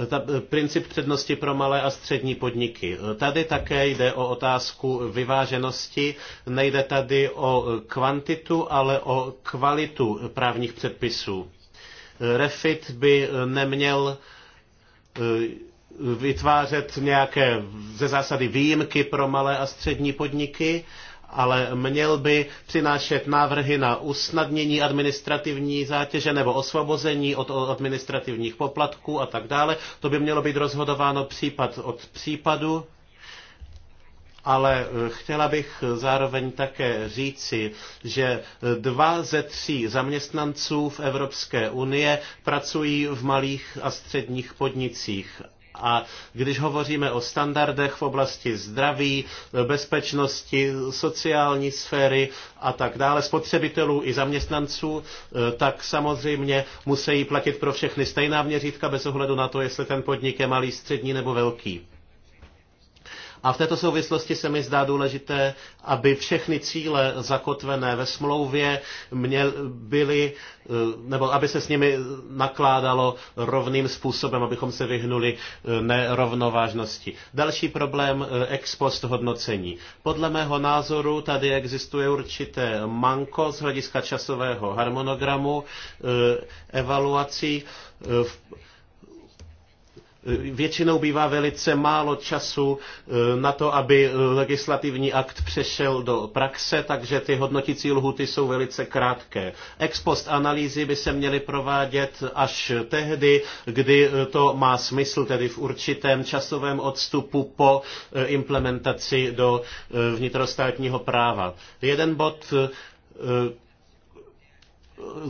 Ta, princip přednosti pro malé a střední podniky. Tady také jde o otázku vyváženosti. Nejde tady o kvantitu, ale o kvalitu právních předpisů. Refit by eh, neměl eh, vytvářet nějaké ze zásady výjimky pro malé a střední podniky, ale měl by přinášet návrhy na usnadnění administrativní zátěže nebo osvobození od administrativních poplatků a tak dále. To by mělo být rozhodováno případ od případu ale eh, chtěla bych zároveň také říci, že eh, dva ze tří zaměstnanců v Evropské unie pracují v malých a středních podnicích a když hovoříme o standardech v oblasti zdraví, eh, bezpečnosti, sociální sféry a tak dále, spotřebitelů i zaměstnanců, tak samozřejmě musí platit pro všechny stejná měřítka bez ohledu na to, jestli ten podnik je malý, střední nebo velký. A v této souvislosti se mi zdá důležité, aby všechny cíle zakotvené ve smlouvě měl, byly, eh, nebo aby se s nimi nakládalo rovným způsobem, abychom se vyhnuli eh, nerovnovážnosti. Další problém eh, ex post hodnocení. Podle mého názoru tady existuje určité manko z hlediska časového harmonogramu evaluací v Eh, většinou bývá velice málo času eh, na to, aby eh, legislativní akt přešel do praxe, takže ty hodnotící lhuty jsou velice krátké. Ex post analýzy by se měly provádět až tehdy, kdy to má smysl, tedy v určitém časovém odstupu po implementaci do vnitrostátního práva. Jeden bod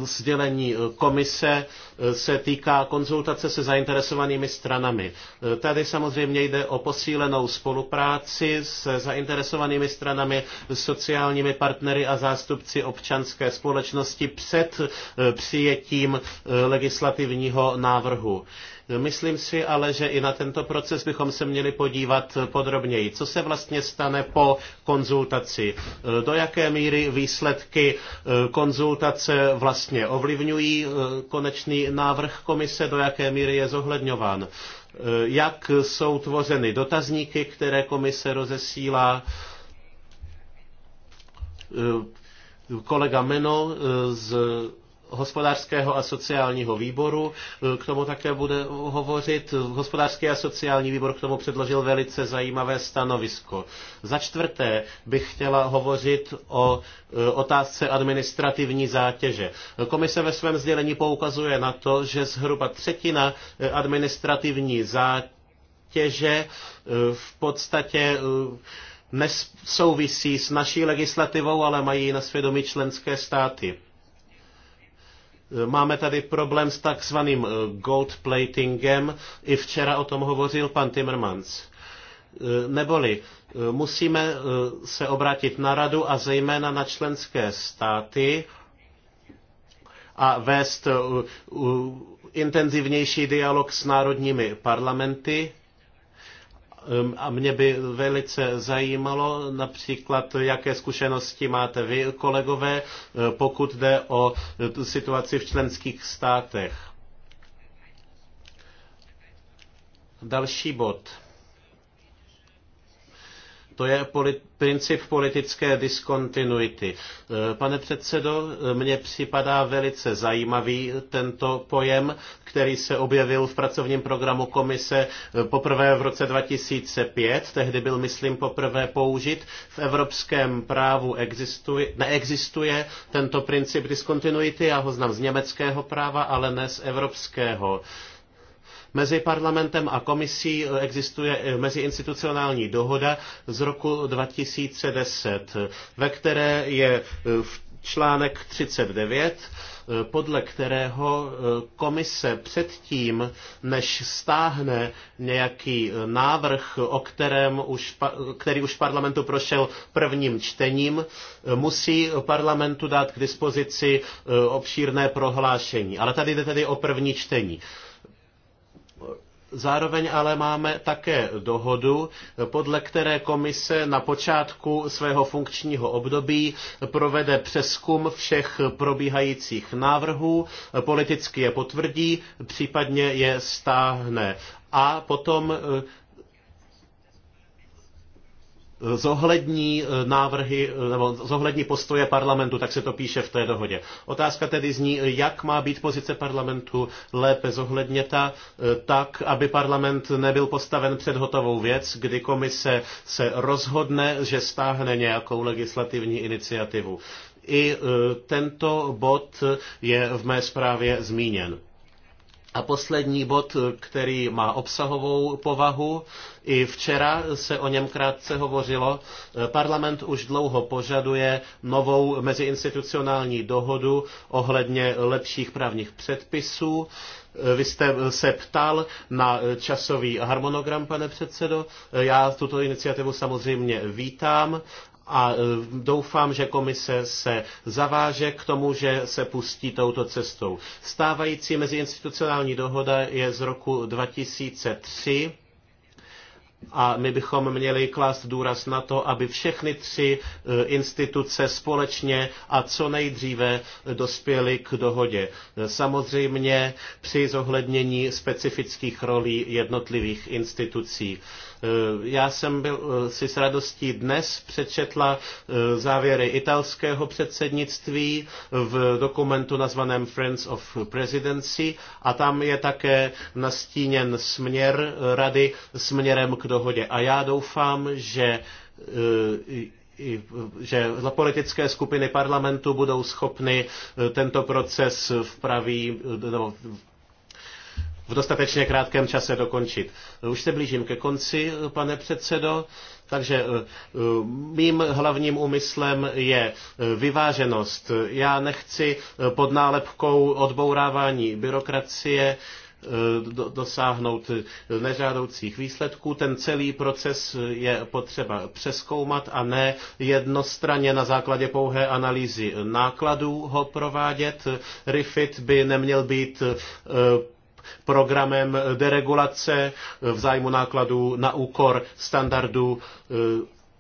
sdělení eh, komise eh, se týká konzultace se zainteresovanými stranami. Eh, tady samozřejmě jde o posílenou spolupráci s zainteresovanými stranami, sociálními partnery a zástupci občanské společnosti před přijetím legislativního návrhu. Myslím si ale, že i na tento proces bychom se měli podívat podrobněji. Co se vlastně stane po konzultaci? Do jaké míry výsledky eh, konzultace vlastně ovlivňují eh, konečný návrh komise? Do jaké míry je zohledňován? Eh, jak jsou tvořeny dotazníky, které komise rozesílá? Kolega Meno z hospodářského a sociálního výboru. K tomu také bude hovořit. Hospodářský a sociální výbor k tomu předložil velice zajímavé stanovisko. Za čtvrté bych chtěla hovořit o e, otázce administrativní zátěže. Komise ve svém sdělení poukazuje na to, že zhruba třetina e, administrativní zátěže e, v podstatě nesouvisí s naší legislativou, ale mají na svědomí členské státy. Máme tady problém s takzvaným eh, gold platingem. I včera o tom hovořil pan Timmermans. Eh, neboli eh, musíme se obrátit na radu a zejména na členské státy a vést intenzivnější dialog s národními parlamenty Ehm, a mě by velice zajímalo například, jaké zkušenosti máte vy, kolegové, eh, pokud jde o eh, situaci v členských státech. Další bod. To je polit, princip politické diskontinuity. E, pane předsedo, e, mně připadá velice zajímavý tento pojem, který se objevil v pracovním programu komise e, poprvé v roce 2005. Tehdy byl, myslím, poprvé použit. V evropském právu existuje, neexistuje tento princip diskontinuity. Já ho znám z německého práva, ale ne z evropského. Mezi parlamentem a komisí eh, existuje eh, meziinstitucionální dohoda z roku 2010, ve které je eh, v článek 39, podle kterého komise předtím, než stáhne nějaký návrh, o kterém už, který už parlamentu prošel prvním čtením, musí parlamentu dát k dispozici obšírné prohlášení. Ale tady jde tedy o první čtení. Zároveň ale máme také dohodu, podle které komise na počátku svého funkčního období provede přeskum všech probíhajících návrhů, politicky je potvrdí, případně je stáhne a potom zohlední eh, návrhy eh, nebo zohlední postoje parlamentu, tak se to píše v té dohodě. Otázka tedy zní, eh, jak má být pozice parlamentu lépe zohledněta, tak, aby parlament nebyl postaven před hotovou věc, kdy komise se rozhodne, že stáhne nějakou legislativní iniciativu. I tento bod je v mé zprávě zmíněn. A poslední bod, který má obsahovou povahu, i včera se o něm krátce hovořilo. Parlament už dlouho požaduje novou meziinstitucionální dohodu ohledně lepších právních předpisů. Vy jste se ptal na časový harmonogram, pane předsedo. Já tuto iniciativu samozřejmě vítám a e, doufám, že komise se zaváže k tomu, že se pustí touto cestou. Stávající meziinstitucionální dohoda je z roku 2003 a my bychom měli klást důraz na to, aby všechny tři e, instituce společně a co nejdříve dospěly k dohodě. Samozřejmě při zohlednění specifických rolí jednotlivých institucí. Eh, já jsem byl, eh, si s radostí dnes přečetla eh, závěry italského předsednictví v dokumentu nazvaném Friends of Presidency a tam je také nastíněn směr rady směrem k dohodě. A já doufám, že že politické skupiny parlamentu budou schopny tento proces v pravý, nebo v dostatečně krátkém čase dokončit. Už se blížím ke konci, pane předsedo, takže eh, eh, mým hlavním úmyslem je eh, vyváženost. Já nechci pod nálepkou odbourávání byrokracie dosáhnout nežádoucích výsledků. Ten celý proces je potřeba přeskoumat a ne jednostranně na základě pouhé analýzy nákladů ho provádět. RIFIT by neměl být programem deregulace eh, v zájmu nákladů na úkor standardů eh,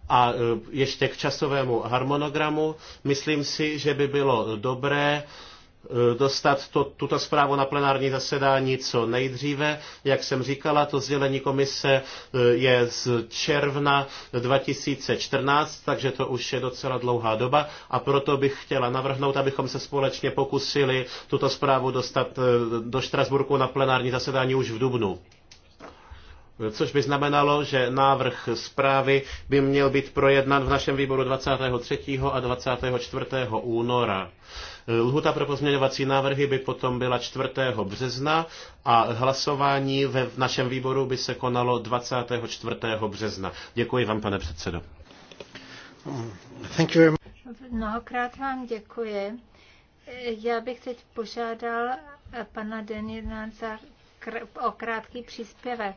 a eh, ještě k časovému harmonogramu. Myslím si, že by bylo dobré Eh, dostat to, tuto zprávu na plenární zasedání co nejdříve. Jak jsem říkala, to sdělení komise eh, je z června 2014, takže to už je docela dlouhá doba a proto bych chtěla navrhnout, abychom se společně pokusili tuto zprávu dostat eh, do Štrasburku na plenární zasedání už v Dubnu což by znamenalo, že návrh zprávy by měl být projednán v našem výboru 23. a 24. února. Lhuta pro pozměňovací návrhy by potom byla 4. března a hlasování ve v našem výboru by se konalo 24. března. Děkuji vám, pane předsedo. Thank you. Mnohokrát vám děkuji. Já bych teď požádal pana Denina o krátký příspěvek.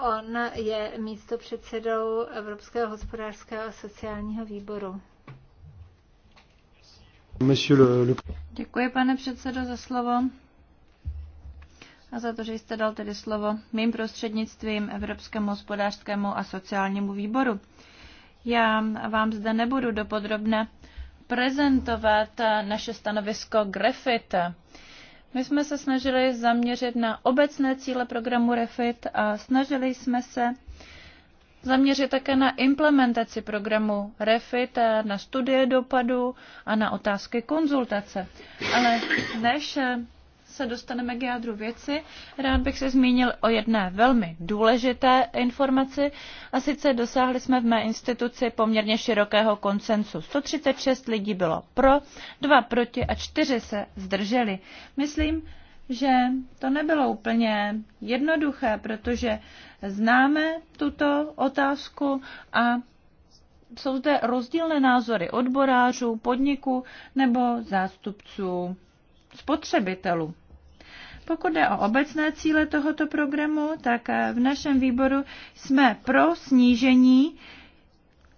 On je místo předsedou Evropského hospodářského a sociálního výboru. Děkuji, pane předsedo, za slovo a za to, že jste dal tedy slovo mým prostřednictvím Evropskému hospodářskému a sociálnímu výboru. Já vám zde nebudu dopodrobně prezentovat naše stanovisko Grefit. My jsme se snažili zaměřit na obecné cíle programu Refit a snažili jsme se zaměřit také na implementaci programu REFIT, na studie dopadu a na otázky konzultace. Ale než se dostaneme k jádru věci, rád bych se zmínil o jedné velmi důležité informaci a sice dosáhli jsme v mé instituci poměrně širokého koncensu. 136 lidí bylo pro, dva proti a čtyři se zdrželi. Myslím, že to nebylo úplně jednoduché, protože známe tuto otázku a jsou zde rozdílné názory odborářů, podniků nebo zástupců spotřebitelů. Pokud jde o obecné cíle tohoto programu, tak v našem výboru jsme pro snížení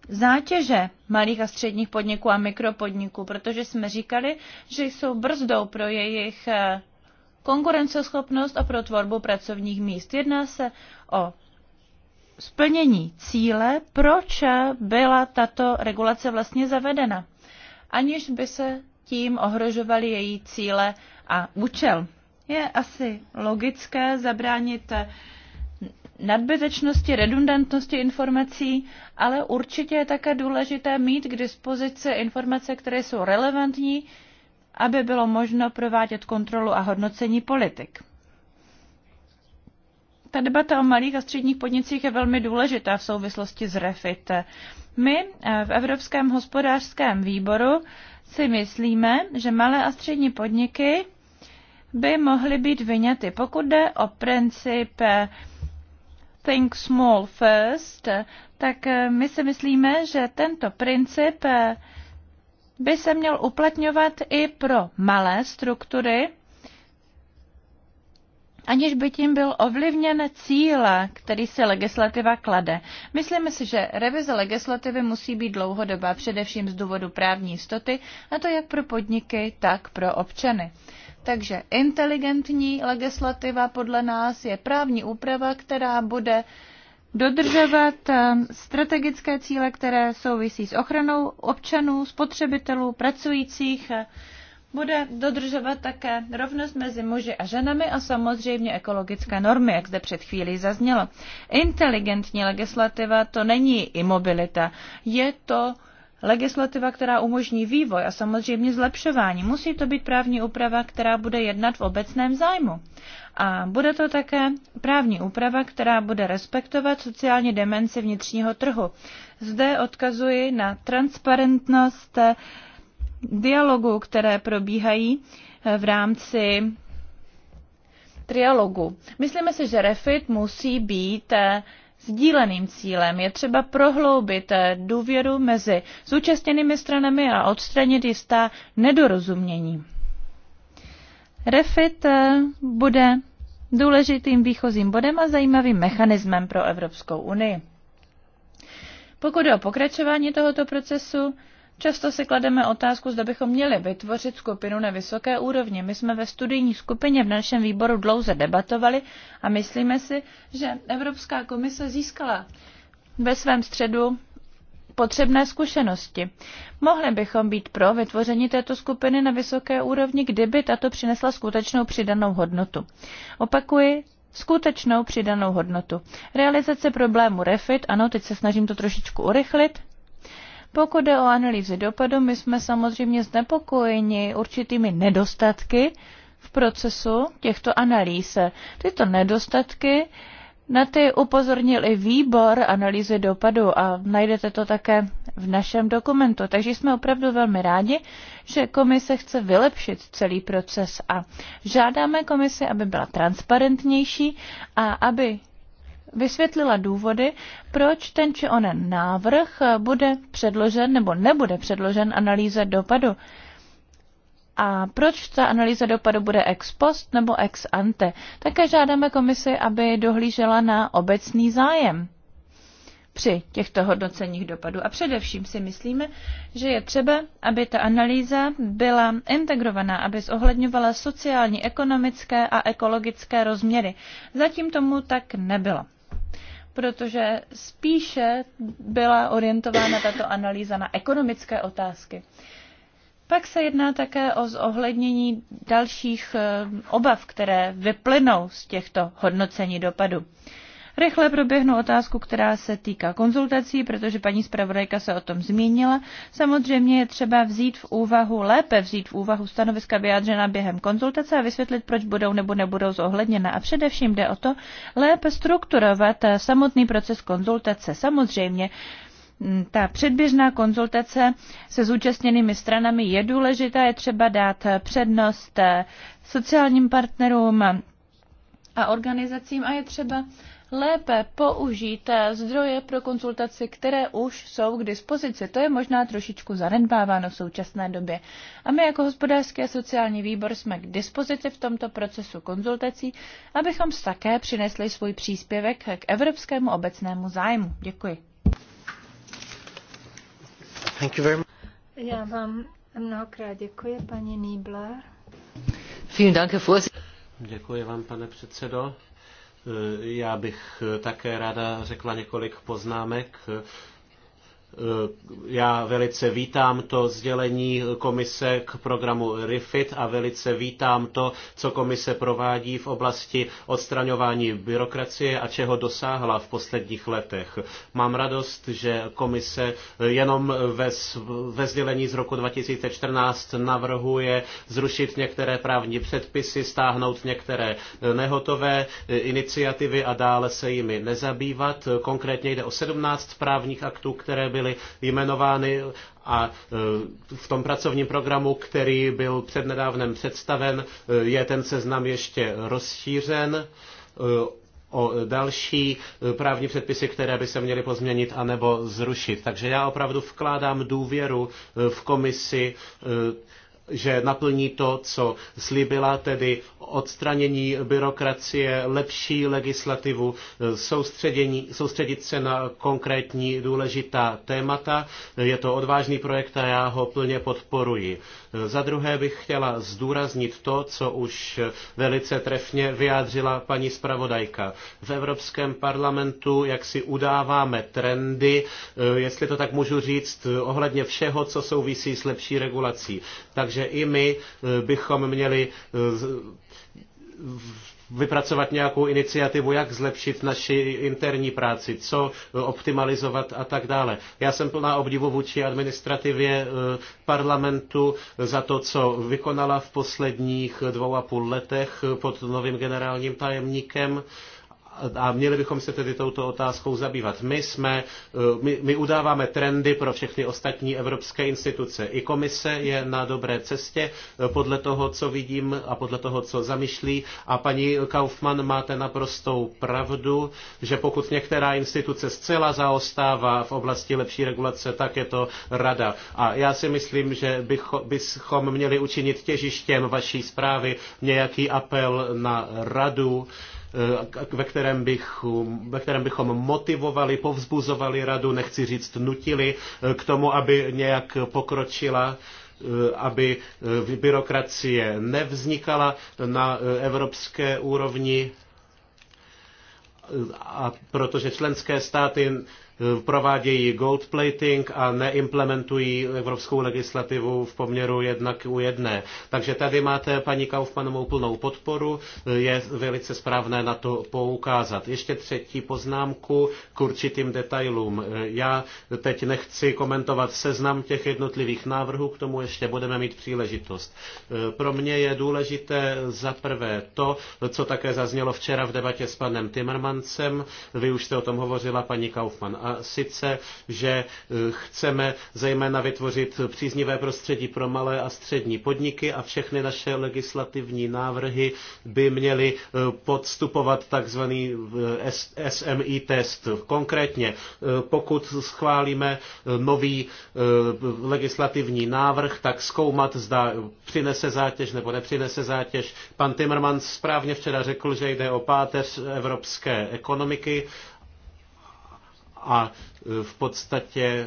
zátěže malých a středních podniků a mikropodniků, protože jsme říkali, že jsou brzdou pro jejich konkurenceschopnost a pro tvorbu pracovních míst. Jedná se o splnění cíle, proč byla tato regulace vlastně zavedena, aniž by se tím ohrožovaly její cíle a účel. Je asi logické zabránit nadbytečnosti, redundantnosti informací, ale určitě je také důležité mít k dispozici informace, které jsou relevantní, aby bylo možno provádět kontrolu a hodnocení politik. Ta debata o malých a středních podnicích je velmi důležitá v souvislosti s REFIT. My eh, v Evropském hospodářském výboru si myslíme, že malé a střední podniky by mohly být vyňaty, pokud jde o princip eh, think small first, eh, tak my si myslíme, že tento princip by se měl uplatňovat i pro malé struktury, aniž by tím byl ovlivněn cíl, který si legislativa klade. Myslíme si, že revize legislativy musí být dlouhodobá, především z důvodu právní jistoty, a to jak pro podniky, tak pro občany. Takže inteligentní legislativa podle nás je právní úprava, která bude uh, dodržovat ehm, strategické cíle, které souvisí s ochranou občanů, spotřebitelů, pracujících, eh, bude dodržovat také rovnost mezi muži a ženami a samozřejmě ekologické normy, jak zde před chvílí zaznělo. Inteligentní legislativa to není imobilita, je to legislativa, která umožní vývoj a samozřejmě zlepšování. Musí to být právní úprava, která bude jednat v obecném zájmu. A bude to také právní úprava, která bude respektovat sociální demenci vnitřního trhu. Zde odkazuji na transparentnost dialogů, které probíhají eh, v rámci trialogu. Myslíme si, že refit musí být eh, sdíleným cílem. Je třeba prohloubit eh, důvěru mezi zúčastněnými stranami a odstranit jistá nedorozumění. Refit eh, bude důležitým výchozím bodem a zajímavým mechanismem pro Evropskou unii. Pokud o pokračování tohoto procesu, Často si klademe otázku, zda bychom měli vytvořit skupinu na vysoké úrovni. My jsme ve studijní skupině v našem výboru dlouze debatovali a myslíme si, že Evropská komise získala ve svém středu potřebné zkušenosti. Mohli bychom být pro vytvoření této skupiny na vysoké úrovni, kdyby tato přinesla skutečnou přidanou hodnotu. Opakuji, skutečnou přidanou hodnotu. Realizace problému REFIT, ano, teď se snažím to trošičku urychlit, pokud jde o analýzy dopadu, my jsme samozřejmě znepokojeni určitými nedostatky v procesu těchto analýz. Tyto nedostatky na ty upozornil i výbor analýzy dopadu a najdete to také v našem dokumentu. Takže jsme opravdu velmi rádi, že komise chce vylepšit celý proces a žádáme komisi, aby byla transparentnější a aby vysvětlila důvody, proč ten či onen návrh bude předložen nebo nebude předložen analýze dopadu. A proč ta analýza dopadu bude ex post nebo ex ante? Také žádáme komisi, aby dohlížela na obecný zájem při těchto hodnoceních dopadů. A především si myslíme, že je třeba, aby ta analýza byla integrovaná, aby zohledňovala sociální, ekonomické a ekologické rozměry. Zatím tomu tak nebylo protože spíše byla orientována tato analýza na ekonomické otázky. Pak se jedná také o zohlednění dalších eh, obav, které vyplynou z těchto hodnocení dopadu. Rychle proběhnu otázku, která se týká konzultací, protože paní zpravodajka se o tom zmínila. Samozřejmě je třeba vzít v úvahu, lépe vzít v úvahu stanoviska vyjádřená během konzultace a vysvětlit, proč budou nebo nebudou zohledněna. A především jde o to, lépe strukturovat eh, samotný proces konzultace. Samozřejmě mm, ta předběžná konzultace se zúčastněnými stranami je důležitá, je třeba dát eh, přednost eh, sociálním partnerům a organizacím a je třeba lépe použít zdroje pro konzultaci, které už jsou k dispozici. To je možná trošičku zanedbáváno v současné době. A my jako hospodářský a sociální výbor jsme k dispozici v tomto procesu konzultací, abychom také přinesli svůj příspěvek k evropskému obecnému zájmu. Děkuji. Thank you very much. Já vám mnohokrát děkuji, paní Nýbler. Vielen Dank, Herr Děkuji vám, pane předsedo. Já bych také ráda řekla několik poznámek Eh, já velice vítám to sdělení komise k programu REFIT a velice vítám to, co komise provádí v oblasti odstraňování byrokracie a čeho dosáhla v posledních letech. Mám radost, že komise jenom ve, ve sdělení z roku 2014 navrhuje zrušit některé právní předpisy, stáhnout některé nehotové iniciativy a dále se jimi nezabývat. Konkrétně jde o 17 právních aktů, které byly byly jmenovány a e, v tom pracovním programu, který byl přednedávnem představen, e, je ten seznam ještě rozšířen e, o další právní předpisy, které by se měly pozměnit anebo zrušit. Takže já opravdu vkládám důvěru v komisi že naplní to, co slíbila, tedy odstranění byrokracie, lepší legislativu, soustředění, soustředit se na konkrétní důležitá témata. Je to odvážný projekt a já ho plně podporuji. Za druhé bych chtěla zdůraznit to, co už velice trefně vyjádřila paní zpravodajka. V Evropském parlamentu, jak si udáváme trendy, eh, jestli to tak můžu říct, eh, ohledně všeho, co souvisí s lepší regulací. Takže takže i my eh, bychom měli eh, vypracovat nějakou iniciativu, jak zlepšit naši interní práci, co eh, optimalizovat a tak dále. Já jsem plná obdivu vůči administrativě parlamentu za to, co vykonala v posledních dvou a půl letech pod novým generálním tajemníkem a měli bychom se tedy touto otázkou zabývat. My, jsme, eh, my, my udáváme trendy pro všechny ostatní evropské instituce. I komise je na dobré cestě eh, podle toho, co vidím a podle toho, co zamýšlí. A paní Kaufmann, máte naprostou pravdu, že pokud některá instituce zcela zaostává v oblasti lepší regulace, tak je to rada. A já si myslím, že bychom měli učinit těžištěm vaší zprávy nějaký apel na radu, Eh, ve kterém, bych, ve kterém bychom motivovali, povzbuzovali radu, nechci říct nutili eh, k tomu, aby nějak pokročila eh, aby byrokracie nevznikala na evropské úrovni, a protože členské státy Eh, provádějí gold plating a neimplementují evropskou legislativu v poměru jedna u jedné. Takže tady máte paní Kaufmanovou plnou podporu, eh, je velice správné na to poukázat. Ještě třetí poznámku k určitým detailům. Eh, já teď nechci komentovat seznam těch jednotlivých návrhů, k tomu ještě budeme mít příležitost. Pro mě je důležité za prvé to, co také zaznělo včera v debatě s panem Timmermansem, vy už jste o tom hovořila paní Kaufman a sice, že eh, chceme zejména vytvořit příznivé prostředí pro malé a střední podniky a všechny naše legislativní návrhy by měly eh, podstupovat takzvaný eh, SMI test. Konkrétně, pokud schválíme nový legislativní návrh, tak zkoumat, zda přinese zátěž nebo nepřinese zátěž. Pan Timmermans správně včera řekl, že jde o páteř evropské ekonomiky a e, v podstatě e,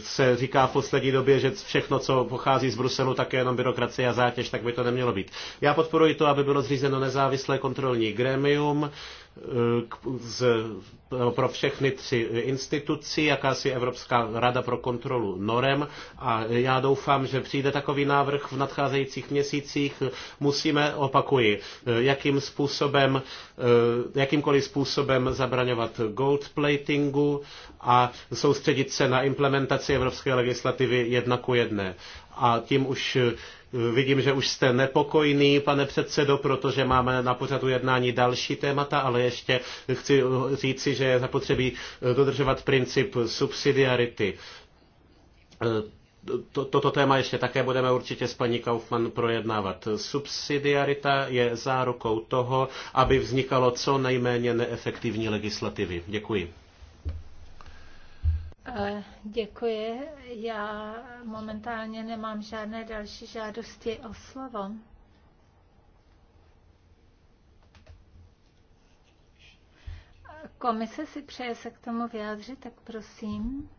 se říká v poslední době, že všechno, co pochází z Bruselu, tak je jenom byrokracie a zátěž, tak by to nemělo být. Já podporuji to, aby bylo zřízeno nezávislé kontrolní gremium, Eh, k, z, eh, pro všechny tři instituci, jakási Evropská rada pro kontrolu norem a já doufám, že přijde takový návrh v nadcházejících měsících. Musíme, opakuji, eh, jakým způsobem, jakýmkoliv způsobem zabraňovat gold platingu a soustředit se na implementaci evropské legislativy jedna ku jedné. A tím už Vidím, že už jste nepokojný, pane předsedo, protože máme na pořadu jednání další témata, ale ještě chci říci, že je zapotřebí eh, dodržovat princip subsidiarity. Eh, toto téma ještě také budeme určitě s paní Kaufmann projednávat. Subsidiarita je zárukou toho, aby vznikalo co nejméně neefektivní legislativy. Děkuji. Eh, děkuji. Já momentálně nemám žádné další žádosti o slovo. Komise si přeje se k tomu vyjádřit, tak prosím.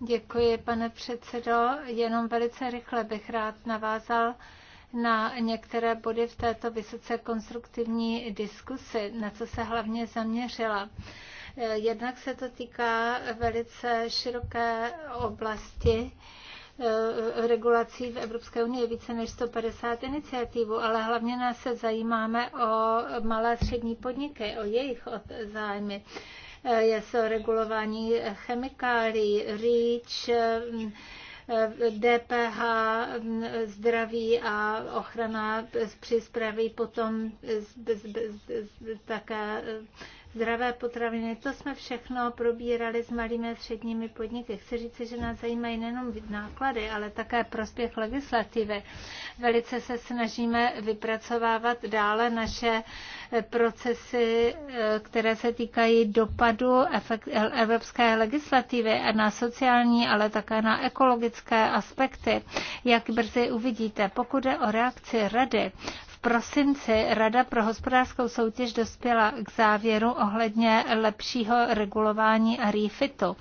Děkuji, pane předsedo. Jenom velice rychle bych rád navázal na některé body v této vysoce konstruktivní diskusi, na co se hlavně zaměřila. Eh, jednak se to týká velice široké oblasti eh, regulací v Evropské unii je více než 150 iniciativů, ale hlavně nás se zajímáme o malé a střední podniky, o jejich zájmy. Eh, je o regulování chemikálií, REACH, DPH, mm, zdraví a ochrana při zpravy, potom také zdravé potraviny. To jsme všechno probírali s malými a středními podniky. Chci říct, že nás zajímají nejenom náklady, ale také prospěch legislativy. Velice se snažíme vypracovávat dále naše procesy, eh, které se týkají dopadu evropské legislativy na sociální, ale také na ekologické aspekty. Jak brzy uvidíte, pokud je o reakci rady, v prosinci Rada pro hospodářskou soutěž dospěla k závěru ohledně lepšího regulování a refitu.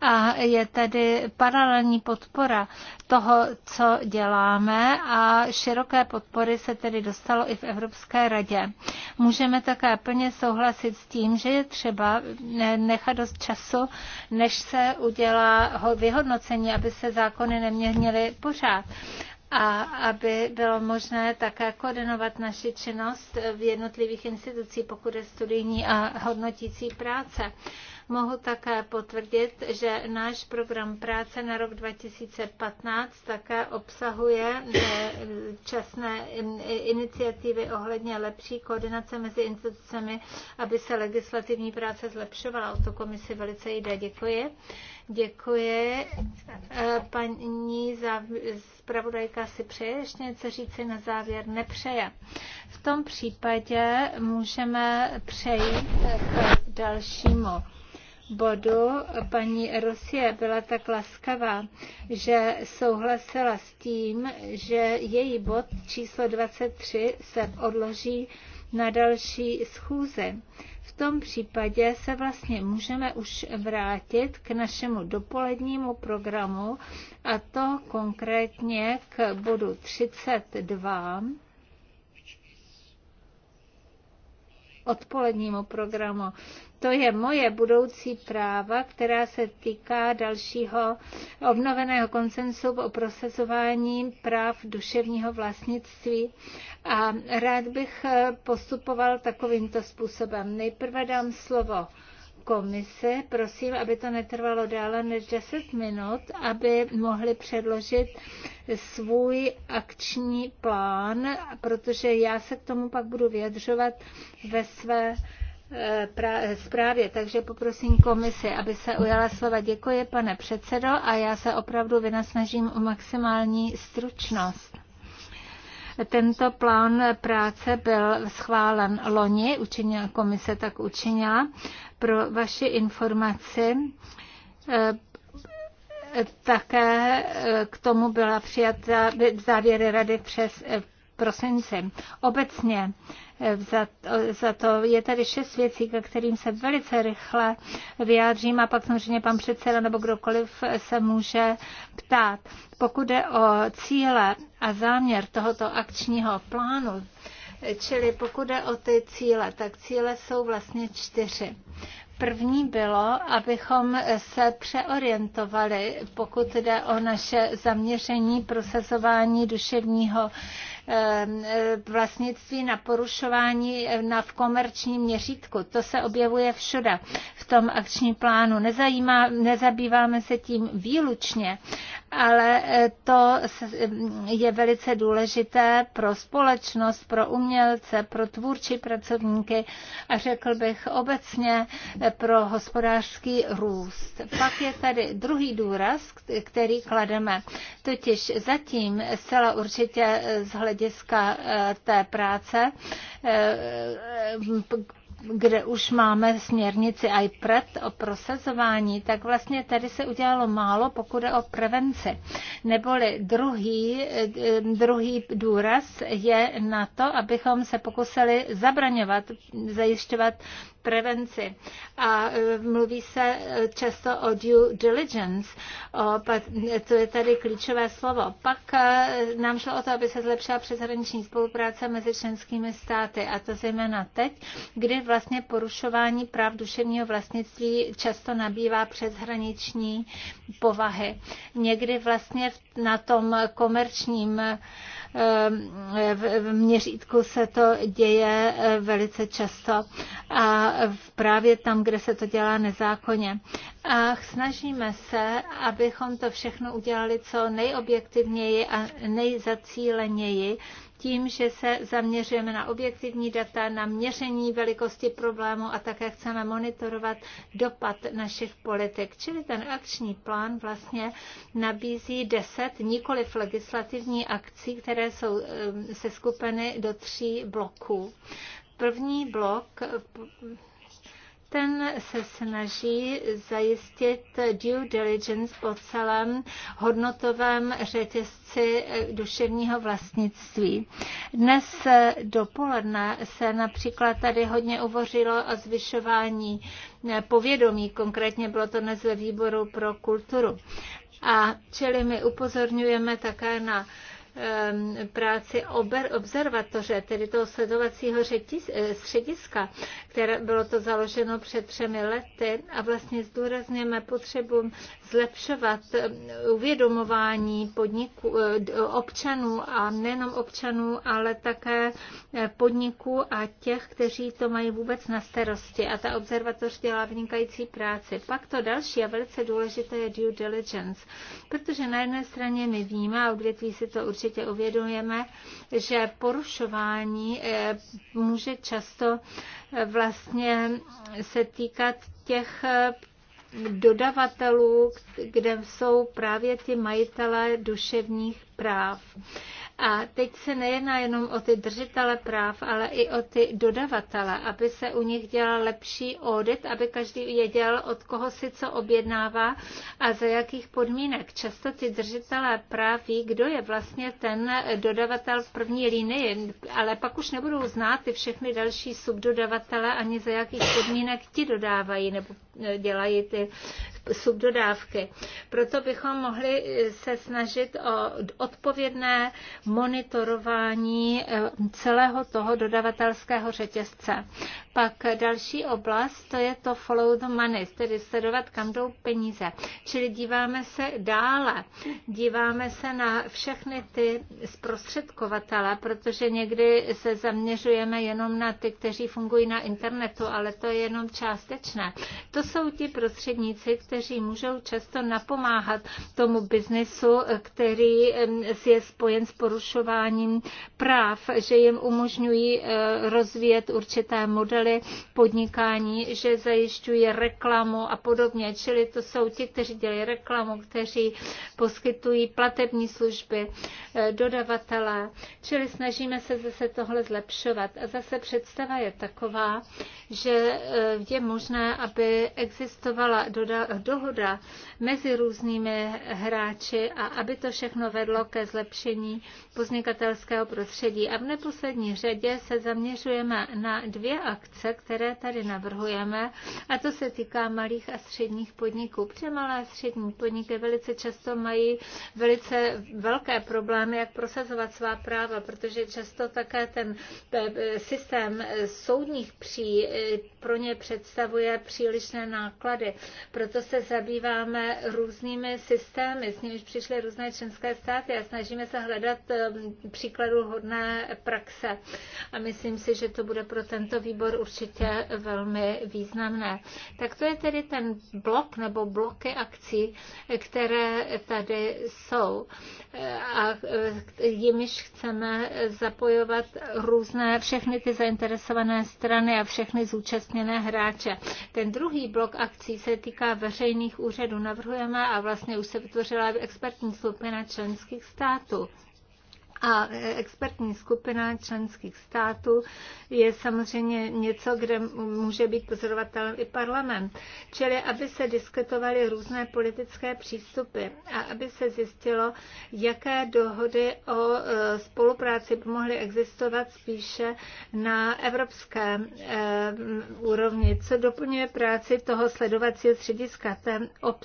A je tady paralelní podpora toho, co děláme a široké podpory se tedy dostalo i v Evropské radě. Můžeme také plně souhlasit s tím, že je třeba nechat dost času, než se udělá vyhodnocení, aby se zákony neměnily pořád a aby bylo možné také koordinovat naši činnost v jednotlivých institucích, pokud je studijní a hodnotící práce. Mohu také potvrdit, že náš program práce na rok 2015 také obsahuje časné iniciativy ohledně lepší koordinace mezi institucemi, aby se legislativní práce zlepšovala. O to komisi velice jde. Děkuji. Děkuji. E, paní zpravodajka si přeje ještě něco říci na závěr? Nepřeje. V tom případě můžeme přejít k dalšímu bodu paní Rosie byla tak laskavá, že souhlasila s tím, že její bod číslo 23 se odloží na další schůze. V tom případě se vlastně můžeme už vrátit k našemu dopolednímu programu a to konkrétně k bodu 32 odpolednímu programu. To je moje budoucí práva, která se týká dalšího obnoveného koncensu o prosazování práv duševního vlastnictví. A rád bych postupoval takovýmto způsobem. Nejprve dám slovo komise, prosím, aby to netrvalo déle než 10 minut, aby mohli předložit svůj akční plán, protože já se k tomu pak budu vyjadřovat ve své eh, zprávě, takže poprosím komisi, aby se ujala slova. Děkuji, pane předsedo, a já se opravdu vynasnažím o maximální stručnost. Tento plán práce byl schválen loni, učinila, komise tak učinila. Pro vaši informaci eh, také eh, k tomu byla přijata závěry rady přes eh, prosince. Obecně eh, za, za to je tady šest věcí, ke kterým se velice rychle vyjádřím a pak samozřejmě pan předseda nebo kdokoliv se může ptát. Pokud jde o cíle a záměr tohoto akčního plánu, čili pokud jde o ty cíle, tak cíle jsou vlastně čtyři. První bylo, abychom se přeorientovali, pokud jde o naše zaměření prosazování duševního Ehm, eh, vlastnictví, na porušování eh, na, v komerčním měřítku. To se objevuje všude v tom akčním plánu. Nezajímá, nezabýváme se tím výlučně, ale eh, to je velice důležité pro společnost, pro umělce, pro tvůrčí pracovníky a řekl bych obecně pro hospodářský růst. Pak je tady druhý důraz, který klademe. Totiž zatím zcela určitě z hlediska eh, té práce eh, eh, kde už máme směrnici pred o prosazování, tak vlastně tady se udělalo málo, pokud je o prevenci. Neboli druhý, eh, druhý důraz je na to, abychom se pokusili zabraňovat, zajišťovat prevenci. A eh, mluví se eh, často o due diligence, o, to je tady klíčové slovo. Pak nám šlo o to, aby se zlepšila přeshraniční spolupráce mezi členskými státy, a to zejména teď, kdy vlastně porušování práv duševního vlastnictví často nabývá přeshraniční povahy. Někdy vlastně na tom komerčním eh, měřítku se to děje eh, velice často a právě tam, kde se to dělá nezákonně. A snažíme se, abychom to všechno udělali co nejobjektivněji a nejzacíleněji, tím, že se zaměřujeme na objektivní data, na měření velikosti problému a také chceme monitorovat dopad našich politik. Čili ten akční plán vlastně nabízí deset nikoliv legislativní akcí, které jsou eh, se skupeny do tří bloků. První blok ten se snaží zajistit due diligence po celém hodnotovém řetězci eh, duševního vlastnictví. Dnes eh, dopoledne se například tady hodně uvořilo o zvyšování eh, povědomí, konkrétně bylo to dnes ve výboru pro kulturu. A čili my upozorňujeme také na Ehm, práci observatoře, tedy toho sledovacího eh, střediska, které bylo to založeno před třemi lety a vlastně zdůrazněme potřebu zlepšovat eh, uvědomování podniku eh, občanů a nejenom občanů, ale také eh, podniků a těch, kteří to mají vůbec na starosti. A ta observatoř dělá vynikající práci. Pak to další a velice důležité je due diligence, protože na jedné straně my víme, a odvětví si to určitě uvědomujeme, že porušování může často vlastně se týkat těch dodavatelů, kde jsou právě ty majitelé duševních práv. A teď se nejedná jenom o ty držitele práv, ale i o ty dodavatele, aby se u nich dělal lepší audit, aby každý věděl, od koho si co objednává a za jakých podmínek. Často ty držitelé práv ví, kdo je vlastně ten dodavatel v první linii, ale pak už nebudou znát ty všechny další subdodavatele ani za jakých podmínek ti dodávají nebo e, dělají ty subdodávky. Proto bychom mohli e, se snažit o odpovědné monitorování eh, celého toho dodavatelského řetězce. Pak další oblast, to je to follow the money, tedy sledovat, kam jdou peníze. Čili díváme se dále, díváme se na všechny ty zprostředkovatele, protože někdy se zaměřujeme jenom na ty, kteří fungují na internetu, ale to je jenom částečné. To jsou ti prostředníci, kteří můžou často napomáhat tomu biznesu, eh, který je spojen s porušením porušováním práv, že jim umožňují eh, rozvíjet určité modely podnikání, že zajišťují reklamu a podobně. Čili to jsou ti, kteří dělají reklamu, kteří poskytují platební služby, eh, dodavatelé. Čili snažíme se zase tohle zlepšovat. A zase představa je taková, že eh, je možné, aby existovala dohoda mezi různými hráči a aby to všechno vedlo ke zlepšení podnikatelského prostředí. A v neposlední řadě se zaměřujeme na dvě akce, které tady navrhujeme, a to se týká malých a středních podniků. Protože malé a střední podniky velice často mají velice velké problémy, jak prosazovat svá práva, protože často také ten e, e, systém e, soudních pří pro ně představuje přílišné náklady. Proto se zabýváme různými systémy, s nimiž přišly různé členské státy a snažíme se hledat Um, příkladu hodné praxe. A myslím si, že to bude pro tento výbor určitě velmi významné. Tak to je tedy ten blok nebo bloky akcí, které tady jsou a jimiž chceme zapojovat různé, všechny ty zainteresované strany a všechny zúčastněné hráče. Ten druhý blok akcí se týká veřejných úřadů. Navrhujeme a vlastně už se vytvořila expertní skupina členských států a e, expertní skupina členských států je samozřejmě něco, kde může být pozorovatelem i parlament. Čili aby se diskutovaly různé politické přístupy a aby se zjistilo, jaké dohody o e, spolupráci by mohly existovat spíše na evropské e, úrovni, co doplňuje práci toho sledovacího střediska, té ob,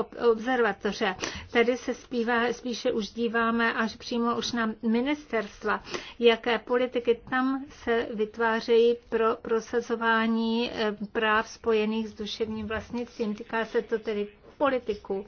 ob, observatoře. Tady se zpívá, spíše už díváme až přímo už příslušná ministerstva, jaké politiky tam se vytvářejí pro prosazování eh, práv spojených s duševním vlastnictvím. Týká se to tedy politiku.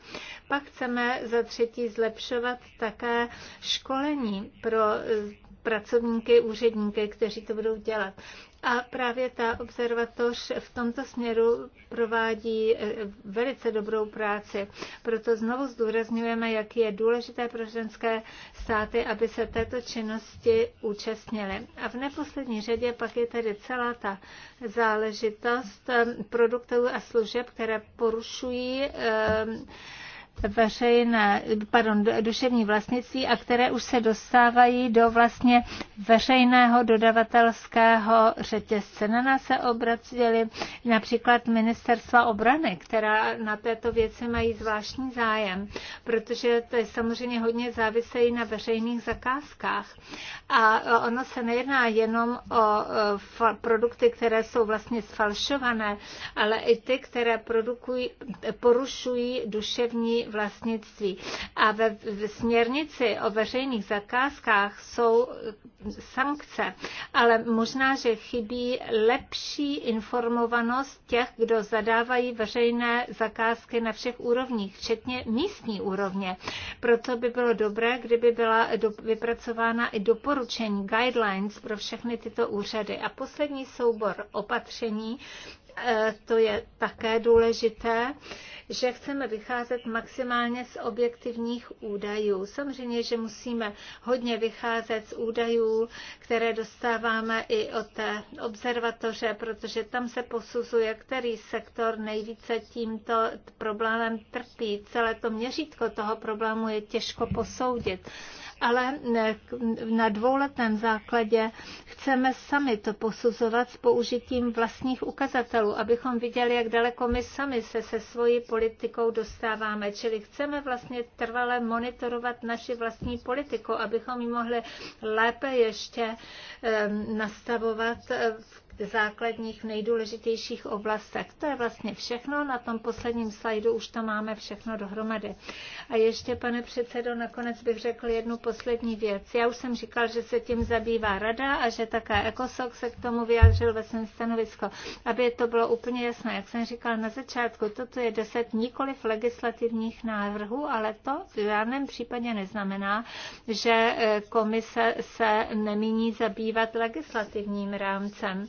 Pak chceme za třetí zlepšovat také školení pro eh, pracovníky, úředníky, kteří to budou dělat. A právě ta observatoř v tomto směru provádí eh, velice dobrou práci. Proto znovu zdůrazňujeme, jak je důležité pro ženské státy, aby se této činnosti účastnily. A v neposlední řadě pak je tedy celá ta záležitost eh, produktů a služeb, které porušují eh, veřejné, pardon, duševní vlastnictví a které už se dostávají do vlastně veřejného dodavatelského řetězce. Na nás se obracili například ministerstva obrany, která na této věci mají zvláštní zájem, protože to je samozřejmě hodně závisejí na veřejných zakázkách. A ono se nejedná jenom o e, produkty, které jsou vlastně sfalšované, ale i ty, které produkují, porušují duševní vlastnictví. A ve směrnici o veřejných zakázkách jsou sankce, ale možná, že chybí lepší informovanost těch, kdo zadávají veřejné zakázky na všech úrovních, včetně místní úrovně. Proto by bylo dobré, kdyby byla vypracována i doporučení, guidelines pro všechny tyto úřady. A poslední soubor opatření E, to je také důležité, že chceme vycházet maximálně z objektivních údajů. Samozřejmě, že musíme hodně vycházet z údajů, které dostáváme i od té observatoře, protože tam se posuzuje, který sektor nejvíce tímto problémem trpí. Celé to měřítko toho problému je těžko posoudit ale na dvouletém základě chceme sami to posuzovat s použitím vlastních ukazatelů, abychom viděli, jak daleko my sami se se svojí politikou dostáváme. Čili chceme vlastně trvale monitorovat naši vlastní politiku, abychom ji mohli lépe ještě eh, nastavovat eh, v základních nejdůležitějších oblastech. To je vlastně všechno. Na tom posledním slajdu už to máme všechno dohromady. A ještě, pane předsedo, nakonec bych řekl jednu poslední věc. Já už jsem říkal, že se tím zabývá rada a že také ECOSOC se k tomu vyjádřil ve svém stanovisko. Aby to bylo úplně jasné, jak jsem říkal na začátku, toto je deset nikoliv legislativních návrhů, ale to v žádném případě neznamená, že eh, komise se nemíní zabývat legislativním rámcem.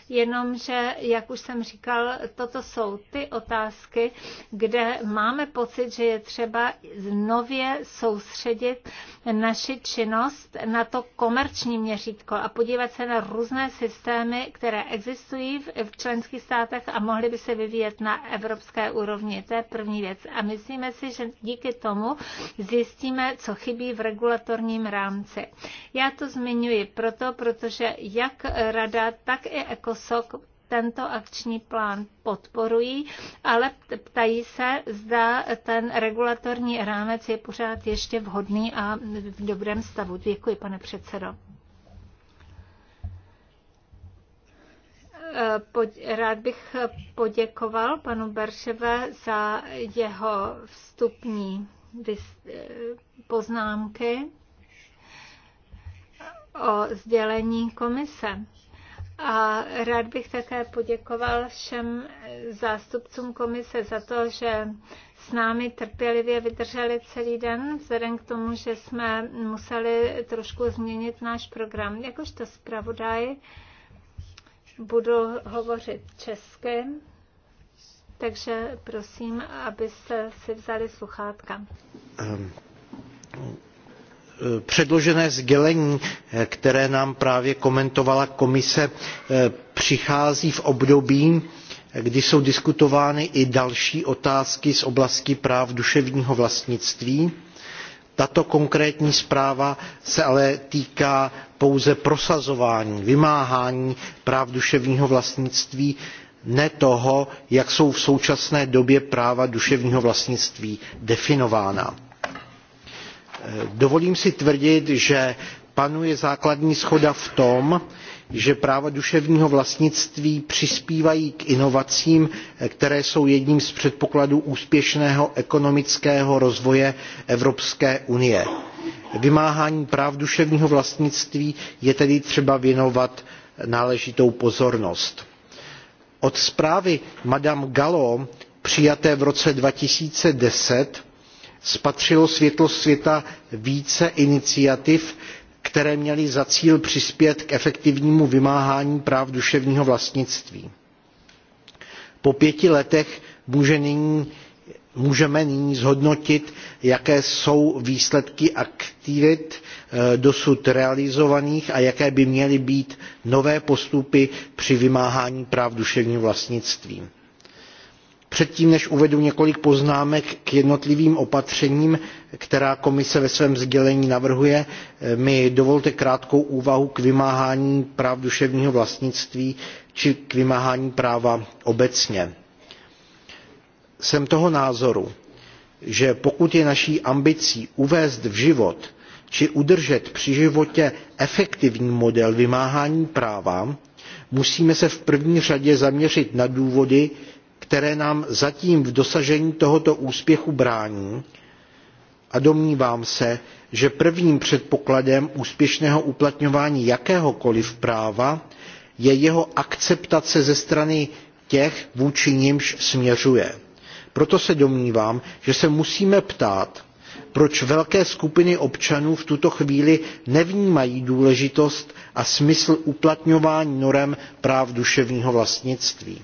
jenomže, jak už jsem říkal, toto jsou ty otázky, kde máme pocit, že je třeba nově soustředit naši činnost na to komerční měřítko a podívat se na různé systémy, které existují v členských státech a mohly by se vyvíjet na evropské úrovni. To je první věc. A myslíme si, že díky tomu zjistíme, co chybí v regulatorním rámci. Já to zmiňuji proto, protože jak rada, tak i ECOS Sok tento akční plán podporují, ale ptají se, zda ten regulatorní rámec je pořád ještě vhodný a v dobrém stavu. Děkuji, pane předsedo. Eh, rád bych poděkoval panu Berševe za jeho vstupní eh, poznámky o sdělení komise. A rád bych také poděkoval všem zástupcům komise za to, že s námi trpělivě vydrželi celý den, vzhledem k tomu, že jsme museli trošku změnit náš program. Jakožto zpravodaj budu hovořit česky, takže prosím, abyste si vzali sluchátka. Um. Eh, předložené sdělení eh, které nám právě komentovala komise eh, přichází v období kdy jsou diskutovány i další otázky z oblasti práv duševního vlastnictví tato konkrétní zpráva se ale týká pouze prosazování vymáhání práv duševního vlastnictví ne toho jak jsou v současné době práva duševního vlastnictví definována dovolím si tvrdit že panuje základní shoda v tom že práva duševního vlastnictví přispívají k inovacím které jsou jedním z předpokladů úspěšného ekonomického rozvoje evropské unie. vymáhání práv duševního vlastnictví je tedy třeba věnovat náležitou pozornost. od zprávy madame galloové přijaté v roce two thousand and ten spatřilo světlo světa více iniciativ které měly za cíl přispět k efektivnímu vymáhání práv duševního vlastnictví. po pěti letech můžeme nyní zhodnotit jaké jsou výsledky aktivit eh, dosud realizovaných a jaké by měly být nové postupy při vymáhání práv duševního vlastnictví Předtím, než uvedu několik poznámek k jednotlivým opatřením, která komise ve svém sdělení navrhuje, eh, mi dovolte krátkou úvahu k vymáhání práv duševního vlastnictví či k vymáhání práva obecně. Jsem toho názoru, že pokud je naší ambicí uvést v život či udržet při životě efektivní model vymáhání práva, musíme se v první řadě zaměřit na důvody, které nám zatím v dosažení tohoto úspěchu brání a domnívám se že prvním předpokladem úspěšného uplatňování jakéhokoliv práva je jeho akceptace ze strany těch vůči nimž směřuje. proto se domnívám že se musíme ptát proč velké skupiny občanů v tuto chvíli nevnímají důležitost a smysl uplatňování norem práv duševního vlastnictví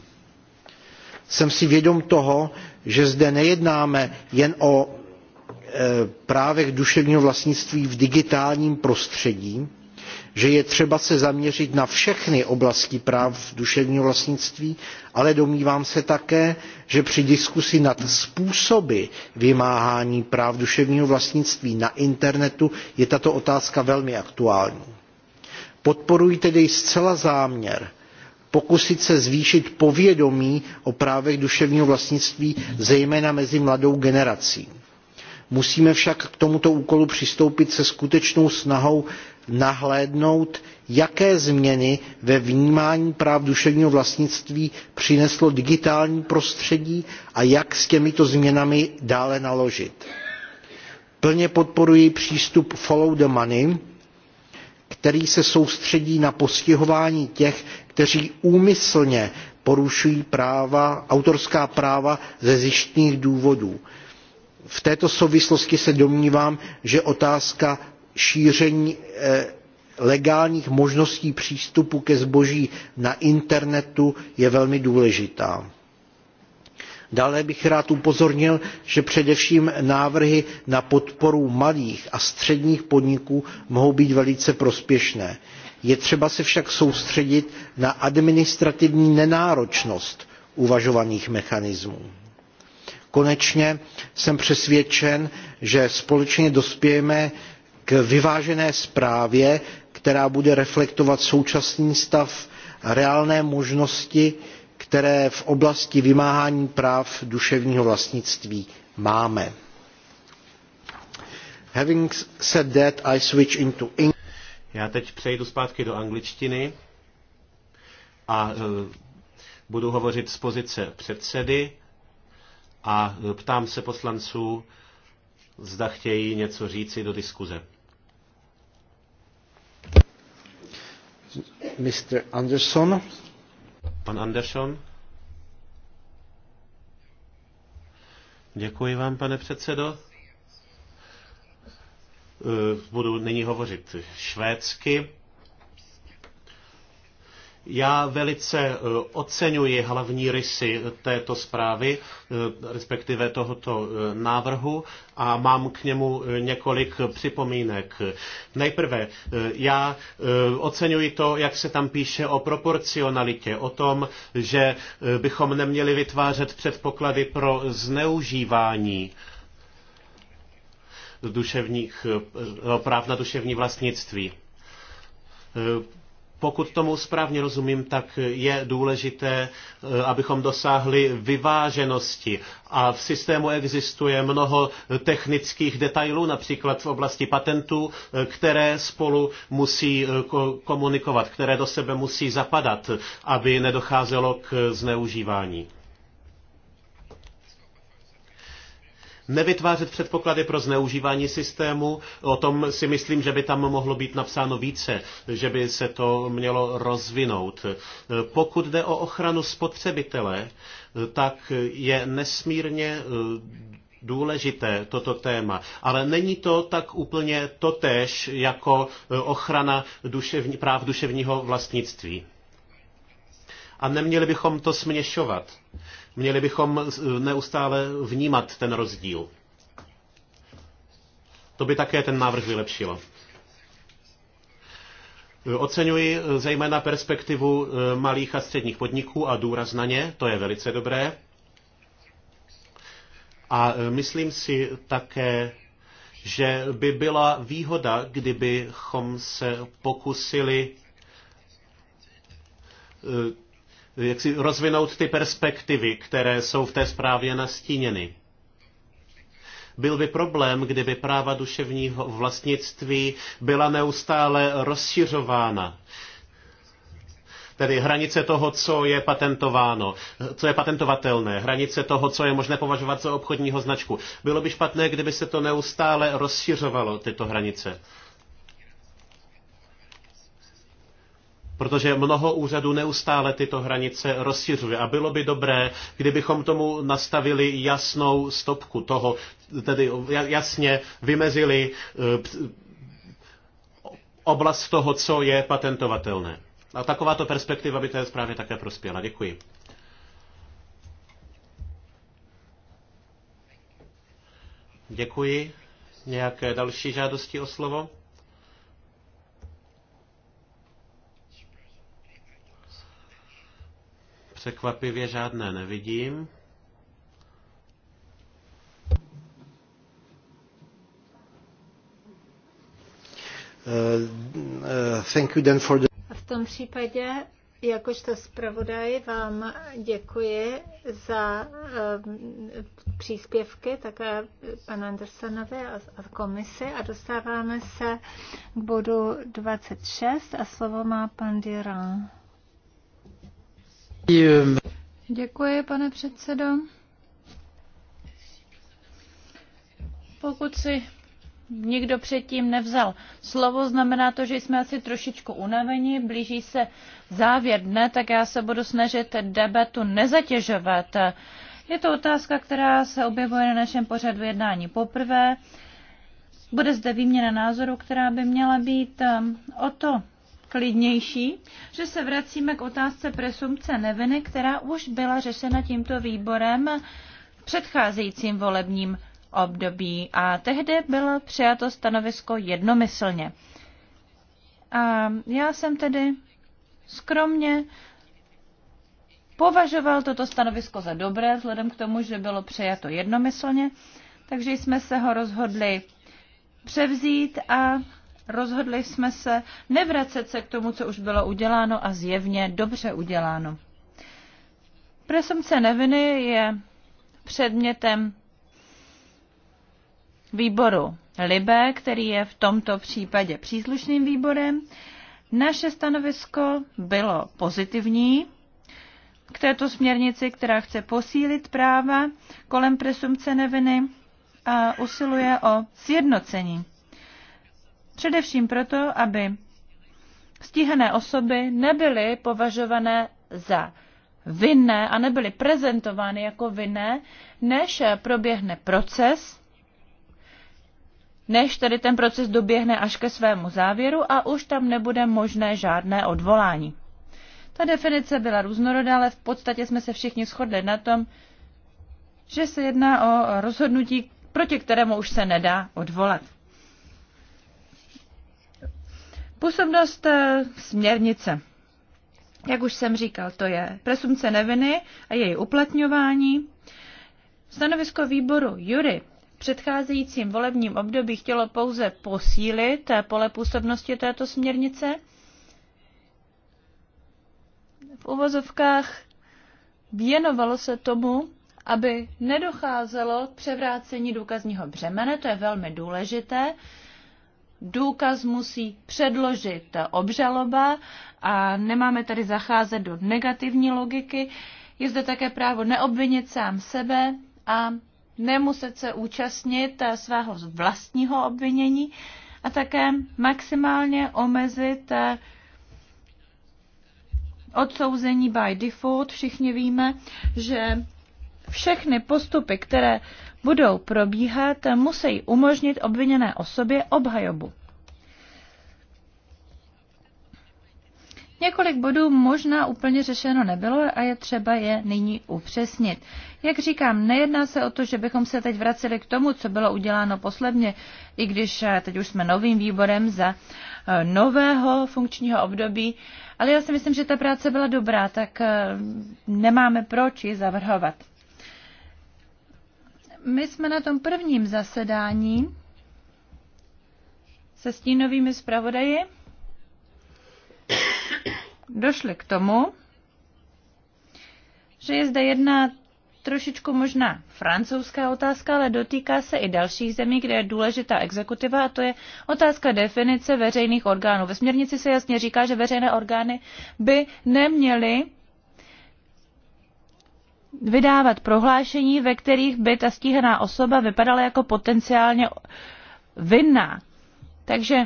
jsem si vědom toho že zde nejednáme jen o e, právech duševního vlastnictví v digitálním prostředí že je třeba se zaměřit na všechny oblasti práv duševního vlastnictví ale domnívám se také že při diskusi nad způsoby vymáhání práv duševního vlastnictví na internetu je tato otázka velmi aktuální. podporuji tedy zcela záměr pokusit se zvýšit povědomí o právech duševního vlastnictví zejména mezi mladou generací. musíme však k tomuto úkolu přistoupit se skutečnou snahou nahlédnout jaké změny ve vnímání práv duševního vlastnictví přineslo digitální prostředí a jak s těmito změnami dále naložit. plně podporuji přístup follow the money který se soustředí na postihování těch kteří úmyslně porušují práva, autorská práva ze zjištných důvodů. V této souvislosti se domnívám, že otázka šíření eh, legálních možností přístupu ke zboží na internetu je velmi důležitá dále bych rád upozornil že především návrhy na podporu malých a středních podniků mohou být velice prospěšné. je třeba se však soustředit na administrativní nenáročnost uvažovaných mechanismů. konečně jsem přesvědčen že společně dospějeme k vyvážené zprávě která bude reflektovat současný stav reálné možnosti které v oblasti vymáhání práv duševního vlastnictví máme. Having said that, I switch into English. Já teď přejdu zpátky do angličtiny a e, budu hovořit z pozice předsedy a e, ptám se poslanců, zda chtějí něco říci do diskuze. Mr. Anderson. Pan Anderson? Děkuji vám, pane předsedo. Eh, budu nyní hovořit švédsky. Já velice eh, oceňuji hlavní rysy eh, této zprávy, eh, respektive tohoto návrhu a mám k němu několik připomínek. Nejprve, já oceňuji to, jak se tam píše o proporcionalitě, o tom, že bychom neměli vytvářet předpoklady pro zneužívání duševních, práv na duševní vlastnictví pokud tomu správně rozumím, tak je důležité, eh, abychom dosáhli vyváženosti. A v systému existuje mnoho technických detailů, například v oblasti patentů, eh, které spolu musí eh, komunikovat, které do sebe musí zapadat, aby nedocházelo k zneužívání. nevytvářet předpoklady pro zneužívání systému. O tom si myslím, že by tam mohlo být napsáno více, že by se to mělo rozvinout. Pokud jde o ochranu spotřebitele, tak je nesmírně eh, důležité toto téma, ale není to tak úplně totéž jako eh, ochrana duševní, práv duševního vlastnictví. A neměli bychom to směšovat. Měli bychom eh, neustále vnímat ten rozdíl. To by také ten návrh vylepšilo. Eh, oceňuji eh, zejména perspektivu malých a středních podniků a důraz na ně, to je velice dobré. A myslím si také, že by byla výhoda, kdybychom se pokusili jak si rozvinout ty perspektivy, které jsou v té zprávě nastíněny. Byl by problém, kdyby práva duševního vlastnictví byla neustále rozšiřována tedy hranice toho, co je patentováno, co je patentovatelné, hranice toho, co je možné považovat za obchodního značku. Bylo by špatné, kdyby se to neustále rozšiřovalo, tyto hranice. protože mnoho úřadů neustále tyto hranice rozšiřuje. A bylo by dobré, kdybychom tomu nastavili jasnou stopku toho, tedy jasně vymezili e, oblast toho, co je patentovatelné. A takováto perspektiva by té zprávě také prospěla. Děkuji. Děkuji. Nějaké další žádosti o slovo? Překvapivě žádné nevidím. Uh, uh, v tom případě, jakožto zpravodaj, vám děkuji za eh, příspěvky také pan Andersonovi a, a komisi a dostáváme se k bodu 26 a slovo má pan Durand. Děkuji, pane předsedo. Pokud si nikdo předtím nevzal slovo, znamená to, že jsme asi trošičku unaveni, blíží se závěr dne, tak já se budu snažit debatu nezatěžovat. Je to otázka, která se objevuje na našem pořadu jednání poprvé. Bude zde výměna názoru, která by měla být um, o to klidnější, že se vracíme k otázce presumpce neviny, která už byla řešena tímto výborem v předcházejícím volebním období a tehdy bylo přijato stanovisko jednomyslně. A já jsem tedy skromně považoval toto stanovisko za dobré, vzhledem k tomu, že bylo přijato jednomyslně, takže jsme se ho rozhodli převzít a rozhodli jsme se nevracet se k tomu, co už bylo uděláno a zjevně dobře uděláno. Presumce neviny je předmětem výboru Libe, který je v tomto případě příslušným výborem. Naše stanovisko bylo pozitivní k této směrnici, která chce posílit práva kolem presumce neviny a usiluje o sjednocení Především proto, aby stíhané osoby nebyly považované za vinné a nebyly prezentovány jako vinné, než proběhne proces, než tedy ten proces doběhne až ke svému závěru a už tam nebude možné žádné odvolání. Ta definice byla různorodá, ale v podstatě jsme se všichni shodli na tom, že se jedná o rozhodnutí, proti kterému už se nedá odvolat. Působnost eh, směrnice. Jak už jsem říkal, to je presumce neviny a její uplatňování. Stanovisko výboru Jury v předcházejícím volebním období chtělo pouze posílit eh, pole působnosti této směrnice. V uvozovkách věnovalo se tomu, aby nedocházelo k převrácení důkazního břemene, to je velmi důležité, důkaz musí předložit obžaloba a nemáme tady zacházet do negativní logiky. Je zde také právo neobvinit sám sebe a nemuset se účastnit svého vlastního obvinění a také maximálně omezit odsouzení by default. Všichni víme, že všechny postupy, které budou probíhat, musí umožnit obviněné osobě obhajobu. Několik bodů možná úplně řešeno nebylo a je třeba je nyní upřesnit. Jak říkám, nejedná se o to, že bychom se teď vraceli k tomu, co bylo uděláno posledně, i když eh, teď už jsme novým výborem za eh, nového funkčního období, ale já si myslím, že ta práce byla dobrá, tak eh, nemáme proč ji zavrhovat. My jsme na tom prvním zasedání se stínovými zpravodaji došli k tomu, že je zde jedna trošičku možná francouzská otázka, ale dotýká se i dalších zemí, kde je důležitá exekutiva, a to je otázka definice veřejných orgánů. Ve směrnici se jasně říká, že veřejné orgány by neměly vydávat prohlášení, ve kterých by ta stíhaná osoba vypadala jako potenciálně vinná. Takže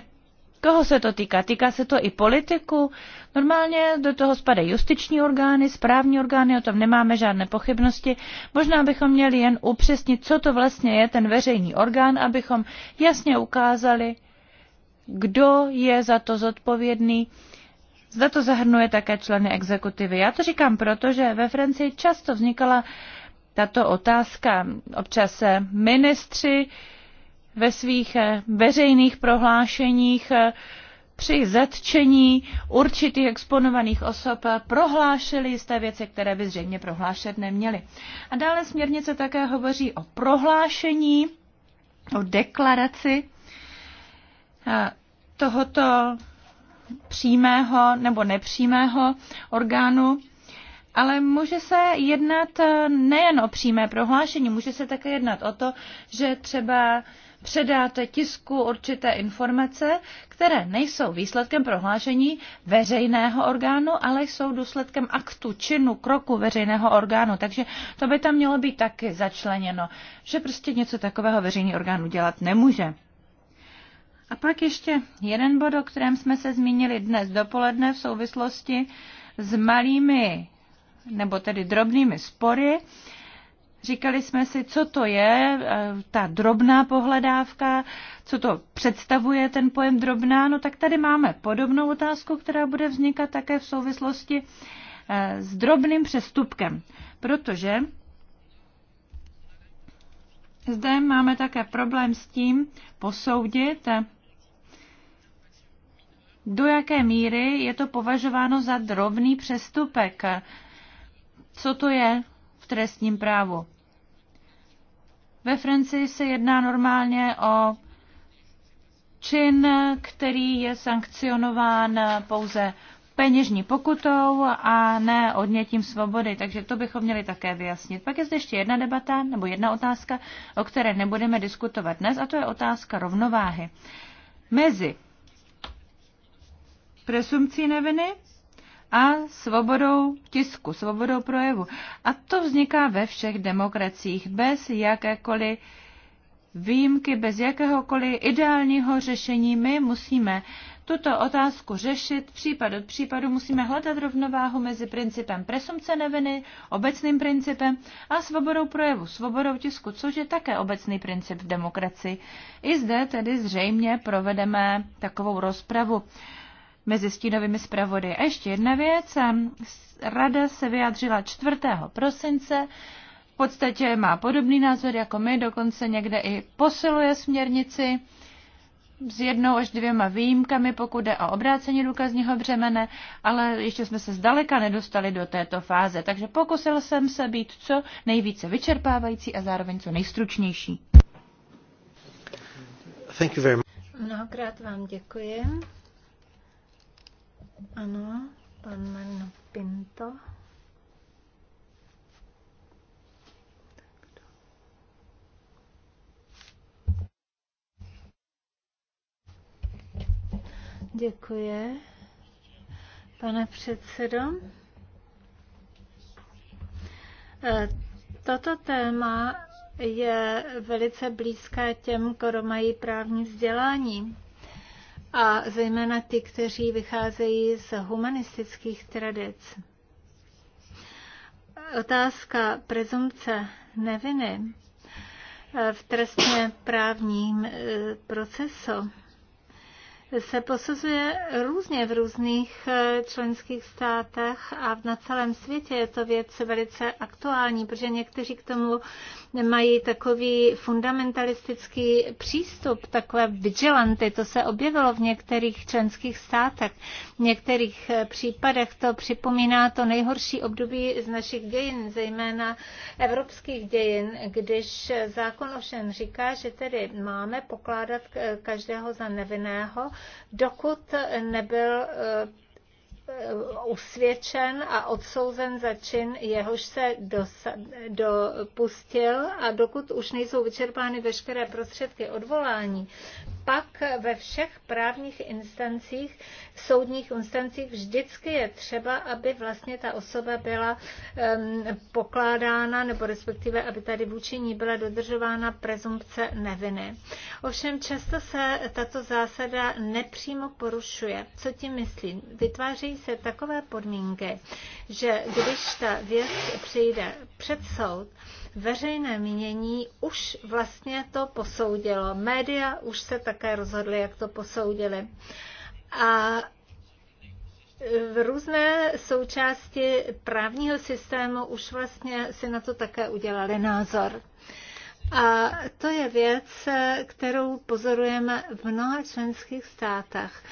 koho se to týká? Týká se to i politiku. Normálně do toho spadají justiční orgány, správní orgány, o tom nemáme žádné pochybnosti. Možná bychom měli jen upřesnit, co to vlastně je ten veřejný orgán, abychom jasně ukázali, kdo je za to zodpovědný Zda to zahrnuje také členy exekutivy. Já to říkám proto, že ve Francii často vznikala tato otázka. Občas ministři ve svých eh, veřejných prohlášeních eh, při zatčení určitých exponovaných osob eh, prohlášeli jisté věci, které by zřejmě prohlášet neměly. A dále směrnice také hovoří o prohlášení, o deklaraci tohoto přímého nebo nepřímého orgánu, ale může se jednat eh, nejen o přímé prohlášení, může se také jednat o to, že třeba předáte tisku určité informace, které nejsou výsledkem prohlášení veřejného orgánu, ale jsou důsledkem aktu, činu, kroku veřejného orgánu. Takže to by tam mělo být taky začleněno, že prostě něco takového veřejný orgán udělat nemůže. A pak ještě jeden bod, o kterém jsme se zmínili dnes dopoledne v souvislosti s malými nebo tedy drobnými spory. Říkali jsme si, co to je e, ta drobná pohledávka, co to představuje ten pojem drobná. No tak tady máme podobnou otázku, která bude vznikat také v souvislosti e, s drobným přestupkem, protože zde máme také problém s tím posoudit, e, do jaké míry je to považováno za drobný přestupek. Co to je v trestním právu? Ve Francii se jedná normálně o čin, který je sankcionován pouze peněžní pokutou a ne odnětím svobody, takže to bychom měli také vyjasnit. Pak je zde ještě jedna debata nebo jedna otázka, o které nebudeme diskutovat dnes, a to je otázka rovnováhy mezi presumcí neviny a svobodou tisku, svobodou projevu. A to vzniká ve všech demokraciích bez jakékoliv výjimky, bez jakéhokoliv ideálního řešení. My musíme tuto otázku řešit případ od případu. Musíme hledat rovnováhu mezi principem presumce neviny, obecným principem a svobodou projevu, svobodou tisku, což je také obecný princip v demokracii. I zde tedy zřejmě provedeme takovou rozpravu mezi stínovými zpravody. A ještě jedna věc. Rada se vyjádřila 4. prosince. V podstatě má podobný názor jako my, dokonce někde i posiluje směrnici s jednou až dvěma výjimkami, pokud jde o obrácení důkazního břemene, ale ještě jsme se zdaleka nedostali do této fáze, takže pokusil jsem se být co nejvíce vyčerpávající a zároveň co nejstručnější. Thank you very much. Mnohokrát vám děkuji. Ano, pan Marino Pinto. Děkuji, pane předsedo. Eh, toto téma je velice blízké těm, kdo mají právní vzdělání a zejména ty, kteří vycházejí z humanistických tradic. Otázka prezumce neviny v trestně právním eh, procesu se posuzuje různě v různých eh, členských státech a na celém světě je to věc velice aktuální, protože někteří k tomu mají takový fundamentalistický přístup, takové vigilanty. To se objevilo v některých členských státech. V některých eh, případech to připomíná to nejhorší období z našich dějin, zejména evropských dějin, když zákon ovšem říká, že tedy máme pokládat eh, každého za nevinného, dokud nebyl usvědčen a odsouzen za čin, jehož se dopustil a dokud už nejsou vyčerpány veškeré prostředky odvolání, pak ve všech právních instancích, soudních instancích vždycky je třeba, aby vlastně ta osoba byla um, pokládána, nebo respektive, aby tady vůči ní byla dodržována prezumpce neviny. Ovšem často se tato zásada nepřímo porušuje. Co tím myslím? Vytvářejí se takové podmínky, že když ta věc přijde před soud, veřejné mínění už vlastně to posoudilo. Média už se také rozhodly, jak to posoudili. A e, v různé součásti právního systému už vlastně si na to také udělali názor. A to je věc, kterou pozorujeme v mnoha členských státech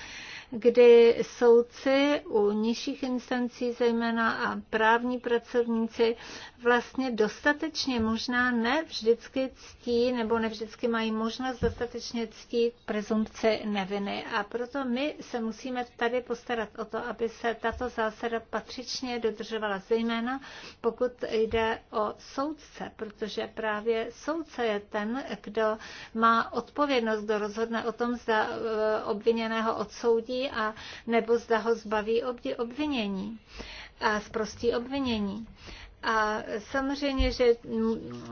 kdy soudci u nižších instancí zejména a právní pracovníci vlastně dostatečně možná ne vždycky ctí nebo ne vždycky mají možnost dostatečně ctít prezumpci neviny. A proto my se musíme tady postarat o to, aby se tato zásada patřičně dodržovala, zejména pokud jde o soudce, protože právě soudce je ten, kdo má odpovědnost, kdo rozhodne o tom, zda e, obviněného odsoudí a nebo zda ho zbaví obvinění a zprostí obvinění. A samozřejmě, že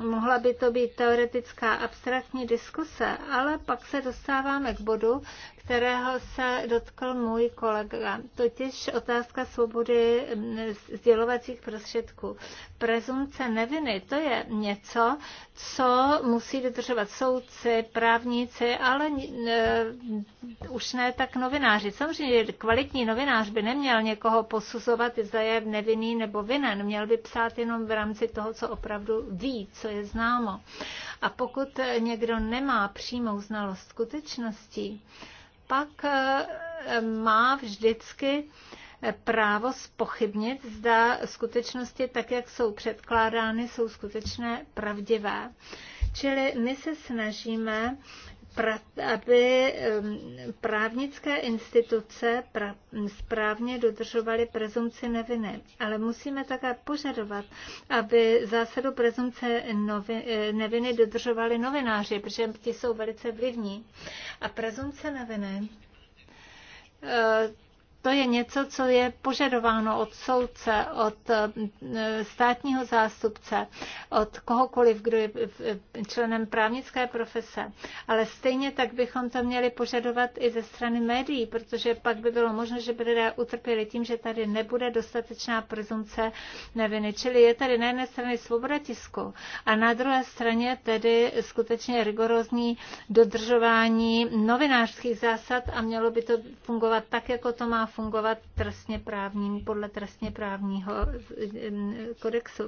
mohla by to být teoretická abstraktní diskuse, ale pak se dostáváme k bodu, kterého se dotkl můj kolega, totiž otázka svobody sdělovacích prostředků. Prezumce neviny, to je něco, co musí dodržovat soudci, právníci, ale už ne tak novináři. Samozřejmě kvalitní novinář by neměl někoho posuzovat, zda je nevinný nebo vinen. Měl by psát jenom v rámci toho, co opravdu ví, co je známo. A pokud někdo nemá přímou znalost skutečností, pak eh, má vždycky právo spochybnit, zda skutečnosti tak, jak jsou předkládány, jsou skutečné pravdivé. Čili my se snažíme aby právnické instituce správně dodržovaly prezumci neviny. Ale musíme také požadovat, aby zásadu prezumce e, neviny dodržovali novináři, protože ti jsou velice vlivní. A prezumce neviny e, to je něco, co je požadováno od soudce, od eh, státního zástupce, od kohokoliv, kdo je členem právnické profese. Ale stejně tak bychom to měli požadovat i ze strany médií, protože pak by bylo možné, že by lidé utrpěli tím, že tady nebude dostatečná prezumce neviny. Čili je tady na jedné straně svoboda tisku a na druhé straně tedy skutečně rigorózní dodržování novinářských zásad a mělo by to fungovat tak, jako to má fungovat trestně právním, podle trestně právního kodexu.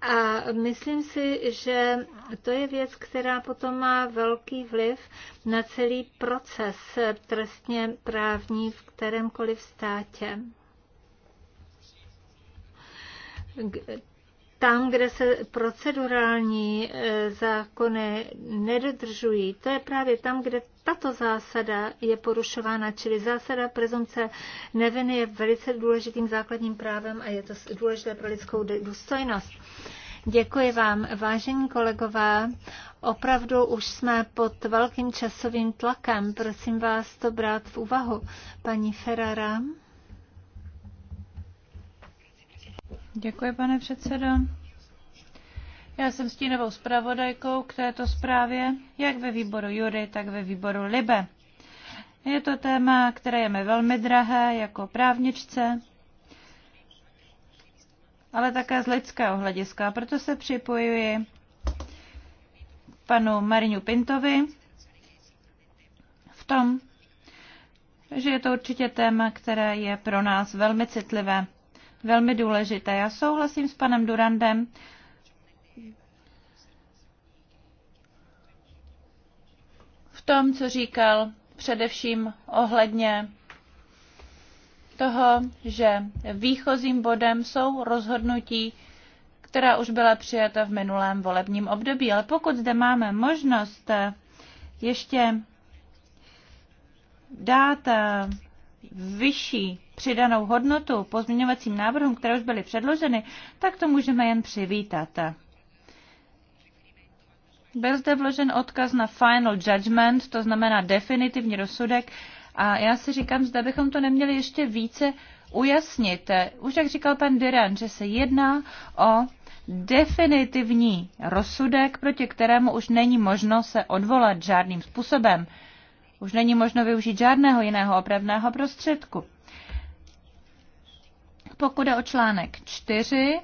A myslím si, že to je věc, která potom má velký vliv na celý proces trestně právní v kterémkoliv státě tam, kde se procedurální e, zákony nedodržují, to je právě tam, kde tato zásada je porušována, čili zásada prezumce neviny je velice důležitým základním právem a je to důležité pro lidskou důstojnost. Děkuji vám, vážení kolegové. Opravdu už jsme pod velkým časovým tlakem. Prosím vás to brát v úvahu. Paní Ferrara. Děkuji, pane předsedo. Já jsem stínovou zpravodajkou k této zprávě, jak ve výboru Jury, tak ve výboru Libe. Je to téma, které je mi velmi drahé jako právničce, ale také z lidského hlediska. Proto se připojuji panu Marinu Pintovi v tom, že je to určitě téma, které je pro nás velmi citlivé velmi důležité. Já souhlasím s panem Durandem. V tom, co říkal především ohledně toho, že výchozím bodem jsou rozhodnutí, která už byla přijata v minulém volebním období. Ale pokud zde máme možnost eh, ještě dát eh, vyšší přidanou hodnotu pozměňovacím návrhům, které už byly předloženy, tak to můžeme jen přivítat. Byl zde vložen odkaz na final judgment, to znamená definitivní rozsudek, a já si říkám, zda bychom to neměli ještě více ujasnit. Už jak říkal pan Duran, že se jedná o definitivní rozsudek, proti kterému už není možno se odvolat žádným způsobem. Už není možno využít žádného jiného opravného prostředku. Pokud jde o článek 4,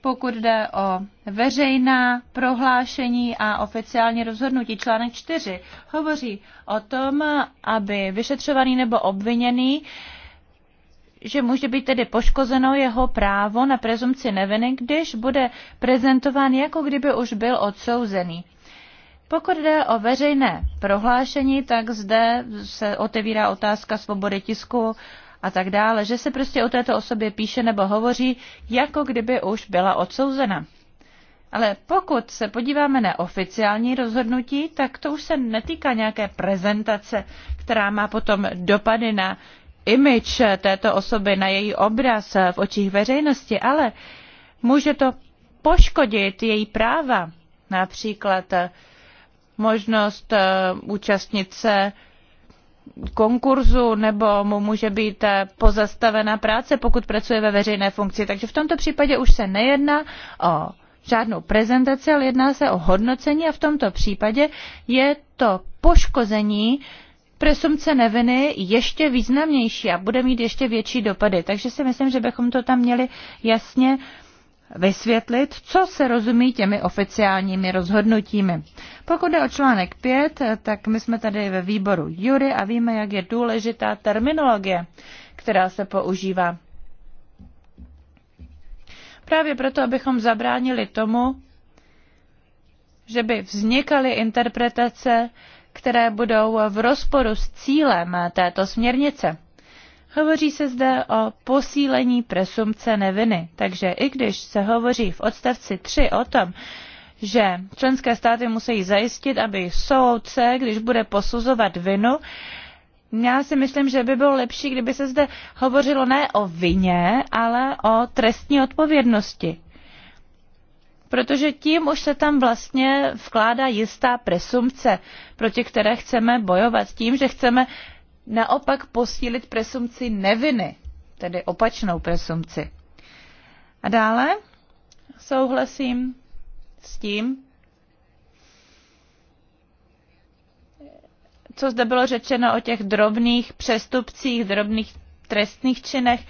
pokud jde o veřejná prohlášení a oficiální rozhodnutí. Článek 4 hovoří o tom, aby vyšetřovaný nebo obviněný že může být tedy poškozeno jeho právo na prezumci neviny, když bude prezentován, jako kdyby už byl odsouzený. Pokud jde o veřejné prohlášení, tak zde se otevírá otázka svobody tisku a tak dále, že se prostě o této osobě píše nebo hovoří, jako kdyby už byla odsouzena. Ale pokud se podíváme na oficiální rozhodnutí, tak to už se netýká nějaké prezentace, která má potom dopady na image této osoby, na její obraz v očích veřejnosti, ale může to poškodit její práva, například možnost eh, účastnit se konkurzu nebo mu může být eh, pozastavena práce, pokud pracuje ve veřejné funkci. Takže v tomto případě už se nejedná o žádnou prezentaci, ale jedná se o hodnocení a v tomto případě je to poškození presumce neviny ještě významnější a bude mít ještě větší dopady. Takže si myslím, že bychom to tam měli jasně uh, vysvětlit, co se rozumí těmi oficiálními rozhodnutími. Pokud je o článek 5, tak my jsme tady ve výboru Jury a víme, jak je důležitá terminologie, která se používá. Právě proto, abychom zabránili tomu, že by vznikaly interpretace, které budou v rozporu s cílem této směrnice. Hovoří se zde o posílení presumce neviny, takže i když se hovoří v odstavci 3 o tom, že členské státy musí zajistit, aby soudce, když bude posuzovat vinu, já si myslím, že by bylo lepší, kdyby se zde hovořilo ne o vině, ale o trestní odpovědnosti. Protože tím už se tam vlastně vkládá jistá presumce, proti které chceme bojovat. Tím, že chceme naopak posílit presumci neviny, tedy opačnou presumci. A dále souhlasím s tím, co zde bylo řečeno o těch drobných přestupcích, drobných trestných činech,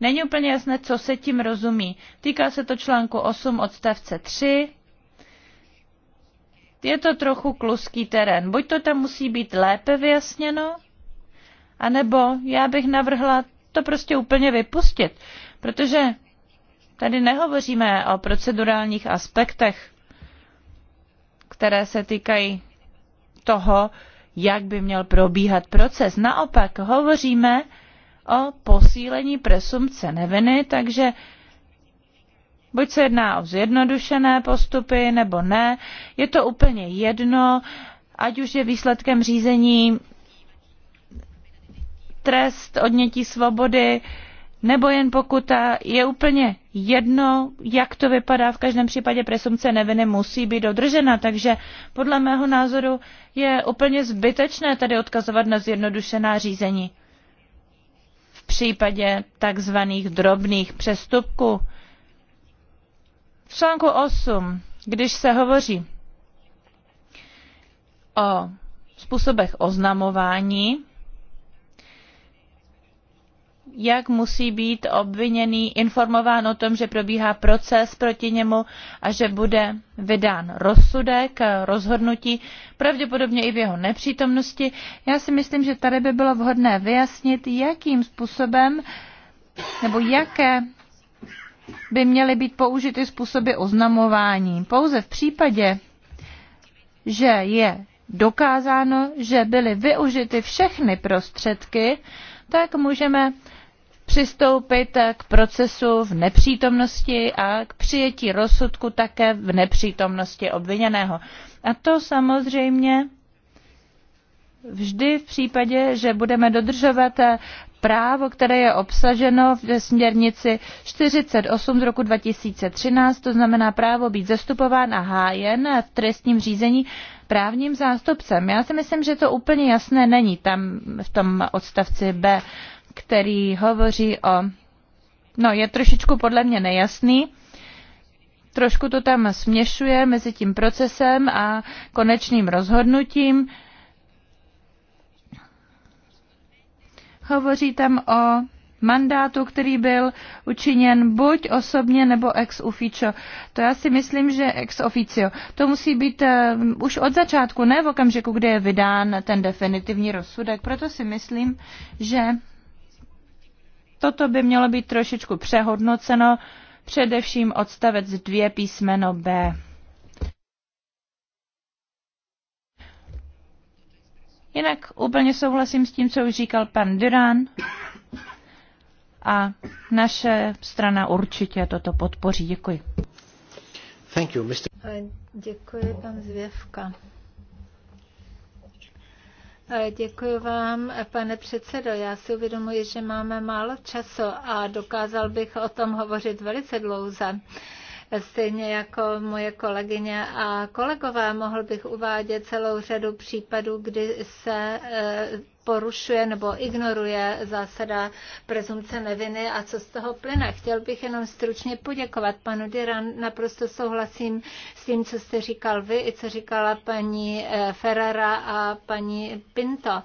není úplně jasné, co se tím rozumí. Týká se to článku 8 odstavce 3. Je to trochu kluský terén. Buď to tam musí být lépe vyjasněno, a nebo já bych navrhla to prostě úplně vypustit, protože tady nehovoříme o procedurálních aspektech, které se týkají toho, jak by měl probíhat proces. Naopak hovoříme o posílení presumce neviny, takže buď se jedná o zjednodušené postupy nebo ne, je to úplně jedno, ať už je výsledkem řízení trest odnětí svobody, nebo jen pokuta, je úplně jedno, jak to vypadá. V každém případě presumce neviny musí být dodržena, takže podle mého názoru je úplně zbytečné tady odkazovat na zjednodušená řízení. V případě takzvaných drobných přestupků. V článku 8, když se hovoří o způsobech oznamování, jak musí být obviněný informován o tom, že probíhá proces proti němu a že bude vydán rozsudek, rozhodnutí, pravděpodobně i v jeho nepřítomnosti. Já si myslím, že tady by bylo vhodné vyjasnit, jakým způsobem nebo jaké by měly být použity způsoby oznamování. Pouze v případě, že je dokázáno, že byly využity všechny prostředky, tak můžeme přistoupit k procesu v nepřítomnosti a k přijetí rozsudku také v nepřítomnosti obviněného. A to samozřejmě vždy v případě, že budeme dodržovat právo, které je obsaženo v směrnici 48 z roku 2013, to znamená právo být zastupován a hájen v trestním řízení právním zástupcem. Já si myslím, že to úplně jasné není tam v tom odstavci B který hovoří o... No, je trošičku podle mě nejasný. Trošku to tam směšuje mezi tím procesem a konečným rozhodnutím. Hovoří tam o mandátu, který byl učiněn buď osobně nebo ex officio. To já si myslím, že ex officio. To musí být uh, už od začátku, ne v okamžiku, kdy je vydán ten definitivní rozsudek. Proto si myslím, že Toto by mělo být trošičku přehodnoceno, především odstavec 2 písmeno B. Jinak úplně souhlasím s tím, co už říkal pan Duran a naše strana určitě toto podpoří. Děkuji. Thank you, Mr. Děkuji, pan Zvěvka. E, děkuji vám, pane předsedo. Já si uvědomuji, že máme málo času a dokázal bych o tom hovořit velice dlouze stejně jako moje kolegyně a kolegové. Mohl bych uvádět celou řadu případů, kdy se e, porušuje nebo ignoruje zásada prezumce neviny a co z toho plyne. Chtěl bych jenom stručně poděkovat panu Diran. Naprosto souhlasím s tím, co jste říkal vy i co říkala paní eh, Ferrara a paní Pinto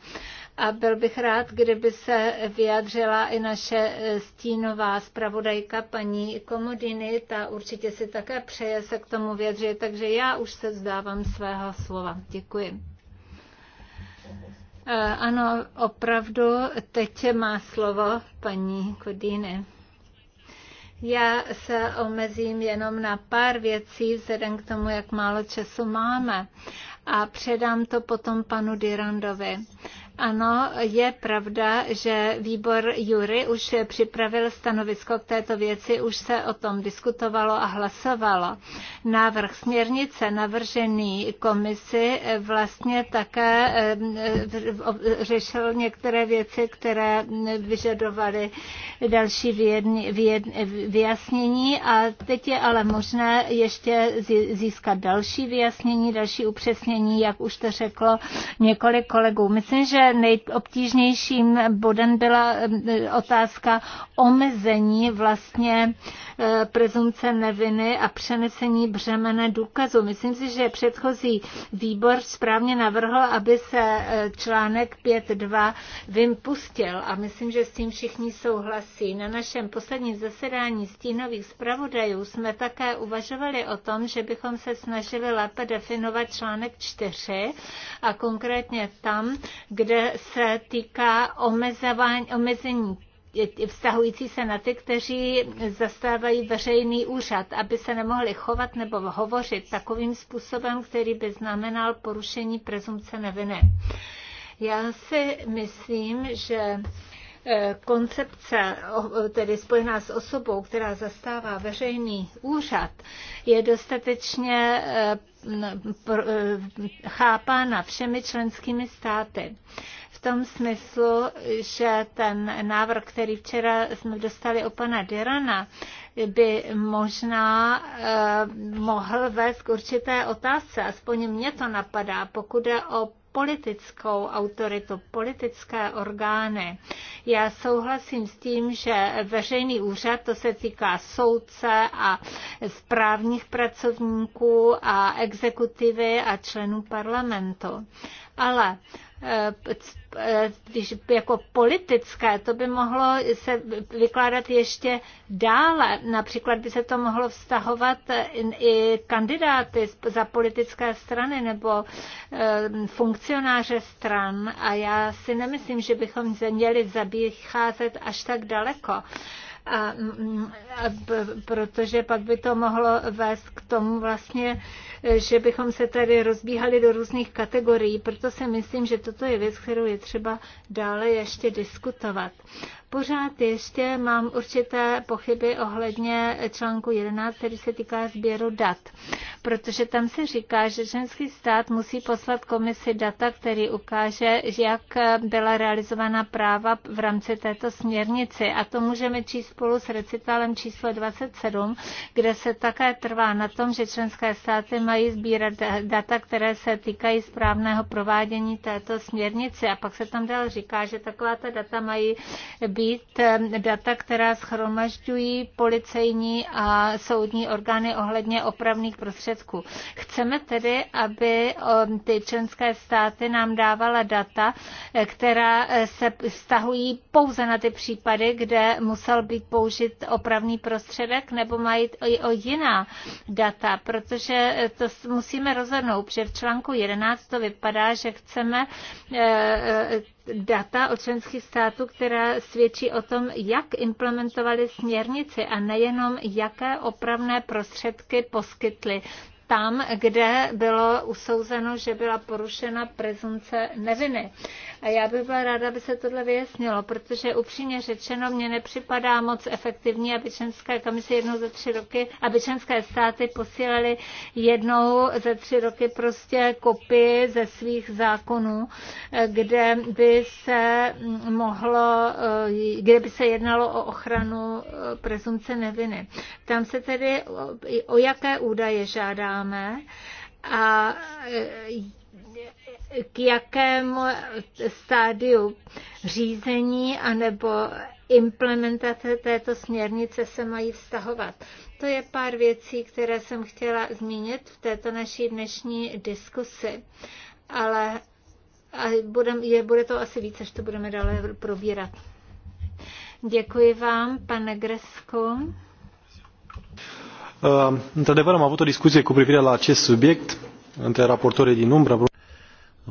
a byl bych rád, kdyby se vyjadřila i naše eh, stínová zpravodajka paní Komodiny, ta určitě si také přeje se k tomu vyjadřit, takže já už se vzdávám svého slova. Děkuji. Eh, ano, opravdu, teď má slovo paní Kodýne. Já se omezím jenom na pár věcí, vzhledem k tomu, jak málo času máme. A předám to potom panu Dirandovi. Ano, je pravda, že výbor Jury už připravil stanovisko k této věci, už se o tom diskutovalo a hlasovalo. Návrh směrnice navržený komisi vlastně také řešil některé věci, které vyžadovaly další vyjasnění a teď je ale možné ještě získat další vyjasnění, další upřesnění, jak už to řeklo několik kolegů. Myslím, že nejobtížnějším bodem byla eh, otázka omezení vlastně eh, prezumce neviny a přenesení břemene důkazu. Myslím si, že předchozí výbor správně navrhl, aby se eh, článek 5.2 vypustil a myslím, že s tím všichni souhlasí. Na našem posledním zasedání stínových zpravodajů jsme také uvažovali o tom, že bychom se snažili lépe definovat článek 4 a konkrétně tam, kde se týká omezování, omezení vztahující se na ty, kteří zastávají veřejný úřad, aby se nemohli chovat nebo hovořit takovým způsobem, který by znamenal porušení prezumce neviny. Já si myslím, že koncepce, tedy spojená s osobou, která zastává veřejný úřad, je dostatečně eh, eh, chápána všemi členskými státy. V tom smyslu, že ten návrh, který včera jsme dostali od pana Dirana, by možná eh, mohl vést k určité otázce, aspoň mě to napadá, pokud je o politickou autoritu, politické orgány. Já souhlasím s tím, že veřejný úřad, to se týká soudce a správních pracovníků a exekutivy a členů parlamentu ale eh, eh, když jako politické, to by mohlo se vykládat ještě dále. Například by se to mohlo vztahovat eh, i kandidáty za politické strany nebo funkcionáře stran a já si nemyslím, že bychom se měli zabícházet až tak daleko a, mm, a protože pak by to mohlo vést k tomu vlastně, že bychom se tady rozbíhali do různých kategorií. Proto si myslím, že toto je věc, kterou je třeba dále ještě diskutovat. Pořád ještě mám určité pochyby ohledně článku 11, který se týká sběru dat, protože tam se říká, že ženský stát musí poslat komisi data, který ukáže, jak byla realizována práva v rámci této směrnice, A to můžeme číst spolu s recitálem číslo 27, kde se také trvá na tom, že členské státy mají sbírat data, které se týkají správného provádění této směrnice. A pak se tam dál říká, že taková ta data mají být ehm, data, která schromažďují policejní a soudní orgány ohledně opravných prostředků. Chceme tedy, aby ehm, ty členské státy nám dávala data, eh, která eh, se vztahují pouze na ty případy, kde musel být použit opravný prostředek, nebo mají o jiná data, protože eh, to musíme rozhodnout, protože v článku 11 to vypadá, že chceme data od členských států, která svědčí o tom, jak implementovali směrnici a nejenom jaké opravné prostředky poskytly tam, kde bylo usouzeno, že byla porušena prezumce neviny. A já bych byla ráda, aby se tohle vyjasnilo, protože upřímně řečeno mně nepřipadá moc efektivní, aby členské komise jednou za tři roky, aby členské státy posílaly jednou za tři roky prostě kopii ze svých zákonů, kde by se mohlo, kde by se jednalo o ochranu prezumce neviny. Tam se tedy o jaké údaje žádá děláme a e, k jakému stádiu řízení anebo implementace této směrnice se mají vztahovat. To je pár věcí, které jsem chtěla zmínit v této naší dnešní diskusi, ale a budem, je, bude to asi více, až to budeme dále probírat. Děkuji vám, pane Gresku. Ehm, într-adevăr, am avut o discuție cu privire la acest subiect între raportorii din umbră.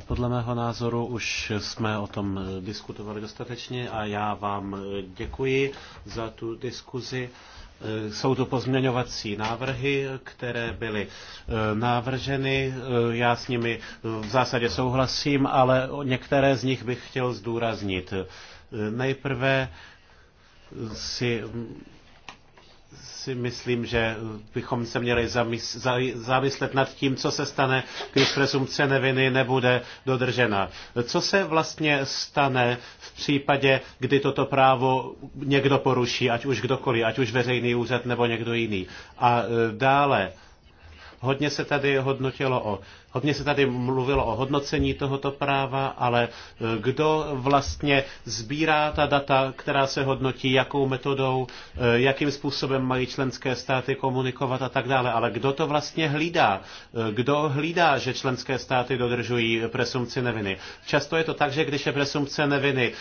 Podle mého názoru už jsme o tom eh, diskutovali dostatečně a já vám eh, děkuji za tu diskuzi. Eh, jsou to pozměňovací návrhy, které byly návrženy. Já s nimi v zásadě souhlasím, ale některé z nich bych chtěl zdůraznit. Nejprve si si myslím, že bychom se měli zamyslet nad tím, co se stane, když presumpce neviny nebude dodržena. Co se vlastně stane v případě, kdy toto právo někdo poruší, ať už kdokoliv, ať už veřejný úřad nebo někdo jiný. A e, dále, hodně se tady hodnotilo o Hodně se tady mluvilo o hodnocení tohoto práva, ale e, kdo vlastně sbírá ta data, která se hodnotí, jakou metodou, e, jakým způsobem mají členské státy komunikovat a tak dále. Ale kdo to vlastně hlídá? E, kdo hlídá, že členské státy dodržují presumci neviny? Často je to tak, že když je presumce neviny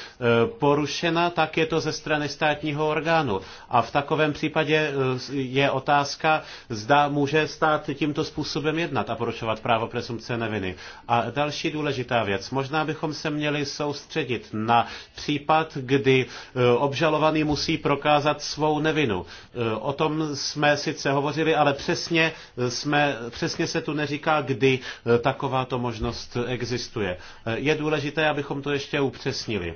porušena, tak je to ze strany státního orgánu. A v takovém případě je otázka, zda může stát tímto způsobem jednat a porušovat právo presumce presumpce neviny. A další důležitá věc. Možná bychom se měli soustředit na případ, kdy e, obžalovaný musí prokázat svou nevinu. E, o tom jsme sice hovořili, ale přesně, jsme, přesně se tu neříká, kdy e, takováto možnost existuje. Je důležité, abychom to ještě upřesnili.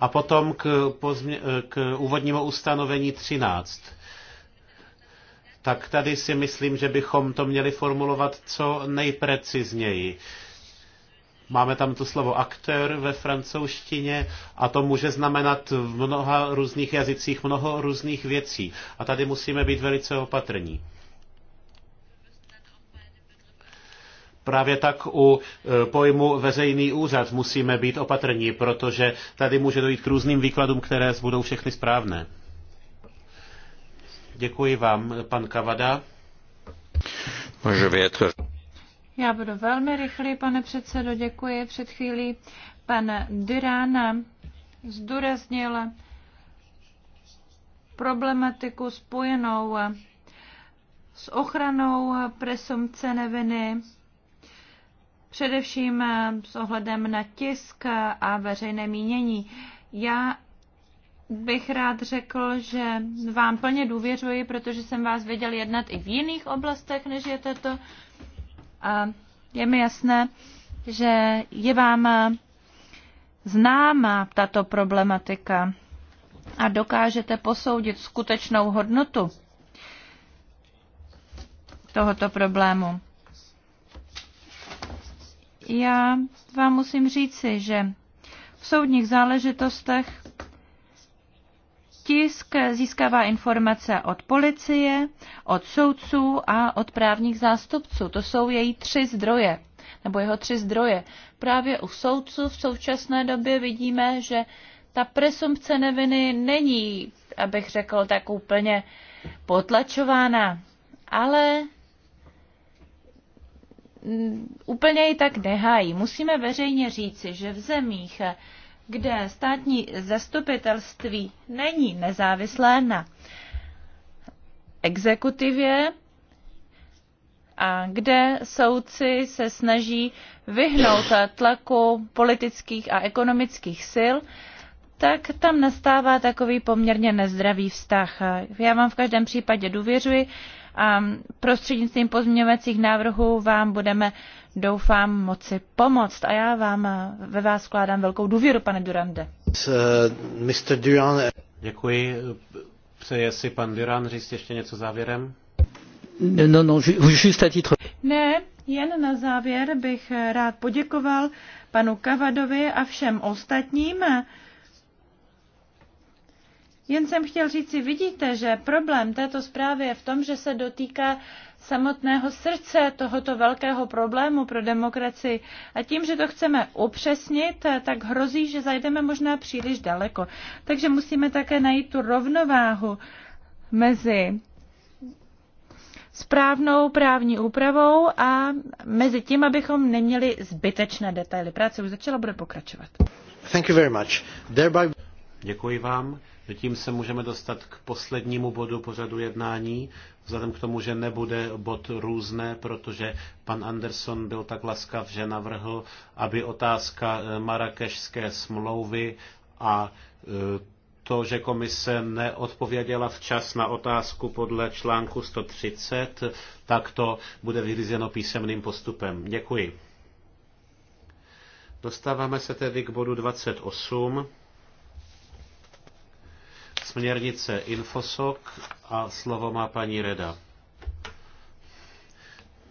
A potom k, pozmě, k úvodnímu ustanovení 13 tak tady si myslím, že bychom to měli formulovat co nejprecizněji. Máme tam to slovo aktér ve francouzštině a to může znamenat v mnoha různých jazycích mnoho různých věcí. A tady musíme být velice opatrní. Právě tak u e, pojmu veřejný úřad musíme být opatrní, protože tady může dojít k různým výkladům, které budou všechny správné. Děkuji vám, pan Kavada. Já budu velmi rychlý, pane předsedo, děkuji. Před chvílí pan Dyrána zdůraznil problematiku spojenou s ochranou presumce neviny, především s ohledem na tisk a veřejné mínění. Já bych rád řekl, že vám plně důvěřuji, protože jsem vás věděl jednat i v jiných oblastech, než je tato. A je mi jasné, že je vám známa tato problematika a dokážete posoudit skutečnou hodnotu tohoto problému. Já vám musím říci, že v soudních záležitostech Tisk získává informace od policie, od soudců a od právních zástupců. To jsou její tři zdroje, nebo jeho tři zdroje. Právě u soudců v současné době vidíme, že ta presumpce neviny není, abych řekl, tak úplně potlačována, ale mm, úplně ji tak nehájí. Musíme veřejně říci, že v zemích, kde státní zastupitelství není nezávislé na exekutivě a kde soudci se snaží vyhnout tlaku politických a ekonomických sil, tak tam nastává takový poměrně nezdravý vztah. Já vám v každém případě důvěřuji a prostřednictvím pozměňovacích návrhů vám budeme doufám moci pomoct. A já vám ve vás skládám velkou důvěru, pane Durande. Eh, Mr. Duran. Děkuji. Přeje si pan Duran říct ještě něco závěrem? No, no, no juste à titre. Ne, jen na závěr bych rád poděkoval panu Kavadovi a všem ostatním. Jen jsem chtěl říct si, vidíte, že problém této zprávy je v tom, že se dotýká samotného srdce tohoto velkého problému pro demokracii. A tím, že to chceme upřesnit, tak hrozí, že zajdeme možná příliš daleko. Takže musíme také najít tu rovnováhu mezi správnou právní úpravou a mezi tím, abychom neměli zbytečné detaily. Práce už začala, bude pokračovat. Thank you very much. Thereby... Děkuji vám. Tím se můžeme dostat k poslednímu bodu pořadu jednání, vzhledem k tomu, že nebude bod různé, protože pan Anderson byl tak laskav, že navrhl, aby otázka eh, marakešské smlouvy a eh, to, že komise neodpověděla včas na otázku podle článku 130, tak to bude vyřízeno písemným postupem. Děkuji. Dostáváme se tedy k bodu 28 směrnice Infosok a slovo má paní Reda.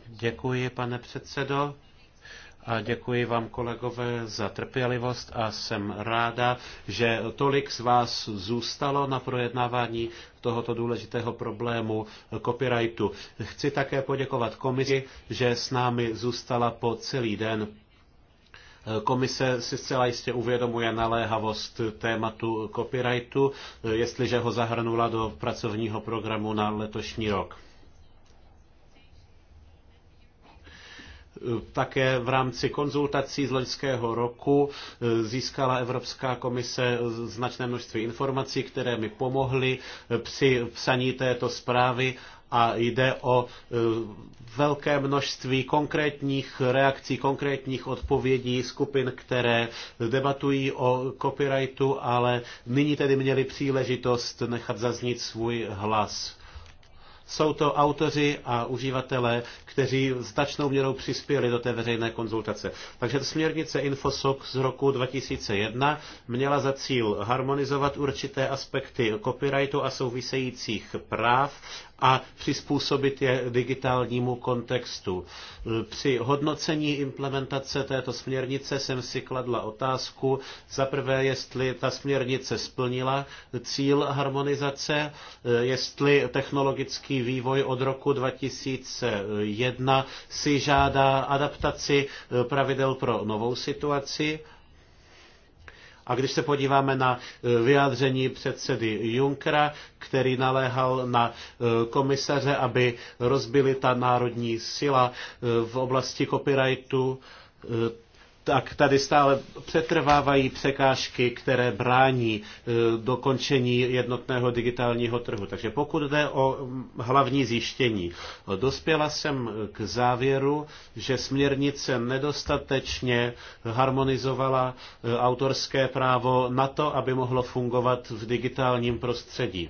Děkuji, pane předsedo. A děkuji vám, kolegové, za trpělivost a jsem ráda, že tolik z vás zůstalo na projednávání tohoto důležitého problému copyrightu. Chci také poděkovat komisi, že s námi zůstala po celý den Komise si zcela jistě uvědomuje naléhavost tématu copyrightu, jestliže ho zahrnula do pracovního programu na letošní rok. Také v rámci konzultací z loňského roku získala Evropská komise značné množství informací, které mi pomohly při psaní této zprávy a jde o e, velké množství konkrétních reakcí, konkrétních odpovědí skupin, které debatují o copyrightu, ale nyní tedy měli příležitost nechat zaznít svůj hlas. Jsou to autoři a uživatelé, kteří značnou měrou přispěli do té veřejné konzultace. Takže směrnice InfoSoc z roku 2001 měla za cíl harmonizovat určité aspekty copyrightu a souvisejících práv a přizpůsobit je digitálnímu kontextu. Při hodnocení implementace této směrnice jsem si kladla otázku, za prvé, jestli ta směrnice splnila cíl harmonizace, jestli technologický vývoj od roku 2001 si žádá adaptaci pravidel pro novou situaci, a když se podíváme na e, vyjádření předsedy Junckera, který naléhal na e, komisaře, aby rozbili ta národní sila e, v oblasti copyrightu, tak tady stále přetrvávají překážky, které brání e, dokončení jednotného digitálního trhu. Takže pokud jde o hlavní zjištění, dospěla jsem k závěru, že směrnice nedostatečně harmonizovala e, autorské právo na to, aby mohlo fungovat v digitálním prostředí.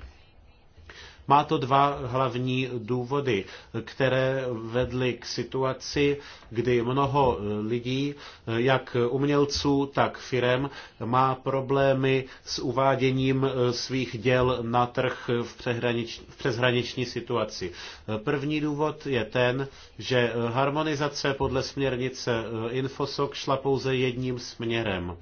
Má to dva hlavní důvody, které vedly k situaci, kdy mnoho lidí, jak umělců, tak firem, má problémy s uváděním svých děl na trh v, v přeshraniční situaci. První důvod je ten, že harmonizace podle směrnice Infosoc šla pouze jedním směrem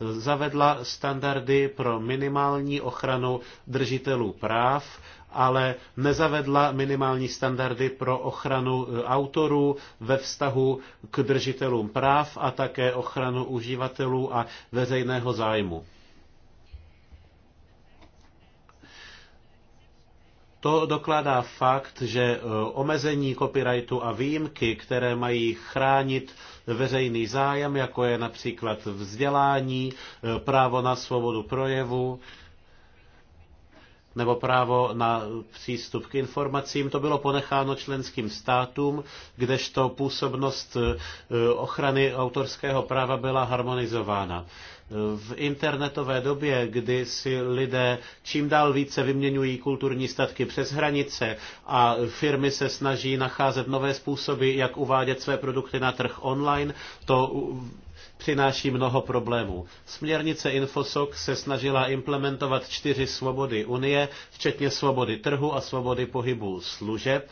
zavedla standardy pro minimální ochranu držitelů práv ale nezavedla minimální standardy pro ochranu e, autorů ve vztahu k držitelům práv a také ochranu uživatelů a veřejného zájmu. To dokládá fakt, že e, omezení copyrightu a výjimky, které mají chránit veřejný zájem, jako je například vzdělání, e, právo na svobodu projevu, nebo právo na přístup k informacím, to bylo ponecháno členským státům, kdežto působnost e, ochrany autorského práva byla harmonizována. E, v internetové době, kdy si lidé čím dál více vyměňují kulturní statky přes hranice a firmy se snaží nacházet nové způsoby, jak uvádět své produkty na trh online, to přináší mnoho problémů. Směrnice Infosoc se snažila implementovat čtyři svobody Unie, včetně svobody trhu a svobody pohybu služeb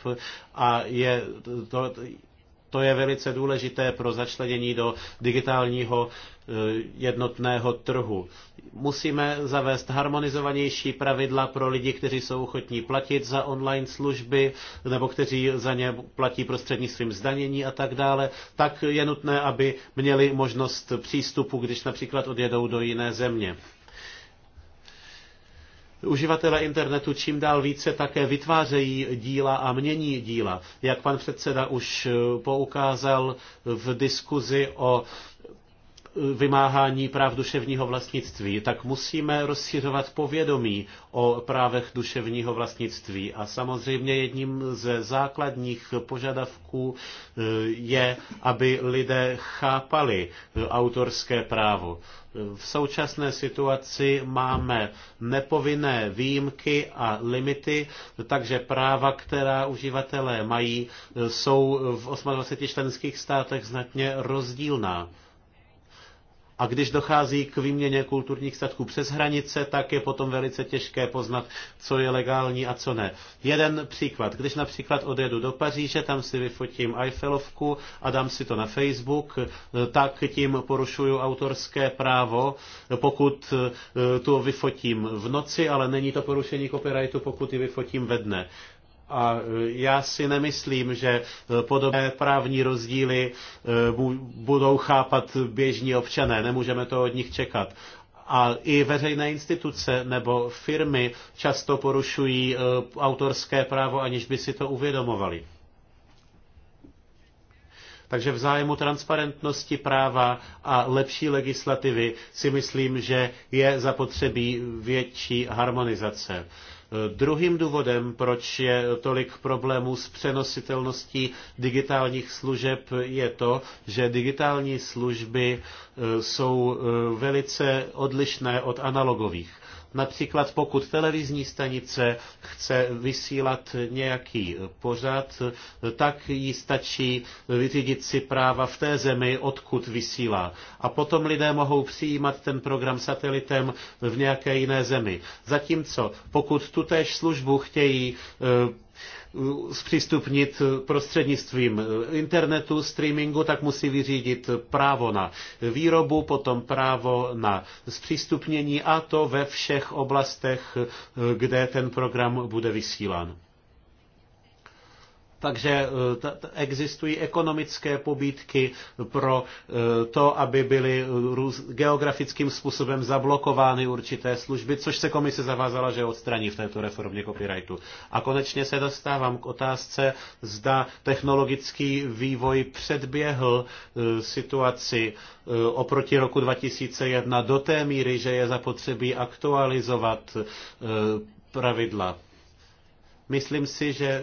a je to, to je velice důležité pro začlenění do digitálního eh, jednotného trhu. Musíme zavést harmonizovanější pravidla pro lidi, kteří jsou ochotní platit za online služby nebo kteří za ně platí prostřednictvím zdanění a tak dále, tak je nutné, aby měli možnost přístupu, když například odjedou do jiné země. Uživatelé internetu čím dál více také vytvářejí díla a mění díla. Jak pan předseda už eh, poukázal v diskuzi o eh, vymáhání práv duševního vlastnictví, tak musíme rozšiřovat povědomí o právech duševního vlastnictví. A samozřejmě jedním ze základních požadavků eh, je, aby lidé chápali autorské právo. V současné situaci máme nepovinné výjimky a limity, takže práva, která uživatelé mají, jsou v 28 členských státech znatně rozdílná. A když dochází k výměně kulturních statků přes hranice, tak je potom velice těžké poznat, co je legální a co ne. Jeden příklad. Když například odjedu do Paříže, tam si vyfotím Eiffelovku a dám si to na Facebook, tak tím porušuju autorské právo, pokud eh, to vyfotím v noci, ale není to porušení copyrightu, pokud ji vyfotím ve dne. A e, já si nemyslím, že e, podobné právní rozdíly e, budou chápat běžní občané. Nemůžeme to od nich čekat. A i veřejné instituce nebo firmy často porušují autorské právo, aniž by si to uvědomovali. Takže v zájmu transparentnosti práva a lepší legislativy si myslím, že je zapotřebí větší harmonizace. Druhým důvodem, proč je tolik problémů s přenositelností digitálních služeb, je to, že digitální služby e, jsou e, velice odlišné od analogových. Například pokud televizní stanice chce vysílat nějaký pořad, tak jí stačí vyřídit si práva v té zemi, odkud vysílá. A potom lidé mohou přijímat ten program satelitem v nějaké jiné zemi. Zatímco pokud tutéž službu chtějí eh, zpřístupnit prostřednictvím internetu, streamingu, tak musí vyřídit právo na výrobu, potom právo na zpřístupnění a to ve všech oblastech, kde ten program bude vysílán. Takže e, existují ekonomické pobídky pro e, to, aby byly e, geografickým způsobem zablokovány určité služby, což se komise zavázala, že odstraní v této reformě copyrightu. A konečně se dostávám k otázce, zda technologický vývoj předběhl situaci oproti roku 2001 do té míry, že je zapotřebí aktualizovat pravidla. Myslím si, že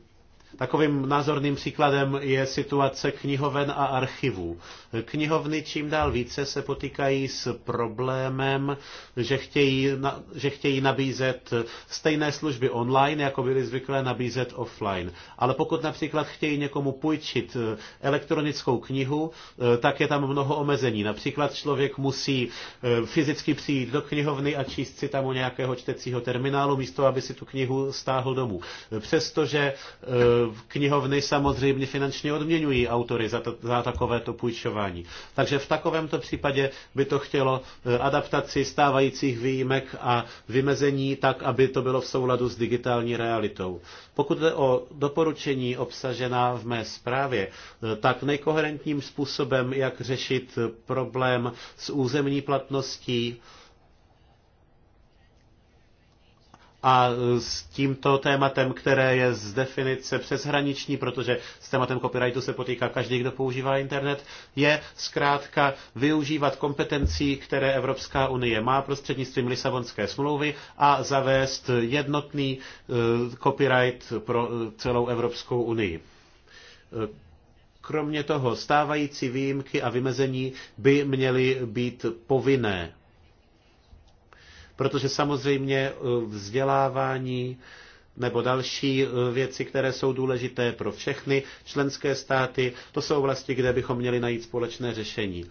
Takovým názorným příkladem je situace knihoven a archivů. Knihovny čím dál více se potýkají s problémem, že chtějí, že chtějí nabízet stejné služby online, jako byly zvyklé nabízet offline. Ale pokud například chtějí někomu půjčit eh, elektronickou knihu, eh, tak je tam mnoho omezení. Například člověk musí eh, fyzicky přijít do knihovny a číst si tam u nějakého čtecího terminálu, místo aby si tu knihu stáhl domů. Přestože knihovny samozřejmě finančně odměňují autory za, to, za takovéto půjčování. Takže v takovémto případě by to chtělo eh, adaptaci stávajících výjimek a vymezení tak, aby to bylo v souladu s digitální realitou. Pokud jde o doporučení obsažená v mé zprávě, eh, tak nejkoherentním způsobem, jak řešit eh, problém s územní platností, a s tímto tématem, které je z definice přeshraniční, protože s tématem copyrightu se potýká každý, kdo používá internet, je zkrátka využívat kompetencí, které Evropská unie má prostřednictvím Lisabonské smlouvy a zavést jednotný eh, copyright pro eh, celou Evropskou unii. Eh, kromě toho stávající výjimky a vymezení by měly být povinné Protože samozřejmě eh, vzdělávání nebo další eh, věci, které jsou důležité pro všechny členské státy, to jsou oblasti, kde bychom měli najít společné řešení.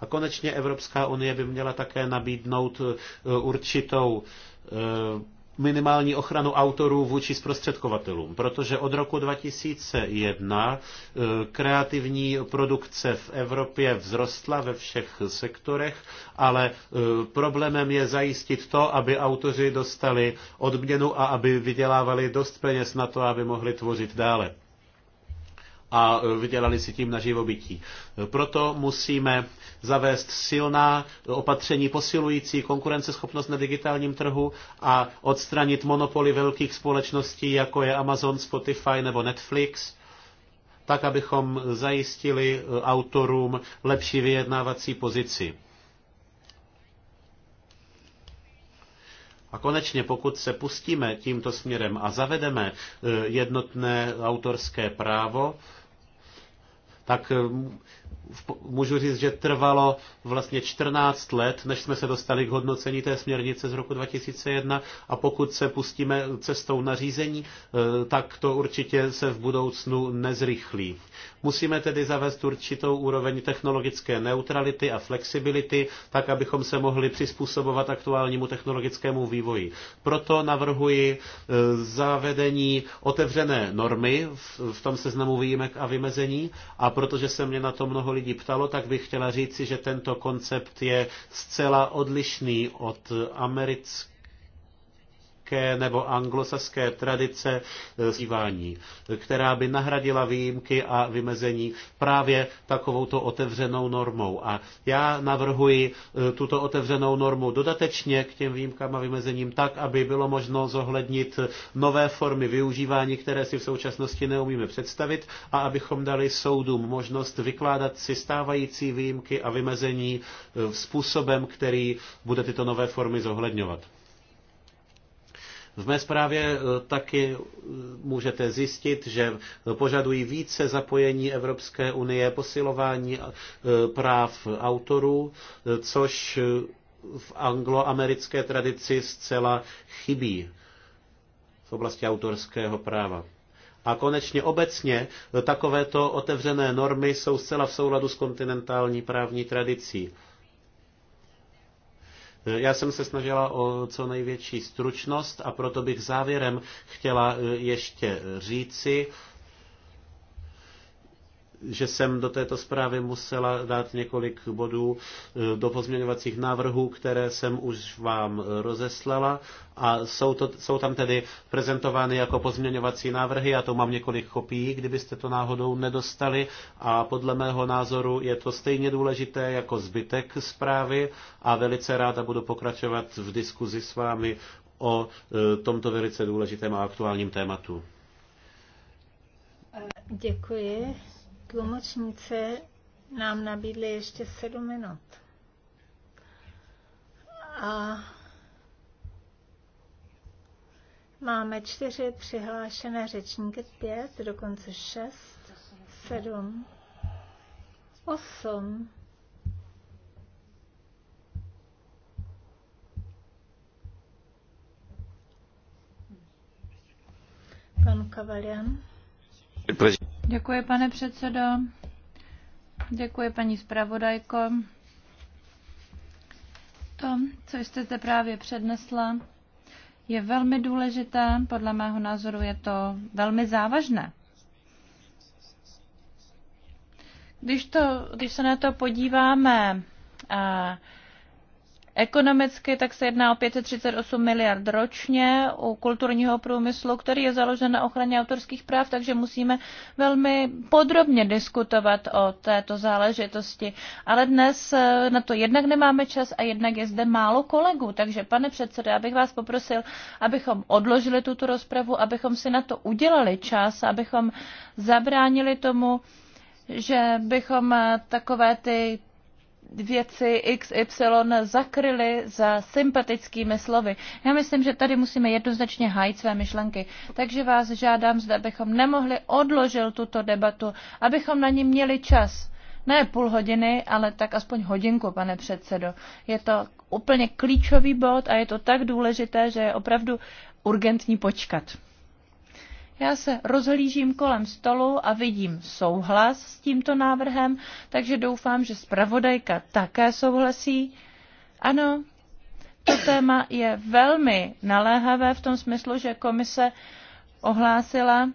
A konečně Evropská unie by měla také nabídnout eh, určitou minimální ochranu autorů vůči zprostředkovatelům, protože od roku 2001 eh, kreativní produkce v Evropě vzrostla ve všech sektorech, ale eh, problémem je zajistit to, aby autoři dostali odměnu a aby vydělávali dost peněz na to, aby mohli tvořit dále a eh, vydělali si tím na živobytí. Proto musíme zavést silná opatření posilující konkurenceschopnost na digitálním trhu a odstranit monopoly velkých společností, jako je Amazon, Spotify nebo Netflix, tak, abychom zajistili e, autorům lepší vyjednávací pozici. A konečně, pokud se pustíme tímto směrem a zavedeme e, jednotné autorské právo, tak můžu říct, že trvalo vlastně 14 let, než jsme se dostali k hodnocení té směrnice z roku 2001 a pokud se pustíme cestou nařízení, eh, tak to určitě se v budoucnu nezrychlí. Musíme tedy zavést určitou úroveň technologické neutrality a flexibility, tak abychom se mohli přizpůsobovat aktuálnímu technologickému vývoji. Proto navrhuji eh, zavedení otevřené normy v tom seznamu výjimek a vymezení a protože se mě na to mnoho lidí ptalo, tak bych chtěla říci, že tento koncept je zcela odlišný od amerického britské nebo anglosaské tradice zívání, která by nahradila výjimky a vymezení právě takovouto otevřenou normou. A já navrhuji e, tuto otevřenou normu dodatečně k těm výjimkám a vymezením tak, aby bylo možno zohlednit nové formy využívání, které si v současnosti neumíme představit a abychom dali soudům možnost vykládat si stávající výjimky a vymezení e, způsobem, který bude tyto nové formy zohledňovat. V mé zprávě eh, taky eh, můžete zjistit, že požadují více zapojení Evropské unie, posilování eh, práv autorů, což v angloamerické tradici zcela chybí v oblasti autorského práva. A konečně obecně takovéto otevřené normy jsou zcela v souladu s kontinentální právní tradicí. Já jsem se snažila o co největší stručnost a proto bych závěrem chtěla eh, ještě říci, že jsem do této zprávy musela dát několik bodů eh, do pozměňovacích návrhů, které jsem už vám rozeslala a jsou, to, jsou tam tedy prezentovány jako pozměňovací návrhy, já to mám několik kopií, kdybyste to náhodou nedostali a podle mého názoru je to stejně důležité jako zbytek zprávy a velice ráda budu pokračovat v diskuzi s vámi o eh, tomto velice důležitém a aktuálním tématu. Děkuji tlumočnice nám nabídly ještě sedm minut. A máme čtyři přihlášené řečníky, pět, dokonce šest, sedm, osm, Pan Kavalian. Děkuji, pane předsedo. Děkuji, paní zpravodajko. To, co jste zde právě přednesla, je velmi důležité. Podle mého názoru je to velmi závažné. Když, to, když se na to podíváme eh, Ekonomicky tak se jedná o 538 miliard ročně u kulturního průmyslu, který je založen na ochraně autorských práv, takže musíme velmi podrobně diskutovat o této záležitosti. Ale dnes eh, na to jednak nemáme čas a jednak je zde málo kolegů. Takže pane předsedo, abych vás poprosil, abychom odložili tuto rozpravu, abychom si na to udělali čas, abychom zabránili tomu, že bychom eh, takové ty věci XY zakryly za sympatickými slovy. Já myslím, že tady musíme jednoznačně hájit své myšlenky. Takže vás žádám, zda bychom nemohli odložit tuto debatu, abychom na ní měli čas. Ne půl hodiny, ale tak aspoň hodinku, pane předsedo. Je to úplně klíčový bod a je to tak důležité, že je opravdu urgentní počkat. Já se rozhlížím kolem stolu a vidím souhlas s tímto návrhem, takže doufám, že zpravodajka také souhlasí. Ano, to téma je velmi naléhavé v tom smyslu, že komise ohlásila,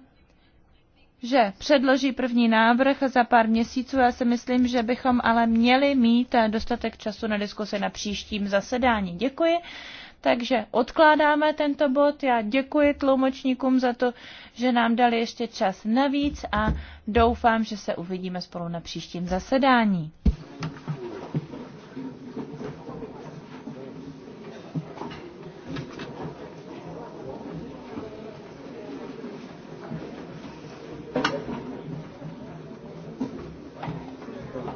že předloží první návrh za pár měsíců. Já si myslím, že bychom ale měli mít dostatek času na diskusi na příštím zasedání. Děkuji. Takže odkládáme tento bod. Já děkuji tlumočníkům za to, že nám dali ještě čas navíc a doufám, že se uvidíme spolu na příštím zasedání.